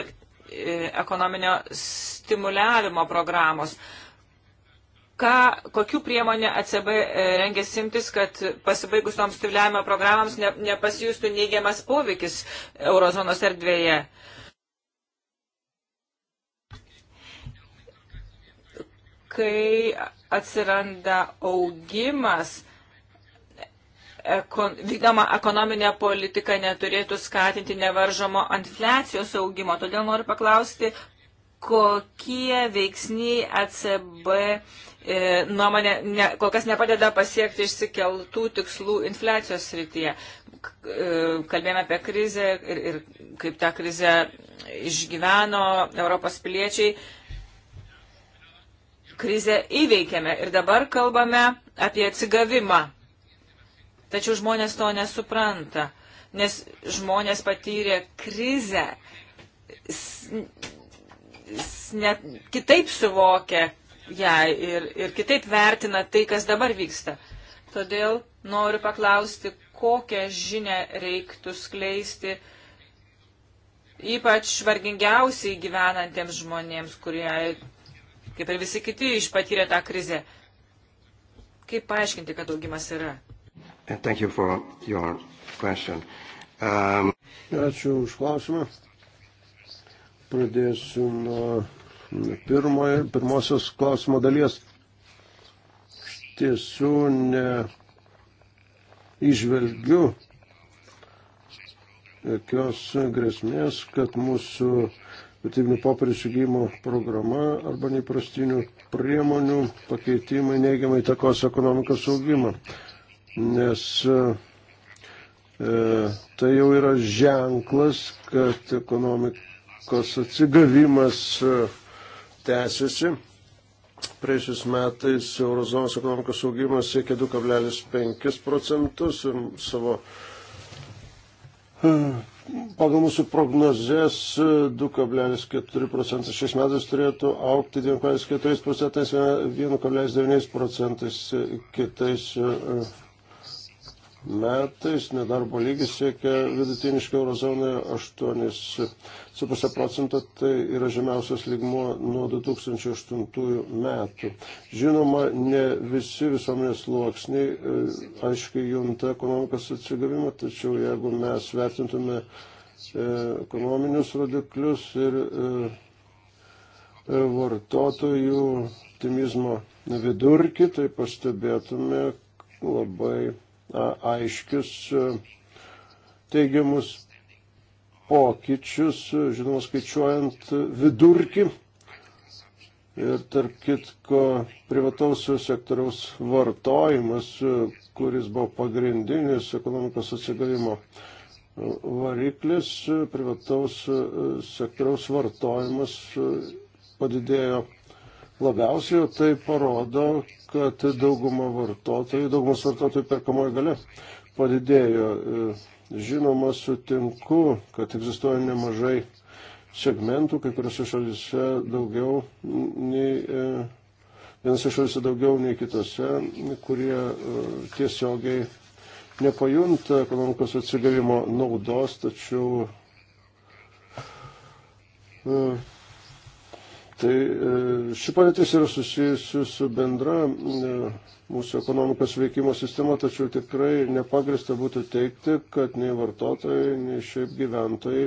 E, ekonominio stimuliavimo programos. Ką, kokių priemonių ECB rengėsi imtis, kad pasibaigus toms stimuliavimo programams ne, nepasijūstų neigiamas poveikis eurozonos erdvėje? Kai atsiranda augimas, ekon, vykdoma ekonominė politika neturėtų skatinti nevaržomo infliacijos augimo. Todėl noriu paklausti, kokie veiksniai ECB e, nuomonė ne, kol kas nepadeda pasiekti išsikeltų tikslų infliacijos srityje. E, kalbėjome apie krizę ir, ir kaip tą krizę išgyveno Europos piliečiai. Krizę įveikėme ir dabar kalbame apie atsigavimą Tačiau žmonės to nesupranta, nes žmonės patyrė krizę, net kitaip suvokia ją ir, ir kitaip vertina tai, kas dabar vyksta. Todėl noriu paklausti, kokią žinę reiktų skleisti ypač vargingiausiai gyvenantiems žmonėms, kurie, kaip ir visi kiti, išpatyrė tą krizę. Kaip paaiškinti, kad augimas yra? And thank you for your question. Um... Ačiū už klausimą. Pradėsiu nuo pirmoje, pirmosios klausimo dalies. Tiesų ne išvelgiu jokios grėsmės, kad mūsų vertybinių popierių įsigijimo programa arba neįprastinių priemonių pakeitimai neigiamai takos ekonomikos augimą nes e, e, tai jau yra ženklas, kad ekonomikos atsigavimas e, tęsiasi. Praėjusiais metais eurozonos ekonomikos augimas siekia 2,5 procentus ir savo e, pagal mūsų prognozes 2,4 procentai šiais metais turėtų aukti 2,4 procentais, 1,9 procentais kitais metais nedarbo lygis siekia vidutiniškai eurozonoje 8,5 procento, tai yra žemiausias lygmo nuo 2008 metų. Žinoma, ne visi visuomenės sluoksniai e, aiškiai junta ekonomikos atsigavimą, tačiau jeigu mes vertintume e, ekonominius rodiklius ir e, vartotojų optimizmo vidurkį, tai pastebėtume labai aiškius teigiamus pokyčius, žinoma, skaičiuojant vidurkį ir tarp kitko privataus sektoriaus vartojimas, kuris buvo pagrindinis ekonomikos atsigavimo variklis, privataus sektoriaus vartojimas padidėjo labiausiai, tai parodo, kad dauguma vartotojų, daugumas vartotojų perkamoji galia padidėjo. E, žinoma, sutinku, kad egzistuoja nemažai segmentų, kai kuriuose šalise daugiau nei, e, vienose šalise daugiau nei kitose, kurie e, tiesiogiai nepajunta ekonomikos atsigavimo naudos, tačiau Tai e, ši padėtis yra susijusi su bendra e, mūsų ekonomikos veikimo sistema, tačiau tikrai nepagrįsta būtų teikti, kad nei vartotojai, nei šiaip gyventojai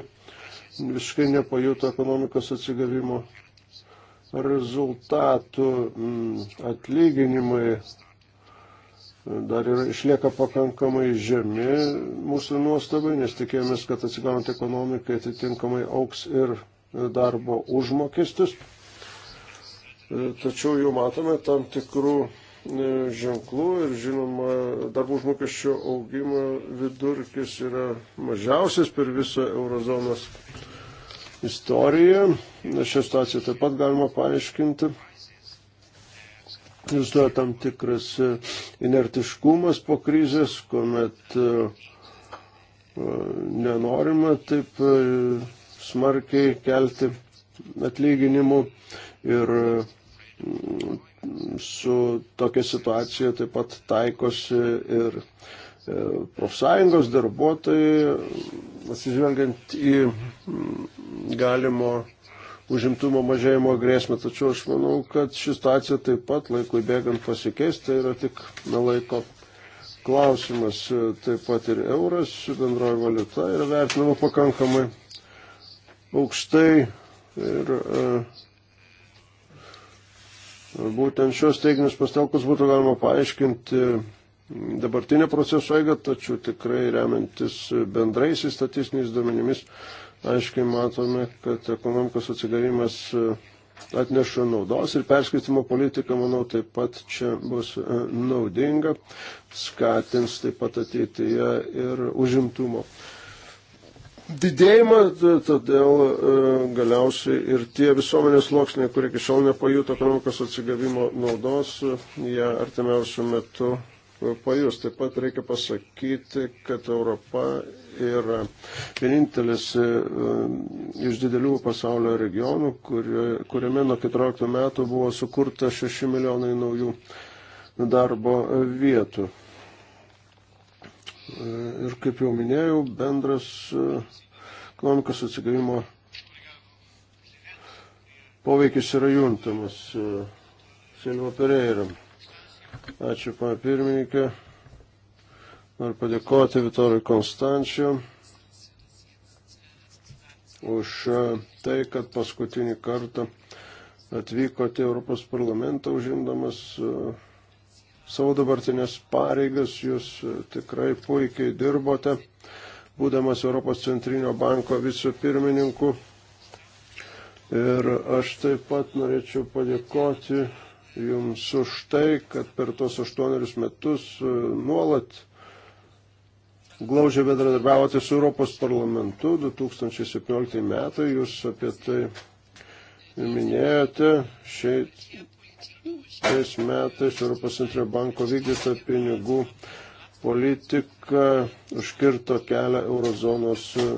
visiškai nepajuto ekonomikos atsigavimo rezultatų mm, atlyginimai e, dar yra, išlieka pakankamai žemi mūsų nuostabai, nes tikėjomės, kad atsigaunant ekonomikai atitinkamai auks ir darbo užmokestis. E, tačiau jau matome tam tikrų e, ženklų ir žinoma, darbo užmokesčio augimo vidurkis yra mažiausias per visą eurozonos istoriją. Šią situaciją taip pat galima paaiškinti. Egzistuoja tam tikras e, inertiškumas po krizės, kuomet nenorima taip smarkiai kelti atlyginimų ir su tokia situacija taip pat taikosi ir e, profsąjungos darbuotojai, atsižvelgiant į mm, galimo užimtumo mažėjimo grėsmę. Tačiau aš manau, kad ši situacija taip pat laikui bėgant pasikeis, tai yra tik laiko klausimas. Taip pat ir euras, bendroji valiuta yra vertinama pakankamai aukštai ir uh, Būtent šios teiginius pastelkus būtų galima paaiškinti dabartinę proceso eigą, tačiau tikrai remiantis bendrais statistiniais duomenimis, aiškiai matome, kad ekonomikos atsigavimas atneša naudos ir perskaitimo politika, manau, taip pat čia bus naudinga, skatins taip pat ateityje ir užimtumo didėjimą, todėl e, galiausiai ir tie visuomenės sluoksniai, kurie iki šiol nepajuto ekonomikos atsigavimo naudos, jie artimiausių metų e, pajus. Taip pat reikia pasakyti, kad Europa yra vienintelis e, iš didelių pasaulio regionų, kuriame nuo 14 metų buvo sukurta 6 milijonai naujų darbo vietų. E, ir kaip jau minėjau, bendras e, ekonomikos atsigavimo poveikis yra juntamas. E, Silva Pereira. Ačiū, pana pirmininkė. Noriu padėkoti Vitorui Konstančiu už tai, kad paskutinį kartą atvykote Europos parlamentą užimdamas uh, savo dabartinės pareigas, jūs e, tikrai puikiai dirbote, būdamas Europos centrinio banko vicepirmininku. Ir aš taip pat norėčiau padėkoti Jums už tai, kad per tos aštuonerius metus e, nuolat glaužiai bedradarbiavote su Europos parlamentu 2017 metai, Jūs apie tai minėjote, šiai tais metais Europos centrinio banko vykdyta pinigų politika užkirto kelią eurozonos e,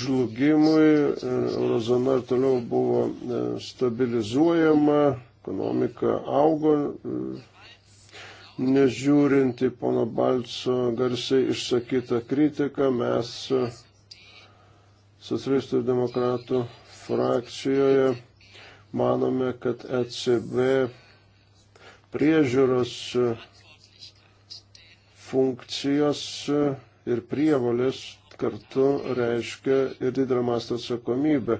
žlugimui. E, eurozona ir toliau buvo e, stabilizuojama, ekonomika augo, nežiūrinti pono Balco garsiai išsakytą kritiką, mes socialistų ir demokratų frakcijoje manome, kad ECB priežiūros funkcijos ir prievalės kartu reiškia ir didelio masto atsakomybę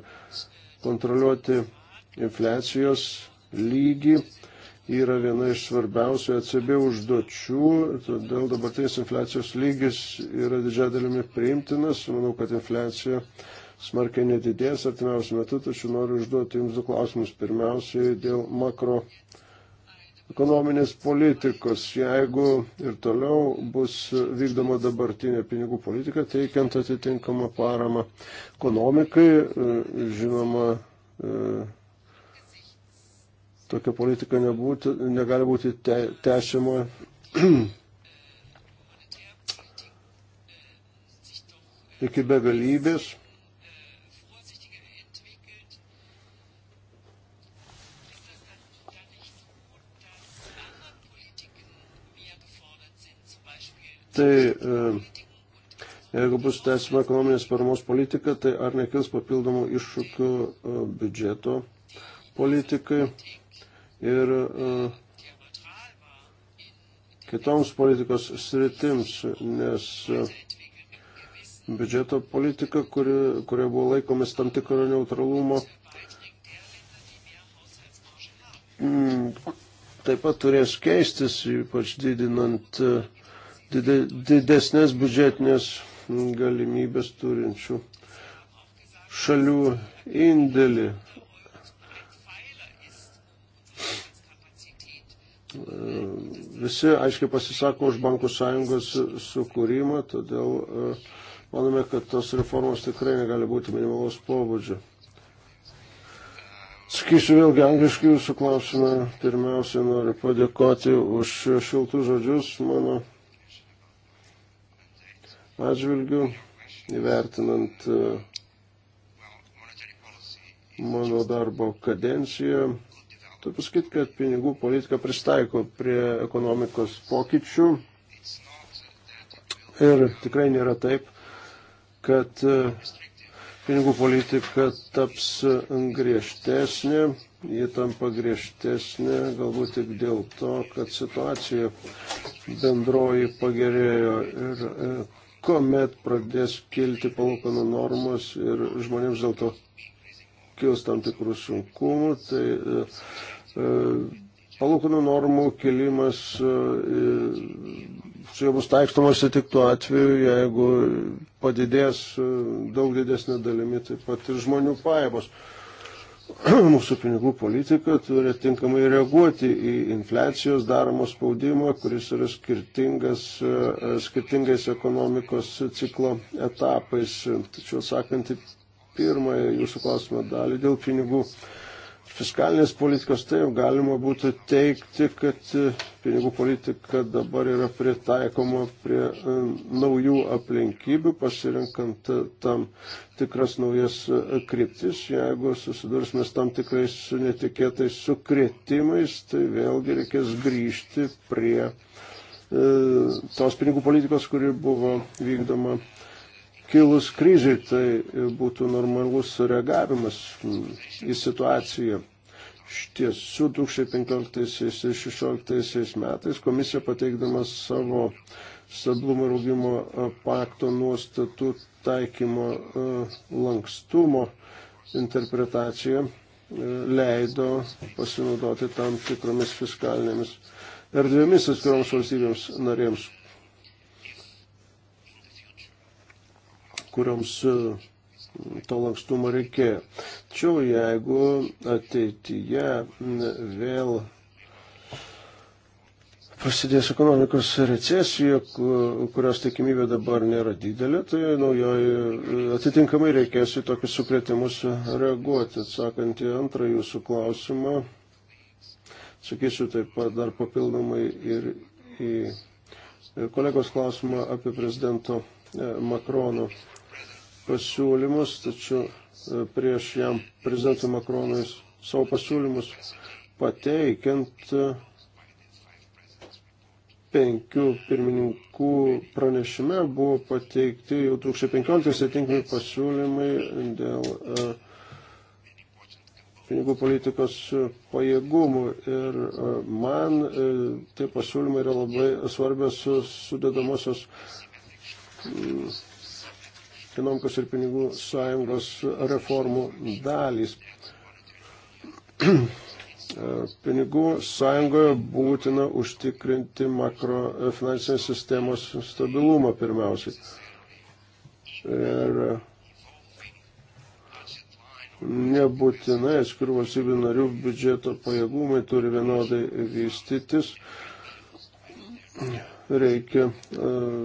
kontroliuoti infliacijos lygį yra viena iš svarbiausių ECB užduočių, todėl dabartinis infliacijos lygis yra didžia dalimi priimtinas. Manau, kad infliacija uh, smarkiai nedidės artimiausiu metu, tačiau noriu užduoti Jums du klausimus. Pirmiausiai dėl makro ekonominės politikos. Jeigu ir toliau bus vykdoma dabartinė pinigų politika, teikiant atitinkamą paramą ekonomikai, e, žinoma, e, tokia politika nebūti, negali būti te, tęsiama. *clears throat* iki begalybės tai e, jeigu bus tęsima ekonominės paramos politika, tai ar nekils papildomų iššūkių e, biudžeto politikai ir e, kitoms politikos sritims, nes biudžeto politika, kuri, kurie buvo laikomis tam tikro neutralumo, mm, taip pat turės keistis, ypač didinant uh, didesnės biudžetinės galimybės turinčių šalių indėlį. Visi aiškiai pasisako už bankų sąjungos sukūrimą, todėl e, manome, kad tos reformos tikrai negali būti minimalaus pobūdžio. Sakysiu vėlgi angliškai jūsų klausimą. Pirmiausia, noriu padėkoti už šiltų žodžius mano atžvilgių, įvertinant e, mano darbo kadenciją. Turiu pasakyti, kad pinigų politika pristaiko prie ekonomikos pokyčių ir tikrai nėra taip, kad e, pinigų politika taps griežtesnė, ji tampa griežtesnė galbūt tik dėl to, kad situacija bendroji pagerėjo ir e, kuomet pradės kilti palūkanų normos ir žmonėms dėl to kils tam tikrų sunkumų, tai e, e, palūkanų normų kilimas e, su juo bus taikstomasi tik tuo atveju, jeigu padidės daug didesnė dalimi taip pat ir žmonių pajamos. *clears throat* mūsų pinigų politika turi tinkamai reaguoti į infliacijos daromą spaudimą, kuris yra skirtingas, e, e, skirtingais ekonomikos ciklo etapais. Tačiau sakant į pirmąją jūsų klausimą dalį dėl pinigų fiskalinės politikos, tai jau galima būtų teikti, kad e, pinigų politika dabar yra pritaikoma prie e, naujų aplinkybių, pasirinkant e, tam tikras naujas kryptis. Jeigu susidursime tam tikrais netikėtais sukretimais, tai vėlgi reikės grįžti prie tos pinigų politikos, kuri buvo vykdoma kilus kryžiai, tai būtų normalus sureagavimas į situaciją. Iš tiesų 2015 ir 2016 metais komisija pateikdama savo stabilumo ir augimo pakto nuostatų taikymo e, lankstumo interpretaciją e, leido pasinaudoti tam tikromis fiskalinėmis erdvėmis atskiroms valstybėms narėms, kuriams e, to lankstumo reikėjo. Tačiau jeigu ateityje vėl prasidės ekonomikos recesija, kurios tikimybė dabar nėra didelė, tai naujoji e, atitinkamai reikės į tokius sukretimus reaguoti. Atsakant į antrą jūsų klausimą, sakysiu taip pat dar papildomai ir į kolegos klausimą apie prezidento e, Makrono pasiūlymus, tačiau e, prieš jam prezidentui Makronui savo pasiūlymus pateikiant e, penkių pirmininkų pranešime buvo pateikti jau 2015 atitinkami pasiūlymai dėl e, pinigų politikos pajėgumų. Ir man tie pasiūlymai yra labai svarbios sudėdamosios ekonomikos ir pinigų sąjungos reformų dalys. *clears throat* E, pinigų sąjungoje būtina užtikrinti makrofinansinės e, sistemos stabilumą pirmiausiai. Ir e, nebūtinai atskirų valstybių narių biudžeto pajėgumai turi vienodai vystytis. Reikia uh,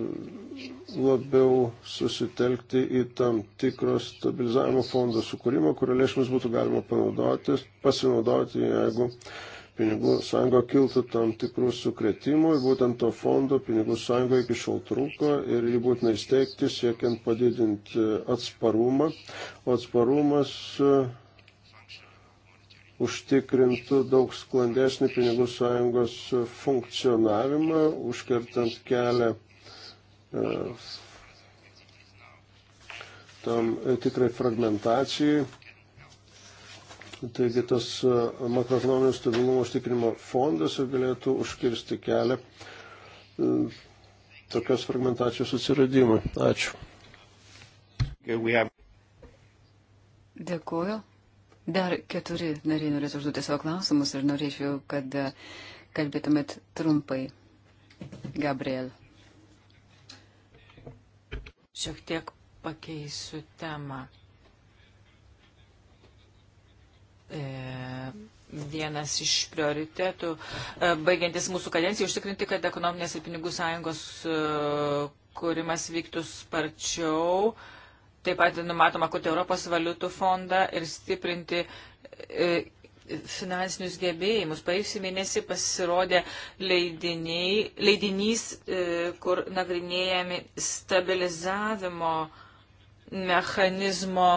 labiau susitelkti į tam tikro stabilizavimo fondo sukūrimą, kurio lėšomis būtų galima panaudoti, pasinaudoti, jeigu pinigų sąjungo kiltų tam tikrų sukretimų ir būtent to fondo pinigų sąjungo iki šiol trūko ir jį būtina įsteigti siekiant padidinti atsparumą. O atsparumas e, užtikrintų daug sklandesnį pinigų sąjungos funkcionavimą, užkertant kelią E, tam e, tikrai fragmentacijai. Taigi tas e, makroekonominio stabilumo užtikrinimo fondas galėtų užkirsti kelią tokios fragmentacijos atsiradimui. Ačiū. Dėkuoju. Dar keturi nariai norėtų užduoti savo klausimus ir norėčiau, kad kalbėtumėt trumpai. Gabriel šiek tiek pakeisiu temą. E, vienas iš prioritetų, e, baigiantis mūsų kadencijai, užtikrinti, kad ekonominės ir pinigų sąjungos e, kūrimas vyktų sparčiau. Taip pat numatoma kurti Europos valiutų fondą ir stiprinti e, finansinius gebėjimus. Paėjusį mėnesį pasirodė leidiniai, leidinys, e, kur nagrinėjami stabilizavimo mechanizmo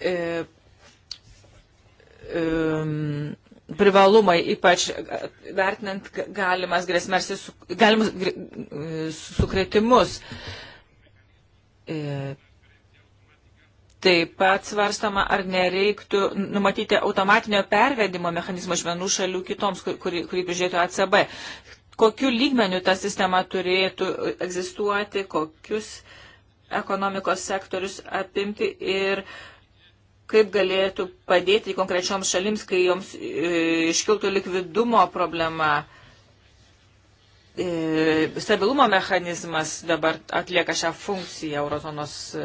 e, e, privalumai, ypač vertinant galimas grėsmės, galimus e, sukretimus. Su, e, su Taip pat svarstama, ar nereiktų numatyti automatinio pervedimo mechanizmo iš vienų šalių kitoms, kurį, kurį prižiūrėtų ACB. Kokiu lygmeniu ta sistema turėtų egzistuoti, kokius ekonomikos sektorius apimti ir kaip galėtų padėti konkrečioms šalims, kai joms e, iškiltų likvidumo problema. E, stabilumo mechanizmas dabar atlieka šią funkciją eurozonos e,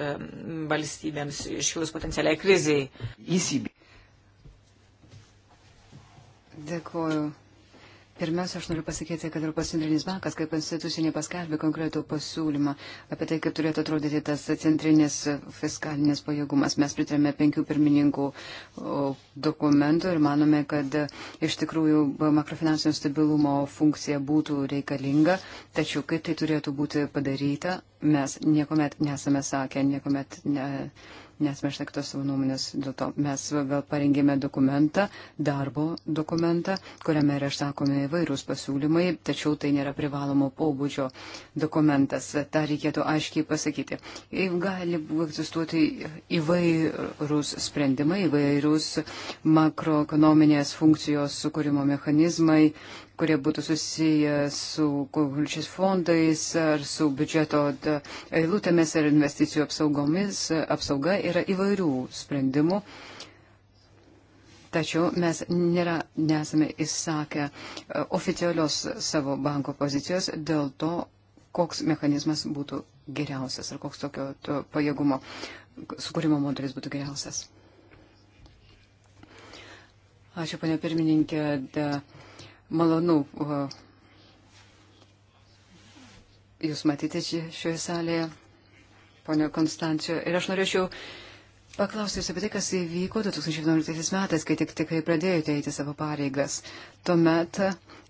valstybėms iškilus potencialiai kriziai. Įsibė. Dėkuoju. Pirmiausia, aš noriu pasakyti, kad Europos centrinis bankas kaip institucinė paskelbė konkretų pasiūlymą apie tai, kaip turėtų atrodyti tas centrinis fiskalinis pajėgumas. Mes pritarėme penkių pirmininkų dokumentų ir manome, kad iš tikrųjų makrofinansinio stabilumo funkcija būtų reikalinga, tačiau kaip tai turėtų būti padaryta, mes niekuomet nesame sakę, niekuomet ne, nes mes išsakytos savo nuomonės, dėl to mes vėl parengėme dokumentą, darbo dokumentą, kuriame yra išsakomi įvairūs pasiūlymai, tačiau tai nėra privalomo pobūdžio dokumentas. Ta reikėtų aiškiai pasakyti. Jeigu gali egzistuoti įvairūs sprendimai, įvairūs makroekonominės funkcijos sukūrimo mechanizmai, kurie būtų susiję su kulčiais fondais ar su biudžeto eilutėmis ar investicijų apsaugomis. Apsauga yra įvairių sprendimų. Tačiau mes nėra, nesame įsakę e, oficialios savo banko pozicijos dėl to, koks mechanizmas būtų geriausias ar koks tokio to pajėgumo sukūrimo modelis būtų geriausias. Ačiū, panė pirmininkė. De, malonu Jūs matyti šioje salėje, ponio Konstancijo. Ir aš norėčiau paklausti Jūs apie tai, kas įvyko 2011 metais, kai tik tikrai pradėjote eiti savo pareigas. Tuomet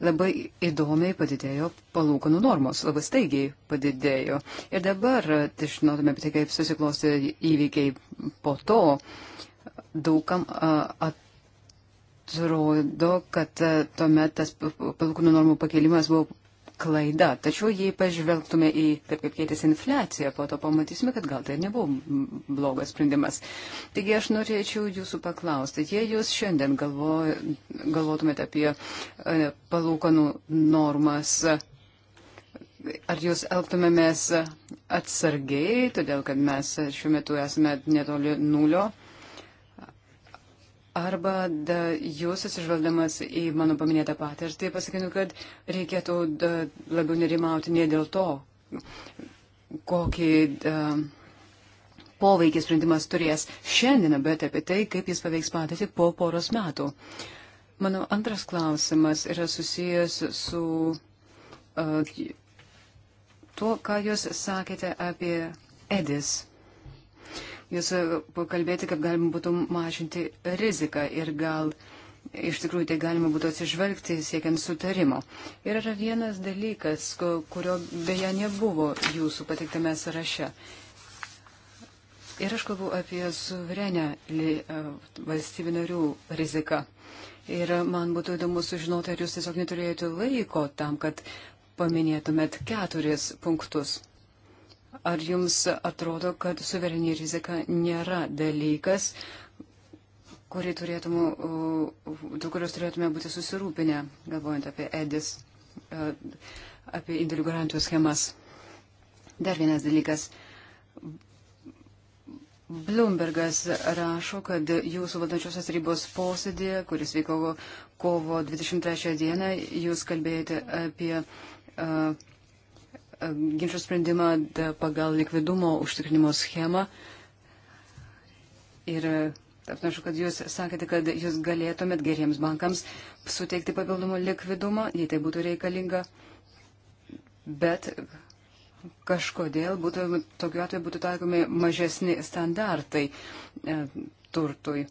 labai įdomiai padidėjo palūkanų normos, labai staigiai padidėjo. Ir dabar, tai žinodami apie tai, kaip susiklosti įvykiai po to, daugam at, atrodo, kad e, tuomet tas palūkanų normų pakelimas buvo klaida. Tačiau jei pažvelgtume į taip, kaip keitėsi infliacija, po to pamatysime, kad gal tai nebuvo blogas sprendimas. Taigi aš norėčiau jūsų paklausti, jei jūs šiandien galvo, galvotumėte apie e, palūkanų normas, ar jūs elgtumėmės atsargiai, todėl kad mes šiuo metu esame netoli nulio, Arba da, jūs, atsižvelgdamas į mano paminėtą patirtį, pasakinu, kad reikėtų da, labiau nerimauti ne dėl to, kokį da, poveikį sprendimas turės šiandieną, bet apie tai, kaip jis paveiks patirtį po poros metų. Mano antras klausimas yra susijęs su uh, tuo, ką jūs sakėte apie Edis jūs e, kalbėti, kaip galima būtų mažinti riziką ir gal iš tikrųjų tai galima būtų atsižvelgti siekiant sutarimo. Ir yra vienas dalykas, kurio beje nebuvo jūsų patiktame sąraše. Ir aš kalbu apie suverenę e, valstybių narių riziką. Ir man būtų įdomu sužinoti, ar jūs tiesiog neturėjote laiko tam, kad paminėtumėt keturis punktus. Ar jums atrodo, kad suvereni rizika nėra dalykas, turėtume, dėl kurios turėtume būti susirūpinę, galvojant apie EDIS, e, apie indėlių garantijų schemas? Dar vienas dalykas. Bloombergas rašo, kad jūsų valdančiosios rybos posėdėje, kuris vyko kovo 23 dieną, jūs kalbėjote apie uh, ginčio sprendimą pagal likvidumo užtikrinimo schemą. Ir Panašu, kad jūs sakėte, kad jūs galėtumėt geriems bankams suteikti papildomą likvidumą, jei tai būtų reikalinga, bet kažkodėl būtų, tokiu atveju būtų taikomi mažesni standartai e, turtui.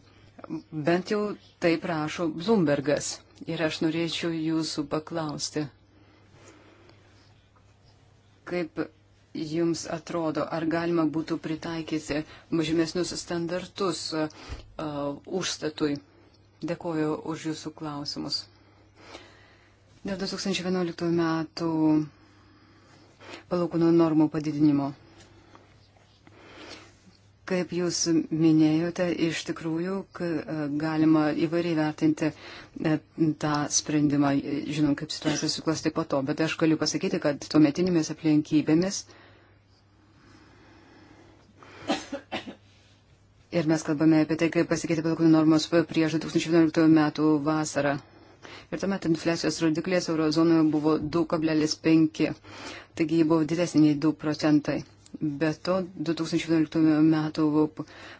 Bent jau taip rašo Bloombergas. Ir aš norėčiau jūsų paklausti. Kaip jums atrodo, ar galima būtų pritaikyti mažymesnius standartus uh, užstatui? Dėkuoju už jūsų klausimus. Dėl 2011 metų palūkanų normų padidinimo. Kaip jūs minėjote, iš tikrųjų e, galima įvairiai vertinti e, tą sprendimą, žinom, kaip situacija suklosti po to, bet aš galiu pasakyti, kad tuometinėmis aplinkybėmis ir mes kalbame apie tai, kaip pasikeitė palūkanų normos prieš 2011 metų vasarą. Ir tuomet infliacijos rodiklės eurozonoje buvo 2,5, taigi ji buvo didesnė nei 2 procentai. Be to, 2011 metų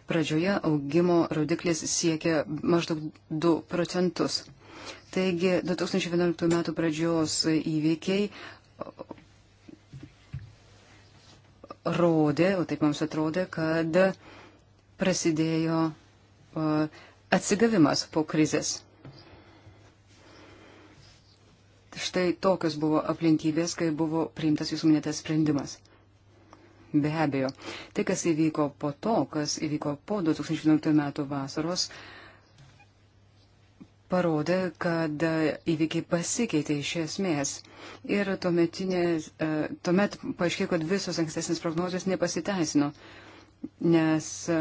pradžioje augimo rodiklis siekia maždaug 2 procentus. Taigi, 2011 metų pradžios įvykiai rodė, o taip mums atrodė, kad prasidėjo atsigavimas po krizės. Štai tokios buvo aplinkybės, kai buvo priimtas jūsų minėtas sprendimas. Be abejo, tai, kas įvyko po to, kas įvyko po 2011 metų vasaros, parodė, kad e, įvykiai pasikeitė iš esmės. Ir e, tuomet paaiškėjo, kad visos ankstesnės prognozijos nepasiteisino, nes e,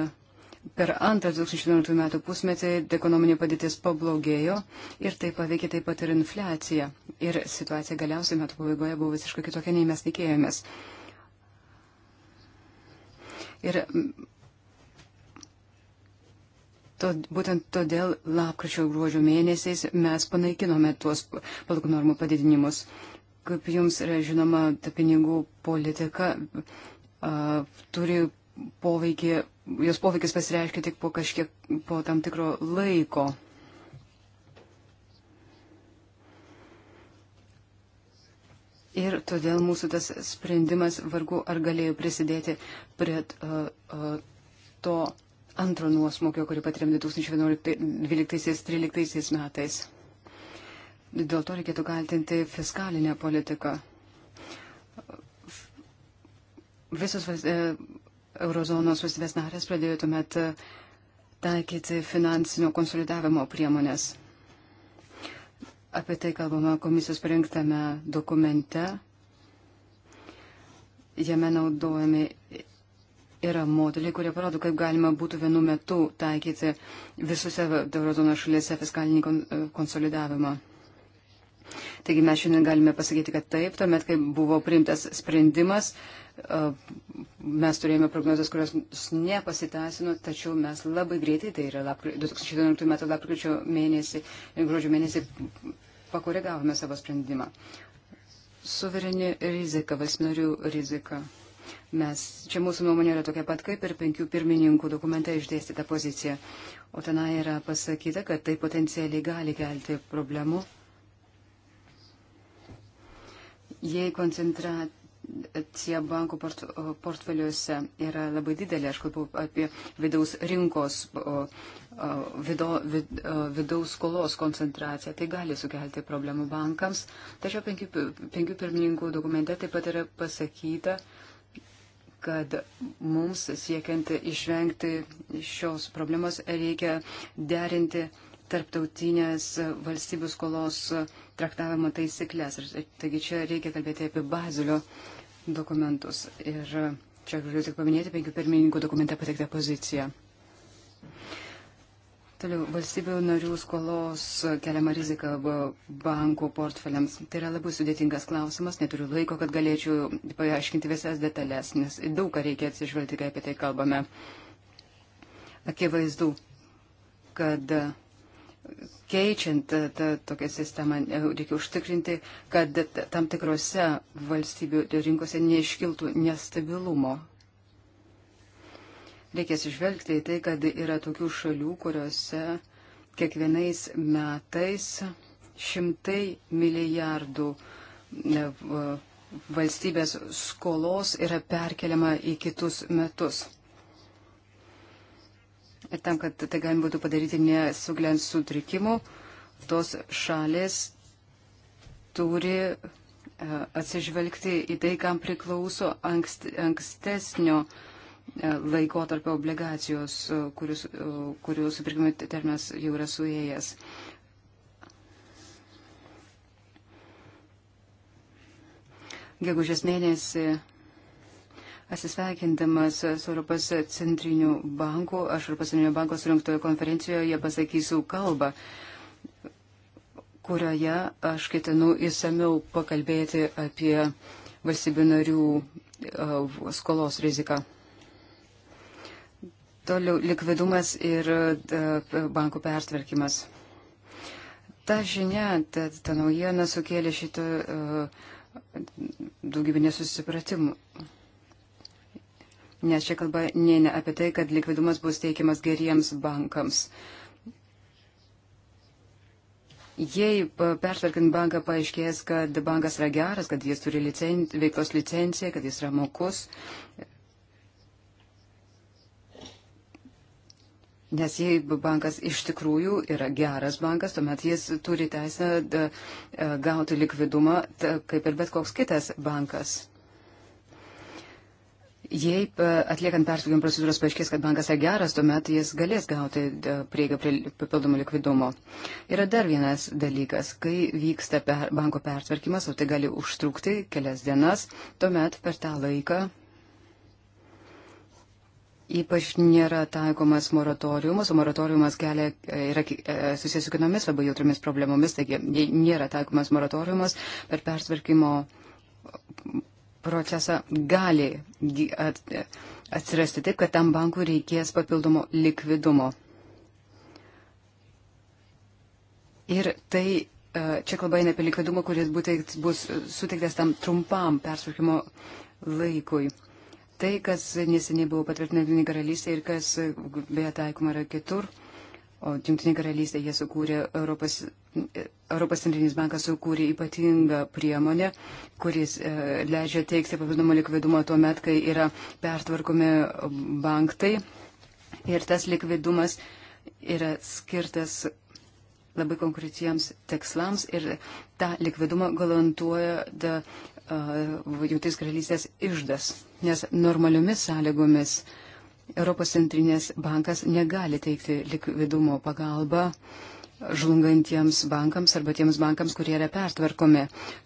per antrą 2011 metų pusmetį ekonominė padėtis pablogėjo ir tai paveikė taip pat ir infliaciją. Ir situacija galiausiai metų pabaigoje buvo visiškai kitokia, nei mes tikėjomės. Ir mm, to, būtent todėl lapkričio gruodžio mėnesiais mes panaikinome tuos palūkanų normų padidinimus. Kaip jums yra žinoma, ta pinigų politika a, turi poveikį, jos poveikis pasireiškia tik po kažkiek, po tam tikro laiko. Ir todėl mūsų tas sprendimas vargu ar galėjo prisidėti prie uh, uh, to antro nuosmokio, kurį patyrėm 2012-2013 metais. Dėl to reikėtų kaltinti fiskalinę politiką. Visos e, eurozonos valstybės narės pradėjo tuomet taikyti finansinio konsolidavimo priemonės. Apie tai kalbama komisijos parengtame dokumente. Jame naudojami yra modeliai, kurie parodo, kaip galima būtų vienu metu taikyti visose eurozonos šalyse fiskalinį konsolidavimą. Taigi mes šiandien galime pasakyti, kad taip, tuomet, kai buvo priimtas sprendimas, uh, Mes turėjome prognozes, kurios nepasiteisino, tačiau mes labai greitai, tai yra 2011 m. lapkričio mėnesį ir gruodžio mėnesį, pakoregavome savo sprendimą. Suvereni rizika, valstybinarių rizika. Mes, čia mūsų nuomonė yra tokia pat kaip ir penkių pirmininkų dokumentai išdėstyta pozicija. O tenai yra pasakyta, kad tai potencialiai gali kelti problemų, jei koncentrat tie bankų port, portfeliuose yra labai didelė. Aš kalbu apie vidaus rinkos, vido, vid, vidaus skolos koncentraciją. Tai gali sukelti problemų bankams. Tačiau penkių, penkių pirmininkų dokumente taip pat yra pasakyta, kad mums siekiant išvengti šios problemos reikia derinti tarptautinės valstybių skolos traktavimo taisyklės. Taigi čia reikia kalbėti apie bazilio dokumentus. Ir čia galiu tik paminėti penkių pirmininkų dokumente pateiktą poziciją. Toliau, valstybių narių skolos keliama rizika bankų portfeliams. Tai yra labai sudėtingas klausimas, neturiu laiko, kad galėčiau paaiškinti visas detalės, nes daug ką reikia atsižvelgti, kai apie tai kalbame. Akivaizdu, kad keičiant tą, tą tokią sistemą, e, reikia užtikrinti, kad tam tikrose valstybių rinkose neiškiltų nestabilumo. Reikės išvelgti į tai, kad yra tokių šalių, kuriuose kiekvienais metais šimtai milijardų e, valstybės skolos yra perkeliama į kitus metus. Bet tam, kad tai galima būtų padaryti nesugliant sutrikimu, tos šalės turi e, atsižvelgti į tai, kam priklauso ankst, ankstesnio e, laiko tarp obligacijos, e, kurių supirkimo terminas jau yra suėjęs. Gegužės mėnesį Atsisveikindamas su Europos centriniu banku, aš Europos centrinio banko surinktoje konferencijoje pasakysiu kalbą, kurioje aš ketinu įsamiau pakalbėti apie valstybių narių uh, skolos riziką. Toliau likvidumas ir uh, bankų pertvarkymas. Ta žinia, ta, ta naujiena sukėlė šitą uh, daugybę nesusipratimų nes čia kalba neina apie tai, kad likvidumas bus teikiamas geriems bankams. Jei pertvarkant banką paaiškės, kad bankas yra geras, kad jis turi licen, veiklos licenciją, kad jis yra mokus, Nes jei bankas iš tikrųjų yra geras bankas, tuomet jis turi teisę e, gauti likvidumą, kaip ir bet koks kitas bankas. Jei e, atliekant persukimų procedūros paaiškės, kad bankas yra geras, tuomet jis galės gauti e, prieigą prie papildomų likvidumo. Yra dar vienas dalykas, kai vyksta per banko pertvarkymas, o tai gali užtrukti kelias dienas, tuomet per tą laiką ypač nėra taikomas moratoriumas, o moratoriumas kelia, e, yra susijęs su kitomis labai jautriamis problemomis, taigi nėra taikomas moratoriumas per persvarkymo procesą gali atsirasti taip, kad tam bankui reikės papildomo likvidumo. Ir tai e, čia kalba eina apie likvidumą, kuris būtent bus suteiktas tam trumpam persukimo laikui. Tai, kas neseniai buvo patvirtinta Junktinė karalystė ir kas beje taikoma yra kitur, o Junktinė karalystė jie sukūrė Europos Europos centrinis bankas sukūrė ypatingą priemonę, kuris e, leidžia teikti papildomą likvidumą tuo met, kai yra pertvarkomi banktai. Ir tas likvidumas yra skirtas labai konkretiems tikslams ir tą likvidumą galantuoja da, uh, jungtis karalystės išdas. Nes normaliomis sąlygomis Europos centrinės bankas negali teikti likvidumo pagalbą uh, žlungantiems bankams arba tiems bankams, kurie yra pertvarkomi.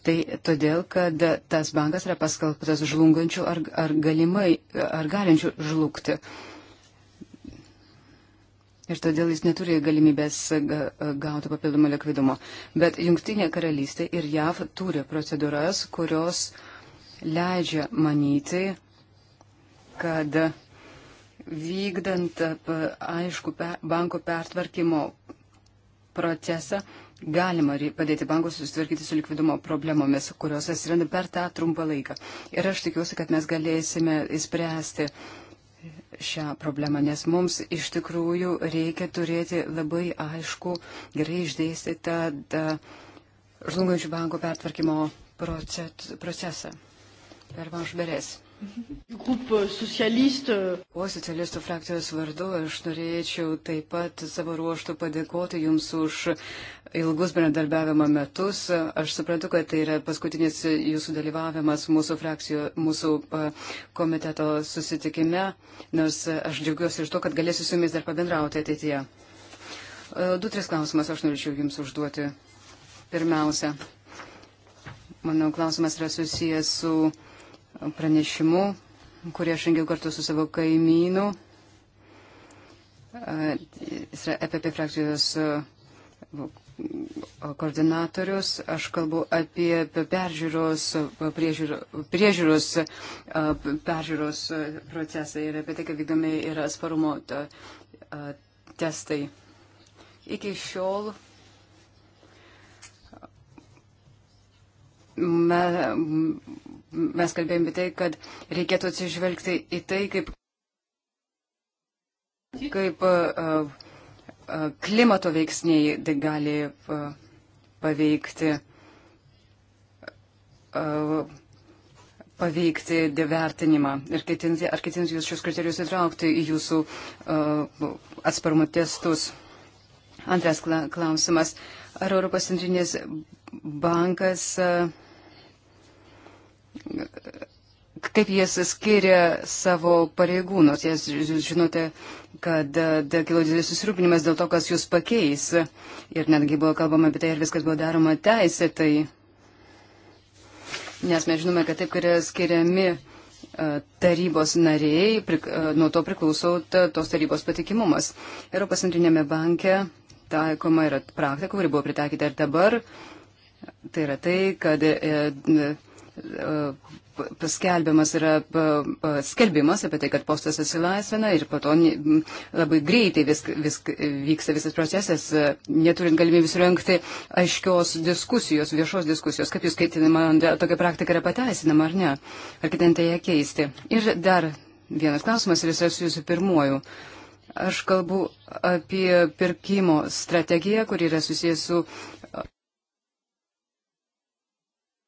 Tai todėl, kad tas bankas yra paskalbtas žlungančių ar, ar galimai, ar galinčių žlugti. Ir todėl jis neturi galimybės gauti papildomą likvidumo. Bet Junktinė karalystė ir JAV turi procedūras, kurios leidžia manyti, kad vykdant aišku banko pertvarkymo procesą, galima padėti bankus susitvarkyti su likvidumo problemomis, kurios atsiranda per tą trumpą laiką. Ir aš tikiuosi, kad mes galėsime įspręsti šią problemą, nes mums iš tikrųjų reikia turėti labai aišku, gerai išdėstytą žlungančių bankų pertvarkymo procesą. Per mažberės. O socialistų frakcijos vardu aš norėčiau taip pat savo ruoštų padėkoti Jums už ilgus bendradarbiavimo metus. Aš suprantu, kad tai yra paskutinis Jūsų dalyvavimas mūsų frakcijų, mūsų komiteto susitikime, nors aš džiaugiuosi iš to, kad galėsiu su Jumis dar pabendrauti ateityje. Du, tris klausimas aš norėčiau Jums užduoti. Pirmiausia, mano klausimas yra susijęs su pranešimu, kurį aš rengiau kartu su savo kaimynu. Jis yra EPP frakcijos koordinatorius, aš kalbu apie peržiūros, priežiūros, priežiūros, peržiūros procesą ir apie tai, kad vykdomi yra sparumo testai. Iki šiol me, mes kalbėjome tai, kad reikėtų atsižvelgti į tai, kaip, kaip klimato veiksniai tai gali paveikti, paveikti devertinimą ir ketinti, ar ketinti jūs šios kriterijus įtraukti į jūsų atsparumo testus. Antras klausimas. Ar Europos centrinės bankas uh, kaip jis skiria savo pareigūnus. Jūs, jūs žinote, kad e, kilo didelis susirūpinimas dėl to, kas jūs pakeis. Ir netgi buvo kalbama apie tai, ar viskas buvo daroma teisėtai. Nes mes žinome, kad taip, kad yra skiriami e, tarybos nariai, e, nuo to priklauso tos tarybos patikimumas. Europos centrinėme banke taikoma yra praktika, kuri buvo pritaikyta ir dabar. Tai yra tai, kad E, paskelbiamas yra e, e, skelbimas apie tai, kad postas atsilaisvina ir po to labai greitai vis, vis, vyksta visas procesas, neturint galimybės rengti aiškios diskusijos, viešos diskusijos, kaip jūs skaitinama, tokia praktika yra pateisinama ar ne, ar kitintai ją keisti. Ir dar vienas klausimas ir jis yra su jūsų pirmuoju. Aš kalbu apie pirkimo strategiją, kuri yra susijęs su uh,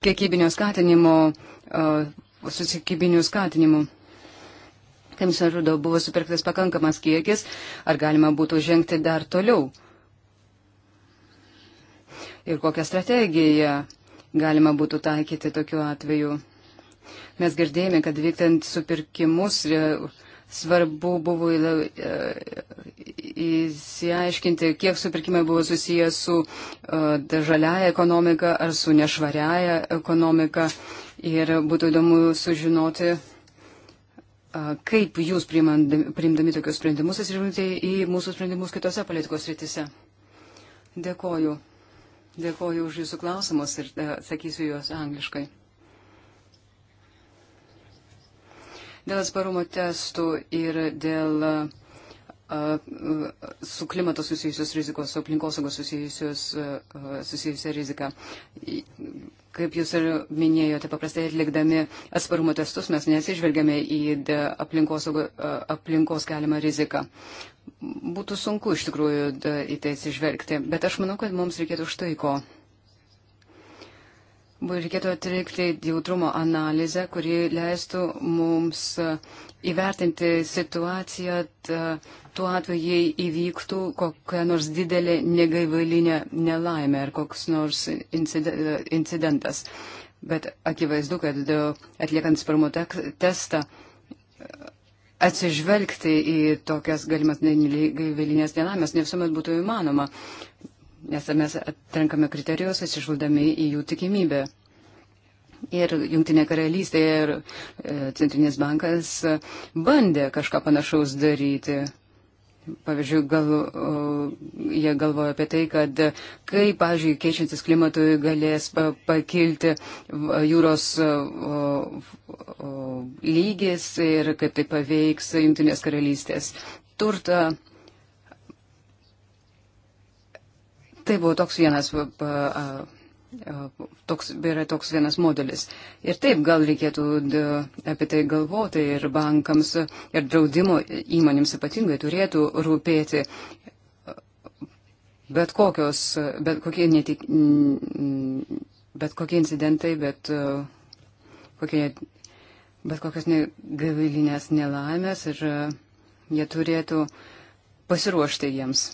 kiekybinio skatinimo, susikybinių skatinimų. Komisarudo buvo supirktas pakankamas kiekis, ar galima būtų žengti dar toliau? Ir kokią strategiją galima būtų taikyti tokiu atveju? Mes girdėjome, kad vyktant supirkimus e, svarbu buvo e, įsiaiškinti, kiek supirkimai buvo susiję su uh, žaliaja ekonomika ar su nešvariaja ekonomika. Ir būtų įdomu sužinoti, uh, kaip jūs priimdami tokius sprendimus atsižvelgti į mūsų sprendimus kitose politikos rytise. Dėkoju. Dėkoju už jūsų klausimus ir atsakysiu e, uh, juos angliškai. Dėl atsparumo testų ir dėl uh, su klimato susijusios rizikos, su aplinkosaugos susijusios, susijusią riziką. Kaip jūs ir minėjote, paprastai atlikdami atsparumo testus mes nesižvelgiame į aplinkos galimą riziką. Būtų sunku iš tikrųjų į tai atsižvelgti, bet aš manau, kad mums reikėtų štai ko. Reikėtų atlikti jautrumo analizę, kuri leistų mums įvertinti situaciją. Ta, tuo atveju, jei įvyktų kokia nors didelė negaivalinė nelaimė ar koks nors incidentas. Bet akivaizdu, kad atliekant sparmo testą e, atsižvelgti į tokias galimas gaivalinės nelaimės ne visuomet būtų įmanoma, nes mes atrenkame kriterijus atsižvelgdami į jų tikimybę. Ir Junktinė karalystė ir e, Centrinis bankas bandė kažką panašaus daryti. Pavyzdžiui, gal, jie galvoja apie tai, kad kai, pavyzdžiui, keičiantis klimatui galės pakilti jūros lygis ir kaip tai paveiks Junktinės karalystės turtą. Tai buvo toks vienas. Pa, pa, E, toks yra toks vienas modelis. Ir taip gal reikėtų e, apie tai galvoti ir bankams, ir draudimo įmonėms ypatingai turėtų rūpėti e, bet, kokios, bet, kokie, netik, bet kokie incidentai, bet, kokie, bet kokios negailinės nelaimės ir jie turėtų pasiruošti jiems.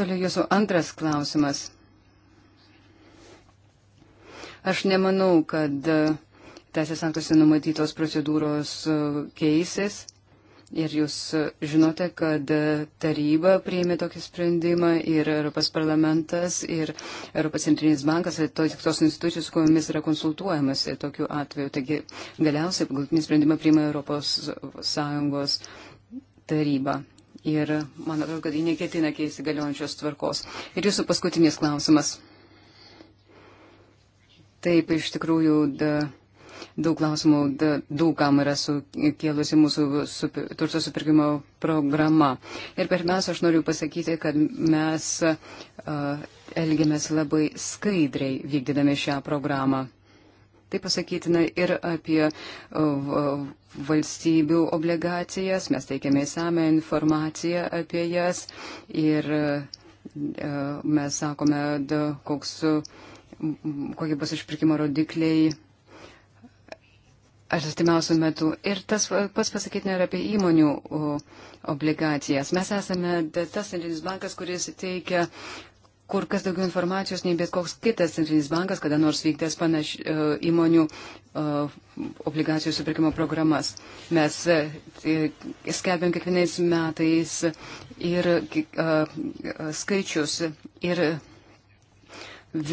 Toliau jūsų antras klausimas. Aš nemanau, kad e, teisės aktuose numatytos procedūros e, keisis. Ir jūs e, žinote, kad taryba priėmė tokį sprendimą ir Europos parlamentas ir Europos centrinis bankas ir tos, tos institucijos, su kuriomis yra konsultuojamas tokiu atveju. Taigi galiausiai galutinį sprendimą priėmė Europos Sąjungos taryba. Ir man atrodo, kad ji neketina keisti galiojančios tvarkos. Ir jūsų paskutinis klausimas. Taip, iš tikrųjų, da, daug klausimų, da, daug kam yra sukėlusi mūsų super, turto supirkimo programa. Ir pirmiausia, aš noriu pasakyti, kad mes uh, elgiamės labai skaidriai vykdydami šią programą. Tai pasakytina ir apie e, valstybių obligacijas, mes teikiame įsame informaciją apie jas ir e, mes sakome, koks, kokie bus išpirkimo rodikliai artimiausių metų. Ir tas pats pasakytina ir apie įmonių obligacijas. Mes esame tas centrinis bankas, kuris teikia kur kas daugiau informacijos nei bet koks kitas centrinis bankas, kada nors vykdęs panaš e, įmonių e, obligacijų supirkimo programas. Mes e, skelbiam kiekvienais metais ir skaičius ir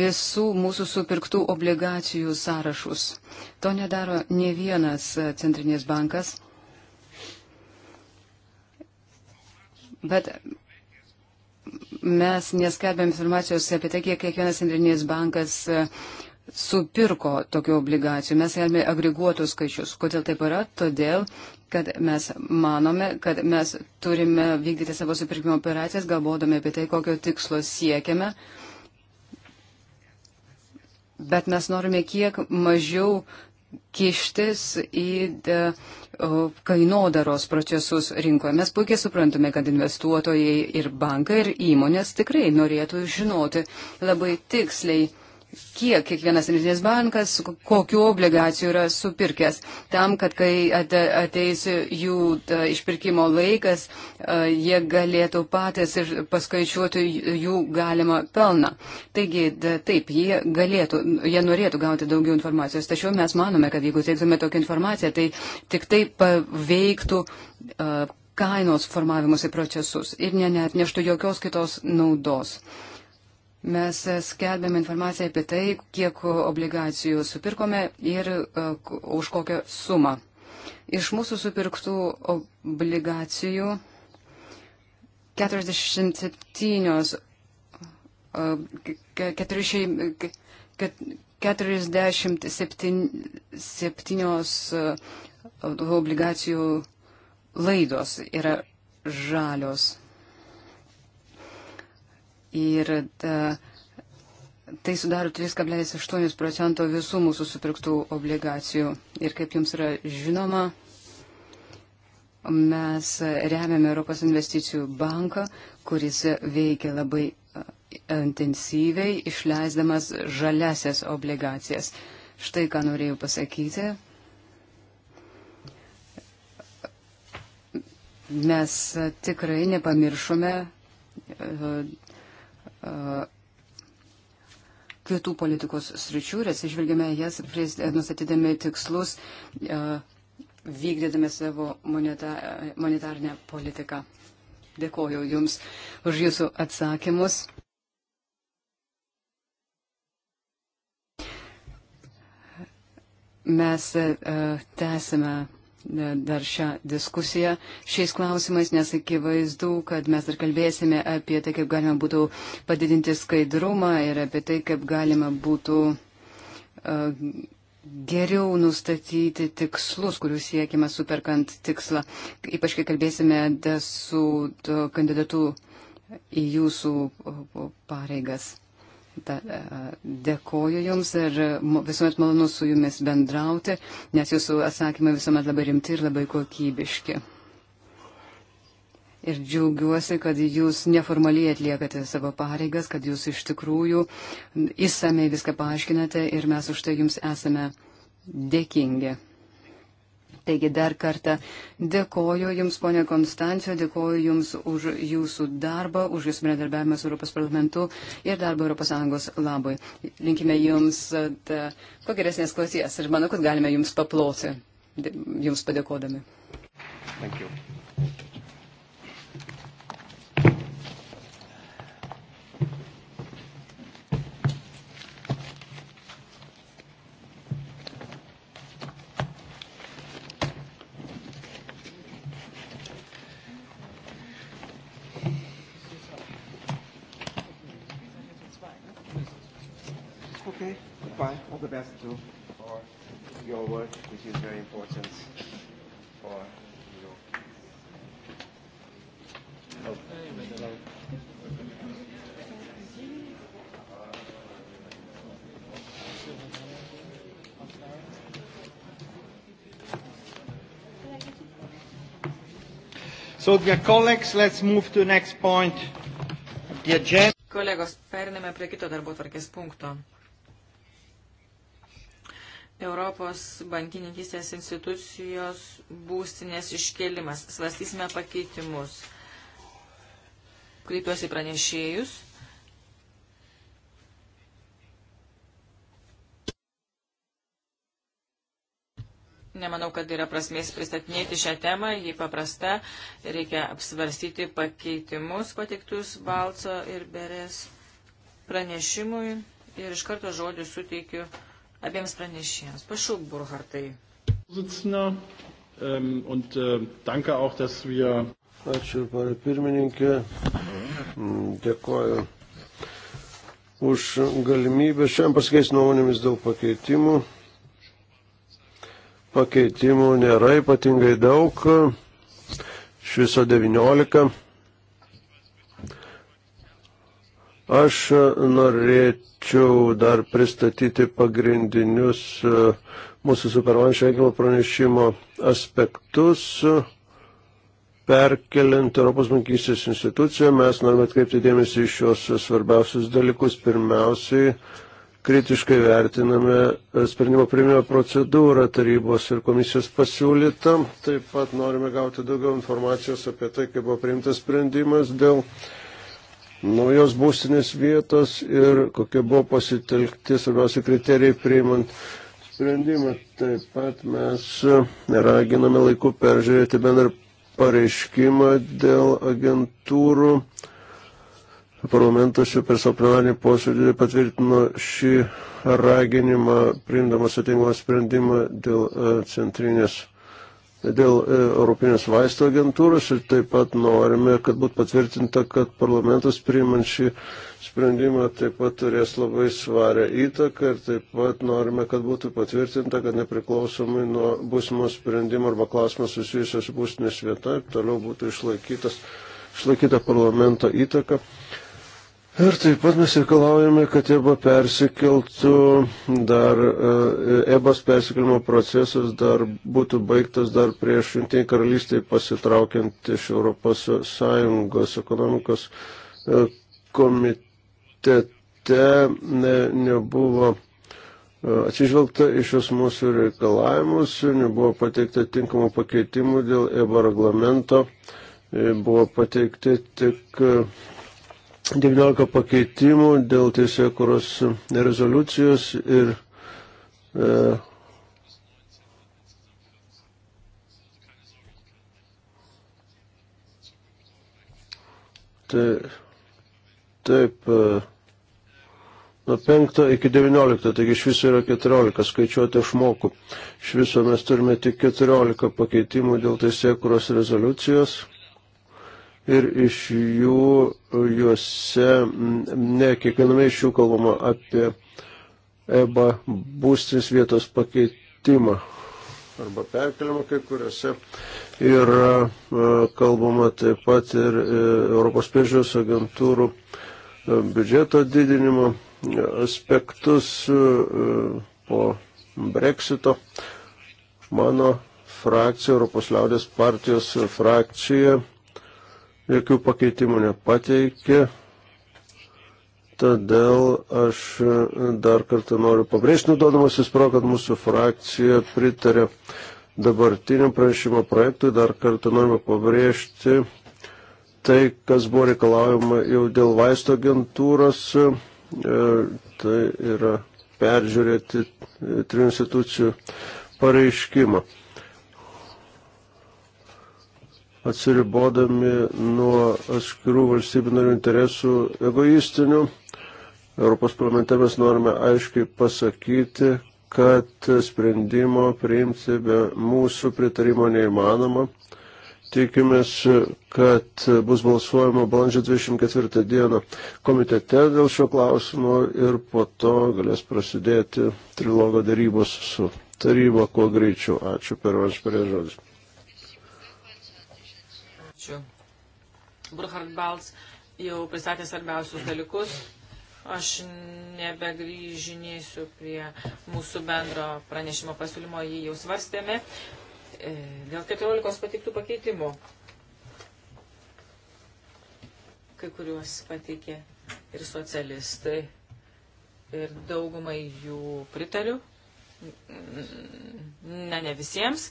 visų mūsų supirktų obligacijų sąrašus. To nedaro ne vienas centrinis bankas. Bet mes neskelbėm informacijos apie tai, kiek kiekvienas centrinės bankas e, supirko tokių obligacijų. Mes galime agreguotus skaičius. Kodėl taip yra? Todėl, kad mes manome, kad mes turime vykdyti savo supirkimo operacijas, galvodami apie tai, kokio tikslo siekiame. Bet mes norime kiek mažiau uh, kištis į e, kainodaros procesus rinkoje. Mes puikiai suprantame, kad investuotojai ir bankai ir įmonės tikrai norėtų žinoti labai tiksliai, kiek kiekvienas centrinis bankas, kokiu obligacijų yra supirkęs, tam, kad kai ateis jų išpirkimo laikas, jie galėtų patys ir paskaičiuoti jų galimą pelną. Taigi, taip, jie galėtų, jie norėtų gauti daugiau informacijos, tačiau mes manome, kad jeigu teiktume tokią informaciją, tai tik tai paveiktų kainos formavimuose procesus ir ne, neatneštų jokios kitos naudos. Uh, Mes skelbėme informaciją apie tai, kiek obligacijų supirkome ir uh, už kokią sumą. Iš mūsų supirktų obligacijų 47, uh, 400, 47 obligacijų laidos yra žalios ir e, tai sudaro 3,8 procento visų mūsų supirktų obligacijų. Ir kaip jums yra žinoma, mes remiame Europos investicijų banką, kuris veikia labai e, intensyviai išleisdamas žaliasias obligacijas. Štai ką norėjau pasakyti. Mes tikrai nepamiršome e, kitų politikos sričių ir atsižvelgiame jas, e, nustatydami tikslus, e, vykdydami savo monetarnę politiką. Dėkoju Jums už Jūsų atsakymus. Mes e, tęsime dar šią diskusiją šiais klausimais, nes akivaizdu, kad mes dar kalbėsime apie tai, kaip galima būtų padidinti skaidrumą ir apie tai, kaip galima būtų e, geriau nustatyti tikslus, kurių siekime superkant tikslą. Ypač kai kalbėsime su kandidatu į jūsų pareigas. E, dėkoju Jums ir visuomet malonu su Jumis bendrauti, nes Jūsų atsakymai visuomet labai rimti ir labai kokybiški. Ir džiaugiuosi, kad Jūs neformaliai atliekate savo pareigas, kad Jūs iš tikrųjų įsamei viską paaiškinate ir mes už tai Jums esame dėkingi. Taigi dar kartą dėkoju Jums, ponė Konstancijo, dėkoju Jums už Jūsų darbą, už Jūsų bendradarbiavimą su Europos parlamentu ir darbą ES labui. Linkime Jums kuo geresnės klausies ir manau, kad galime Jums paploti, Jums padėkodami. Thank you. Lucas, too, for your work, which is very important for you. Help. So, dear colleagues, let's move to the next point of the agenda. Kolegos, periname prie kito darbo tvarkės punkto. Europos bankininkystės institucijos būstinės iškelimas. Svastysime pakeitimus. Kreipiuosi pranešėjus. Nemanau, kad yra prasmės pristatinėti šią temą, ji paprasta, reikia apsvarstyti pakeitimus patiktus Balco ir Berės pranešimui ir iš karto žodį suteikiu abiems pranešėjams. Prašau, Burhartai. Ähm, äh, Ačiū, pane pirmininkė. Mm, dėkoju už galimybę šiandien pasikeis nuomonėmis dėl pakeitimų. Pakeitimų nėra ypatingai daug, iš viso 19 Aš norėčiau dar pristatyti pagrindinius e, mūsų supermančio veikimo pranešimo aspektus. Perkeliant Europos bankysės instituciją, mes norime atkreipti dėmesį į šios svarbiausius dalykus. Pirmiausiai, kritiškai vertiname e, sprendimo priimimo procedūrą tarybos ir komisijos pasiūlytą. Taip pat norime gauti daugiau informacijos apie tai, kaip buvo priimtas sprendimas dėl uh, naujos būstinės vietos ir kokie buvo pasitelkti svarbiausi kriterijai priimant sprendimą. Taip pat mes raginame laiku peržiūrėti bendrą pareiškimą dėl agentūrų. Parlamentas jau per savo plenarinį posėdį patvirtino šį raginimą, priimdamas atingvą sprendimą dėl e, centrinės dėl e, Europinės vaisto agentūros ir taip pat norime, kad būtų patvirtinta, kad parlamentas priimant šį sprendimą taip pat turės labai svarę įtaką ir taip pat norime, kad būtų patvirtinta, kad nepriklausomai nuo būsimo sprendimo arba klausimo susijusios būstinės vieta ir toliau būtų išlaikytas, išlaikyta parlamento įtaka. Ir taip pat mes reikalaujame, kad EBA persikeltų dar, e, EBAS persikelimo procesas dar būtų baigtas dar prieš Junktinį karalystį pasitraukiant iš Europos Sąjungos ekonomikos e, komitete ne, nebuvo e, atsižvelgta iš šios mūsų reikalavimus, nebuvo pateikta tinkamų pakeitimų dėl EBA reglamento, buvo pateikti tik 19 pakeitimų dėl teisėkuros rezoliucijos ir e, tai, taip, e, nuo 5 iki 19, taigi iš viso yra 14, skaičiuoti aš moku. Iš viso mes turime tik 14 pakeitimų dėl teisėkuros rezoliucijos ir iš jų juose, ne kiekviename iš jų kalbama apie EBA būstinės vietos pakeitimą arba perkeliama kai kuriuose. Ir e, kalbama taip pat ir e, Europos priežiūros agentūrų e, biudžeto didinimo aspektus po Brexito. Mano frakcija, Europos liaudės partijos frakcija jokių pakeitimų nepateikė. Todėl aš dar kartą noriu pabrėžti, naudodamas įspro, kad mūsų frakcija pritarė dabartiniam pranešimo projektui. Dar kartą norime pabrėžti tai, kas buvo reikalaujama jau dėl vaisto agentūros. E, tai yra peržiūrėti trijų institucijų pareiškimą atsiribodami nuo atskirų valstybių narių interesų egoistinių. Europos parlamente mes norime aiškiai pasakyti, kad sprendimo priimti be mūsų pritarimo neįmanoma. Tikimės, kad bus balsuojama balandžio 24 dieną komitete dėl šio klausimo ir po to galės prasidėti trilogo darybos su taryba kuo greičiau. Ačiū per vans prie žodžius. Ačiū. Burkhard Balts jau pristatė svarbiausius dalykus. Aš nebegrįžinėsiu prie mūsų bendro pranešimo pasiūlymo, jį jau svarstėme. E, dėl 14 patiktų pakeitimų. Kai kuriuos pateikė ir socialistai. Ir daugumai jų pritariu. Ne, ne visiems.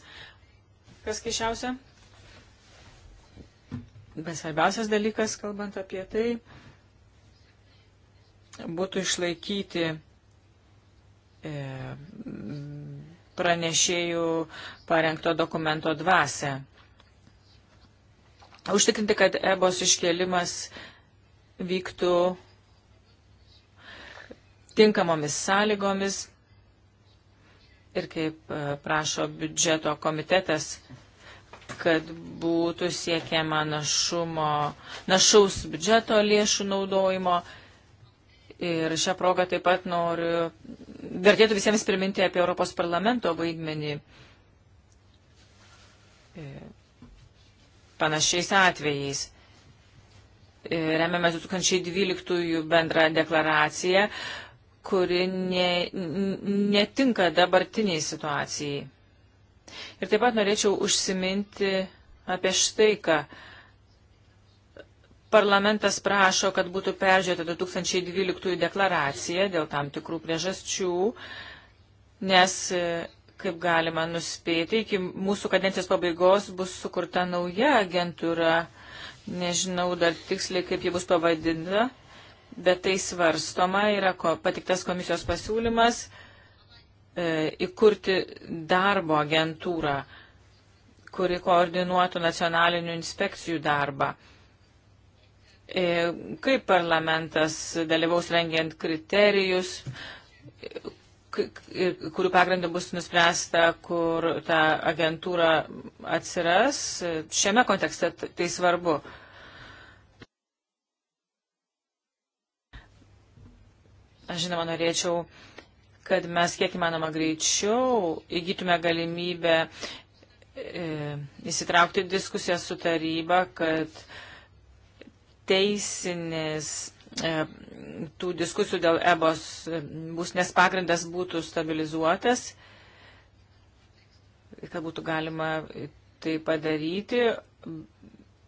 Kas keščiausia? Bet svarbiausias dalykas, kalbant apie tai, būtų išlaikyti e, pranešėjų parengto dokumento dvasę. Užtikrinti, kad ebos iškelimas vyktų tinkamomis sąlygomis ir kaip e, prašo biudžeto komitetas kad būtų siekiama našumo, našaus biudžeto lėšų naudojimo. Ir šią progą taip pat noriu, vertėtų visiems priminti apie Europos parlamento vaidmenį e, panašiais atvejais. E, Remiame 2012 bendrą deklaraciją, kuri ne, netinka dabartiniai situacijai. Ir taip pat norėčiau užsiminti apie štai ką. Parlamentas prašo, kad būtų peržiūrėta 2012 deklaracija dėl tam tikrų priežasčių, nes, kaip galima nuspėti, iki mūsų kadencijos pabaigos bus sukurta nauja agentūra. Nežinau dar tiksliai, kaip ji bus pavadinta, bet tai svarstoma, yra patiktas komisijos pasiūlymas E, įkurti darbo agentūrą, kuri koordinuotų nacionalinių inspekcijų darbą. E, kaip parlamentas dalyvaus rengiant kriterijus, kurių pagrindų bus nuspręsta, kur ta agentūra atsiras. Šiame kontekste tai svarbu. Aš žinoma, norėčiau kad mes kiek įmanoma greičiau įgytume galimybę e, įsitraukti diskusiją su taryba, kad teisinis e, tų diskusijų dėl EBOS būsnės pagrindas būtų stabilizuotas, kad būtų galima tai padaryti.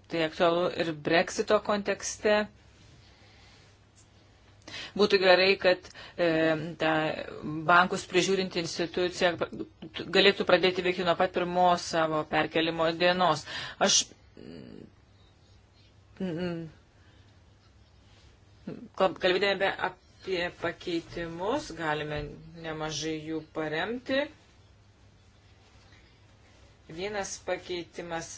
Tai aktualu ir breksito kontekste. Būtų gerai, kad e, ta bankus prižiūrinti institucija galėtų pradėti veikti nuo pat pirmos savo perkelimo dienos. Aš kalbėdami apie pakeitimus, galime nemažai jų paremti. Vienas pakeitimas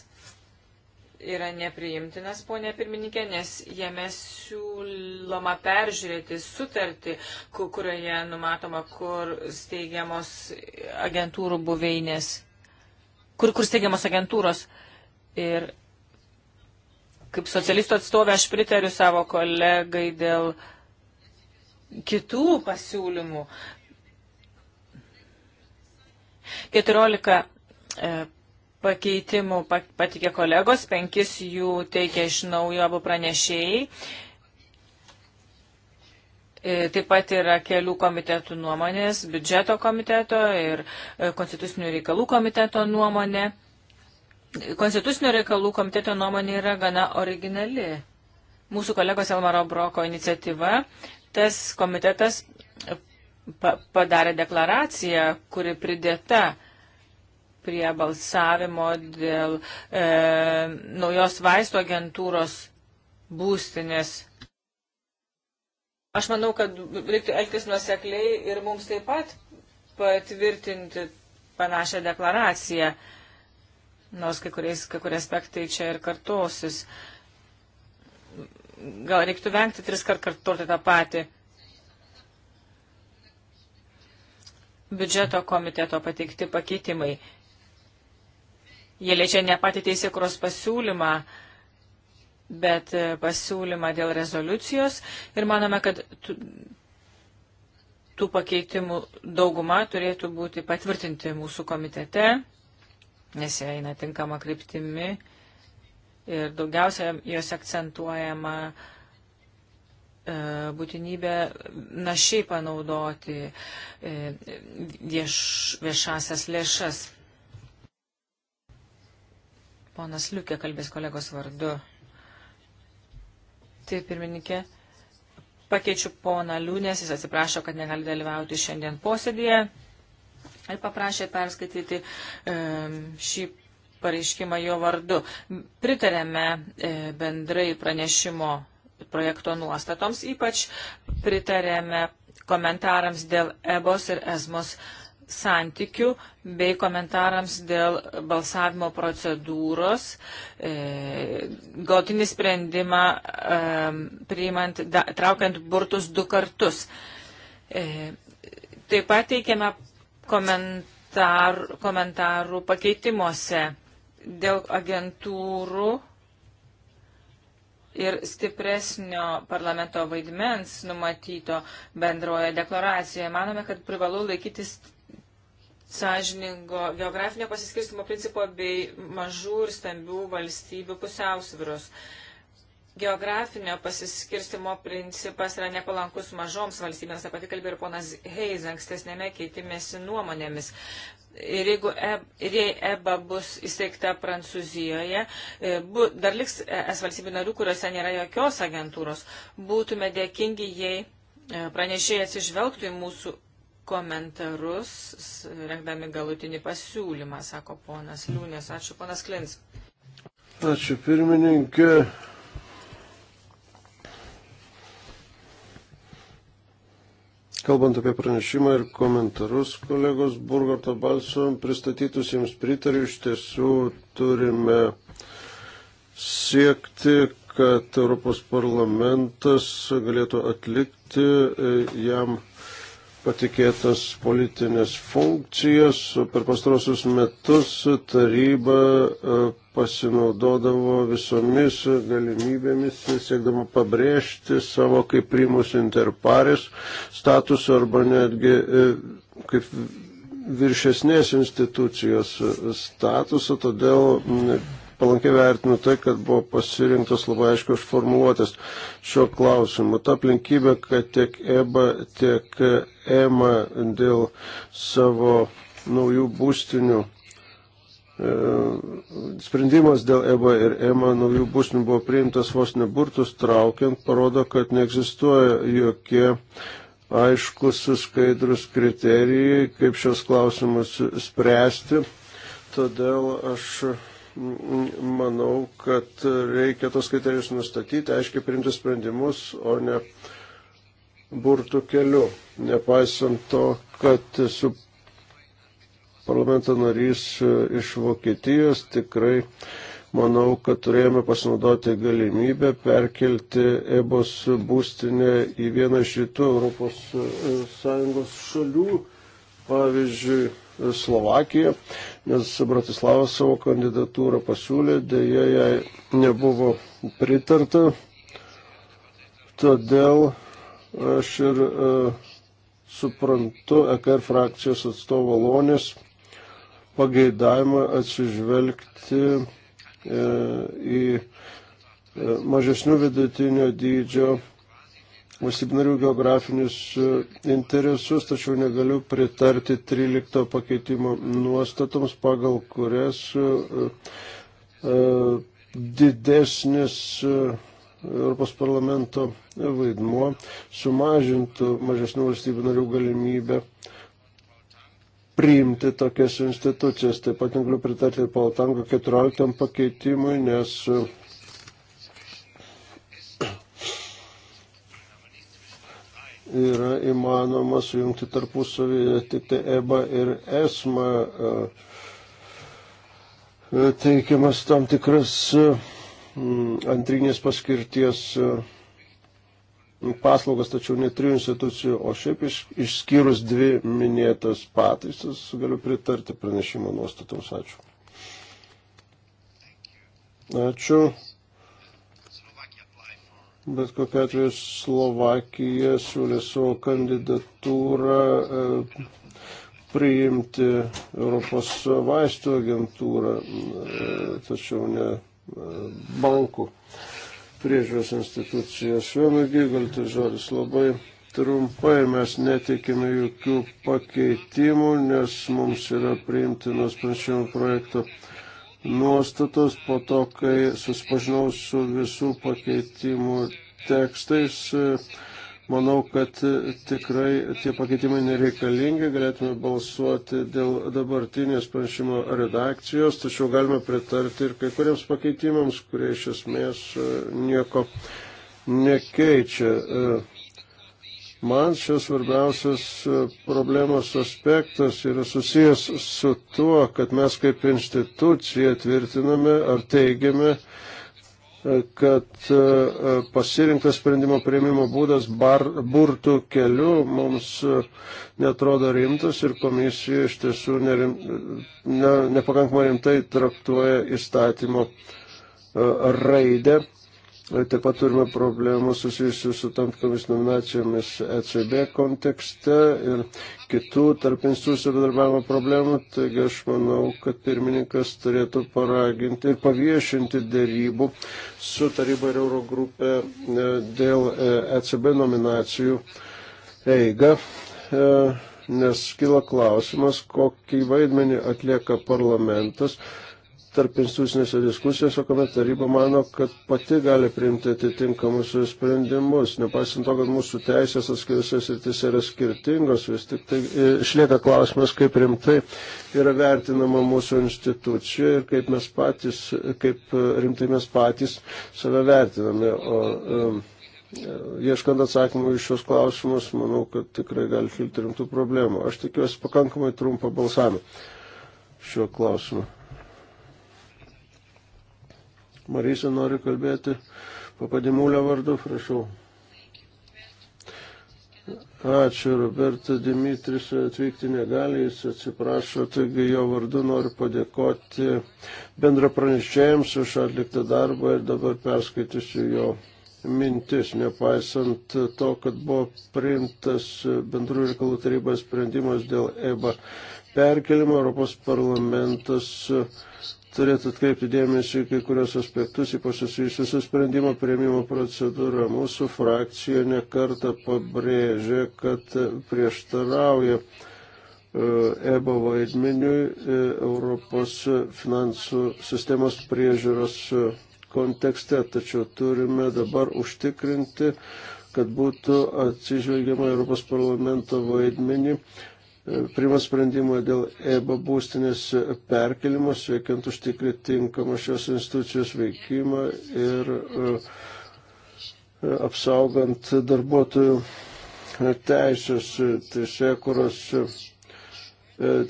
yra nepriimtinas, ponė pirmininkė, nes jame siūloma peržiūrėti sutartį, kurioje numatoma, kur steigiamos agentūrų buveinės, kur, kur steigiamos agentūros. Ir kaip socialisto atstovė aš pritariu savo kolegai dėl kitų pasiūlymų. 14 pakeitimų patikė kolegos, penkis jų teikia iš naujo abu pranešėjai. E, taip pat yra kelių komitetų nuomonės, biudžeto komiteto ir e, konstitucinių reikalų komiteto nuomonė. Konstitucinių reikalų komiteto nuomonė yra gana originali. Mūsų kolegos Elmaro Broko iniciatyva, tas komitetas padarė deklaraciją, kuri pridėta prie balsavimo dėl e, naujos vaistų agentūros būstinės. Aš manau, kad reiktų elgtis nusekliai ir mums taip pat patvirtinti panašią deklaraciją, nors kai, kuriais, kai kurie aspektai čia ir kartosis. Gal reiktų vengti tris kart kartuoti tą patį. biudžeto komiteto pateikti pakeitimai. Jie liečia ne patį teisėkros pasiūlymą, bet e, pasiūlymą dėl rezoliucijos ir manome, kad tų, tų pakeitimų dauguma turėtų būti patvirtinti mūsų komitete, nes jie eina tinkama kryptimi ir daugiausia jos akcentuojama e, būtinybę našiai panaudoti e, vieš, viešasias lėšas. Ponas Liukė kalbės kolegos vardu. Taip, pirmininkė, pakeičiu poną Liūnės, jis atsiprašo, kad negali dalyvauti šiandien posėdėje ir paprašė perskaityti šį pareiškimą jo vardu. Pritarėme e, bendrai pranešimo projekto nuostatoms, ypač pritarėme komentarams dėl EBOS ir ESMOS santykių bei komentarams dėl balsavimo procedūros. E, Gautinį sprendimą e, priimant, da, traukiant burtus du kartus. E, taip pat teikiame komentar, komentarų pakeitimuose dėl agentūrų ir stipresnio parlamento vaidmens numatyto bendroje deklaracijoje. Manome, kad privalu laikytis sąžiningo geografinio pasiskirstimo principo bei mažų ir stambių valstybių pusiausvyros. Geografinio pasiskirstimo principas yra nepalankus mažoms valstybėms, apie tai kalbėjo ir ponas Heiz ankstesnėme keitimėsi nuomonėmis. Ir jeigu e, ir jei EBA bus įsteigta Prancūzijoje, e, bu, dar liks es valstybių narių, kuriuose nėra jokios agentūros, būtume dėkingi, jei e, pranešėjai atsižvelgtų į mūsų komentarus, rengdami galutinį pasiūlymą, sako ponas Liūnės. Ačiū, ponas Klins. Ačiū, pirmininkė. Kalbant apie pranešimą ir komentarus, kolegos Burgarto balso pristatytus jiems pritariu, iš tiesų turime siekti, kad Europos parlamentas galėtų atlikti e, jam patikėtas politinės funkcijas. Per pastarosius metus taryba e, pasinaudodavo visomis galimybėmis, siekdama pabrėžti savo kaip primus interparis statusą arba netgi e, kaip viršesnės institucijos statusą, todėl palankiai vertinu tai, kad buvo pasirinktas labai aiškios formuluotės šio klausimu. Ta aplinkybė, kad tiek EBA, tiek EMA dėl savo naujų būstinių e, sprendimas dėl EBA ir EMA naujų būsnių buvo priimtas vos neburtus traukiant, parodo, kad neegzistuoja jokie aiškus, suskaidrus kriterijai, kaip šios klausimus spręsti. Todėl aš manau, kad reikia tos kriterijus nustatyti, aiškiai priimti sprendimus, o ne burtų keliu. Nepaisant to, kad su parlamento narys iš Vokietijos tikrai manau, kad turėjome pasinaudoti galimybę perkelti EBOS būstinę į vieną iš rytų Europos e, Sąjungos šalių, pavyzdžiui, Slovakiją nes Bratislavas savo kandidatūrą pasiūlė, dėja jai nebuvo pritarta. Todėl aš ir uh, suprantu EKR frakcijos atstovo Lonės pageidavimą atsižvelgti uh, į e, mažesnių vidutinio dydžio valstybinarių geografinius e, interesus, tačiau negaliu pritarti 13 pakeitimo nuostatoms, pagal kurias e, e, didesnis Europos parlamento vaidmuo sumažintų mažesnių valstybių narių galimybę priimti tokias institucijas. Taip pat negaliu pritarti Paltango 14 pakeitimui, nes yra įmanoma sujungti tarpusavyje tik tai EBA ir ESMA e, teikiamas tam tikras e, antrinės paskirties e, paslaugas, tačiau ne trijų institucijų, o šiaip iš, išskyrus dvi minėtas pataisas, galiu pritarti pranešimo nuostatoms. Ačiū. Ačiū. Bet kokia atveju Slovakija siūlė savo kandidatūrą e, priimti Europos vaistų agentūrą, e, tačiau ne e, bankų priežiūros instituciją. Suomi Gigaltai žodis labai trumpai, mes netikime jokių pakeitimų, nes mums yra priimtinos pranešimo projekto nuostatos po to, kai susipažinau su visų pakeitimų tekstais. Manau, kad tikrai tie pakeitimai nereikalingi, galėtume balsuoti dėl dabartinės pranešimo redakcijos, tačiau galime pritarti ir kai kuriems pakeitimams, kurie iš esmės e, nieko nekeičia. E, Man šios svarbiausias e, problemos aspektas yra susijęs su tuo, kad mes kaip institucija tvirtiname ar teigiame, e, kad e, pasirinktas sprendimo prieimimo būdas bar, burtų keliu mums netrodo rimtas ir komisija iš tiesų nerim, ne, nepakankamai rimtai traktuoja įstatymo raidę Taip pat turime problemų susijusių su tam tikromis nominacijomis ECB kontekste ir kitų tarp institucijų bedarbiavimo problemų. Taigi aš manau, kad pirmininkas turėtų paraginti ir paviešinti dėrybų su taryba ir Eurogrupė e, dėl ECB e nominacijų eigą, e, nes kila klausimas, kokį vaidmenį atlieka parlamentas tarp institucinėse diskusijose, kuomet taryba mano, kad pati gali priimti atitinkamus sprendimus. Nepaisant to, kad mūsų teisės atskirose srityse yra skirtingos, vis tik tai e, išlieka klausimas, kaip rimtai yra vertinama mūsų institucija ir kaip mes patys, kaip e, rimtai mes patys save vertiname. O, um, Ieškant atsakymų iš šios klausimus, manau, kad tikrai gali kilti rimtų problemų. Aš tikiuosi pakankamai trumpą balsavimą šiuo klausimu. Marysia nori kalbėti papadimulio vardu, prašau. Ačiū, Roberta Dimitris atvykti negali, jis atsiprašo, taigi jo vardu noriu padėkoti bendrapranešėjams už atliktą darbą ir dabar perskaitysiu jo mintis, nepaisant to, kad buvo priimtas bendrų reikalų tarybos sprendimas dėl EBA perkelimo, Europos parlamentas uh, turėtų atkreipti dėmesį kai kurios aspektus, ypač susijusius su sprendimo prieimimo procedūra. Mūsų frakcija nekarta pabrėžė, kad prieštarauja e, EBO vaidmeniui e, Europos finansų sistemos priežiūros kontekste, tačiau turime dabar užtikrinti, kad būtų atsižvelgiama Europos parlamento vaidmenį priimant sprendimą dėl EBA būstinės perkelimo, siekiant užtikrinti tinkamą šios institucijos veikimą ir e, apsaugant darbuotojų teisės teisėkuros e,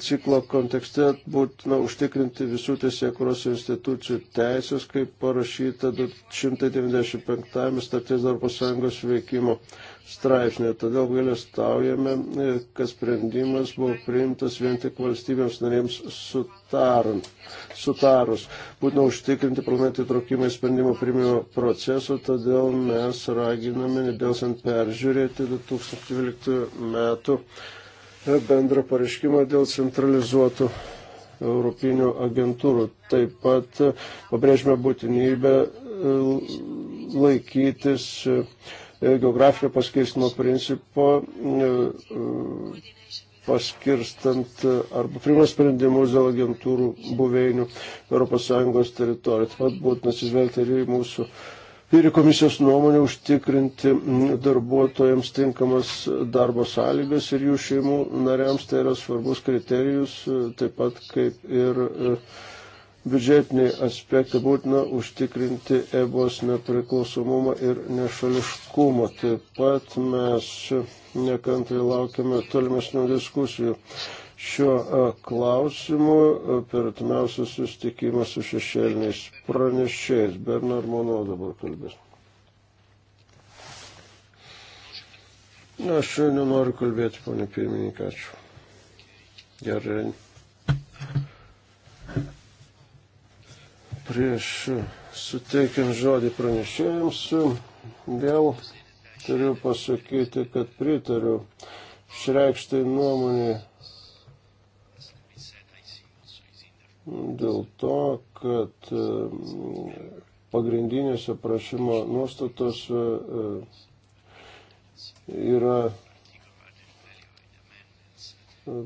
ciklo kontekste būtina užtikrinti visų teisėkuros institucijų teisės, kaip parašyta 295 starties darbo sąjungos veikimo straipsnio. Todėl gailestaujame, kad sprendimas buvo priimtas vien tik valstybėms narėms sutarant, sutarus. Būtina užtikrinti parlamentą įtraukimą į sprendimo priimimo procesą, todėl mes raginame nedėlsant peržiūrėti 2012 metų bendrą pareiškimą dėl centralizuotų Europinių agentūrų. Taip pat pabrėžime būtinybę laikytis E, geografinio paskirstimo principo, e, e, paskirstant arba priimant sprendimus dėl agentūrų buveinių ES teritorijoje. Taip pat būtina atsižvelgti ir į mūsų ir į komisijos nuomonę užtikrinti darbuotojams tinkamas darbo sąlygas ir jų šeimų nariams tai yra svarbus kriterijus, taip pat kaip ir. ir biudžetiniai aspektai būtina užtikrinti EBOS nepriklausomumą ir nešališkumą. Taip pat mes nekantrai laukiame tolimesnių diskusijų šiuo e, klausimu e, per atmiausią susitikimą su šešėliniais pranešėjais. Bernar Mono dabar kalbės. Na, aš nenoriu kalbėti, ponė pirmininkė, ačiū. Gerai. Prieš suteikiant žodį pranešėjams, vėl turiu pasakyti, kad pritariu išreikštai nuomonį dėl to, kad e, pagrindinėse prašymo nuostatose e, yra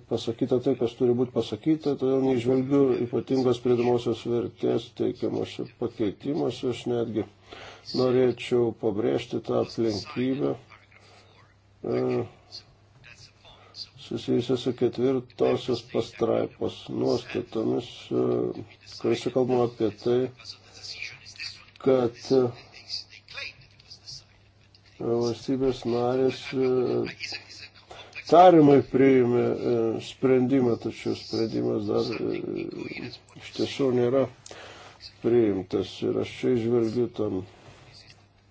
pasakyta tai, kas turi būti pasakyta, todėl neižvelgiu ypatingos pridamosios vertės teikiamose pakeitimuose. Aš netgi norėčiau pabrėžti tą aplinkybę e, susijusią su ketvirtosios pastraipos nuostatomis, kuriuose kalbama apie tai, kad e, valstybės narės e, tarimai priėmė e, sprendimą, tačiau sprendimas dar e, iš tiesų nėra priimtas ir aš čia išvelgiu tam,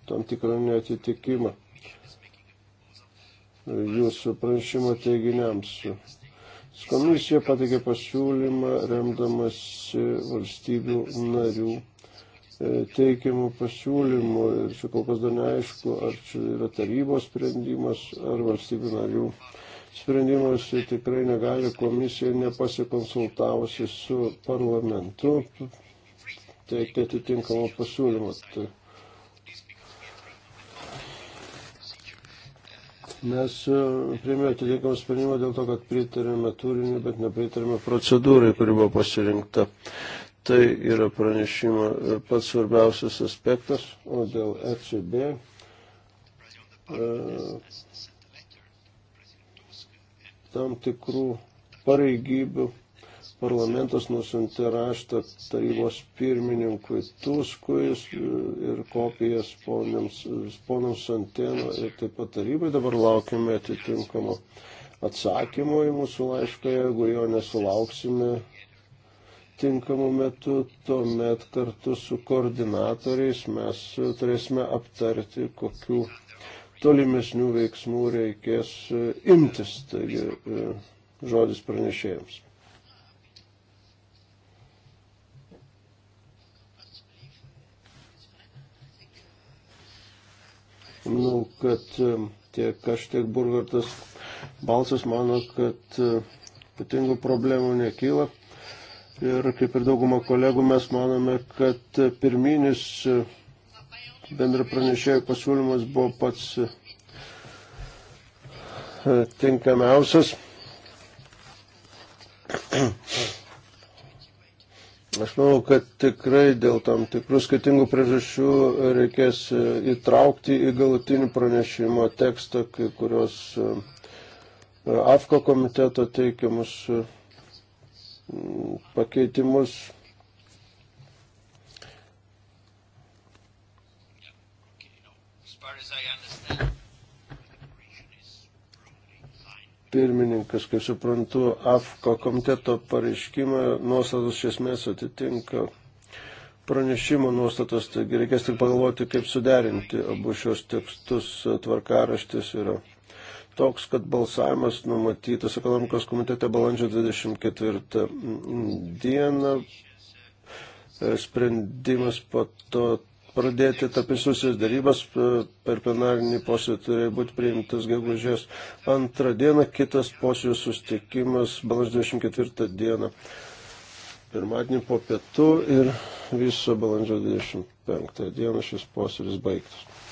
tam tikrą netitikimą jūsų pranešimo teiginiams. Komisija patikė pasiūlymą remdamas valstybių narių e, teikiamų pasiūlymų ir čia kol kas dar neaišku, ar čia yra tarybos sprendimas ar valstybių narių sprendimus tikrai negali komisija nepasikonsultavusi su parlamentu teikti atitinkamą pasiūlymą. Tai mes e, priėmėme atitinkamą sprendimą dėl to, kad pritarėme turinį, bet nepritarėme procedūrai, kuri buvo pasirinkta. Tai yra pranešimo e, pats svarbiausias aspektas, o dėl ECB. E, tam tikrų pareigybių parlamentas nusintė raštą tarybos pirmininkui Tuskui ir kopijas ponams, ponams Santėno ir taip pat tarybai. Dabar laukime atitinkamo atsakymo į mūsų laišką. Jeigu jo nesulauksime tinkamu metu, tuomet kartu su koordinatoriais mes turėsime aptarti, kokiu tolimesnių veiksmų reikės e, imtis, taigi e, žodis pranešėjams. Manau, kad e, tiek aš, tiek Burgartas balsas mano, kad ypatingų problemų nekyla. Ir kaip ir dauguma kolegų mes manome, kad pirminis bendra pranešėjo pasiūlymas buvo pats e, tinkamiausias. *clears throat* Aš manau, kad tikrai dėl tam tikrų skirtingų priežasčių reikės e, įtraukti į galutinį pranešimo tekstą kai kurios e, AFKO komiteto teikiamus pakeitimus pirmininkas, kaip suprantu, AFKO komiteto pareiškimą nuostatus iš esmės atitinka pranešimo nuostatas, taigi reikės tik pagalvoti, kaip suderinti abu šios tekstus. Tvarkaraštis yra toks, kad balsavimas numatytas ekonomikos komitete balandžio 24 dieną. Sprendimas po to pradėti tapisusias darybas e, per plenarinį posėdį turėjo būti priimtas gegužės antrą dieną, kitas posėdžio sustikimas balandžio 24 dieną, pirmadienį po pietų ir viso balandžio 25 dieną šis posėdis baigtas.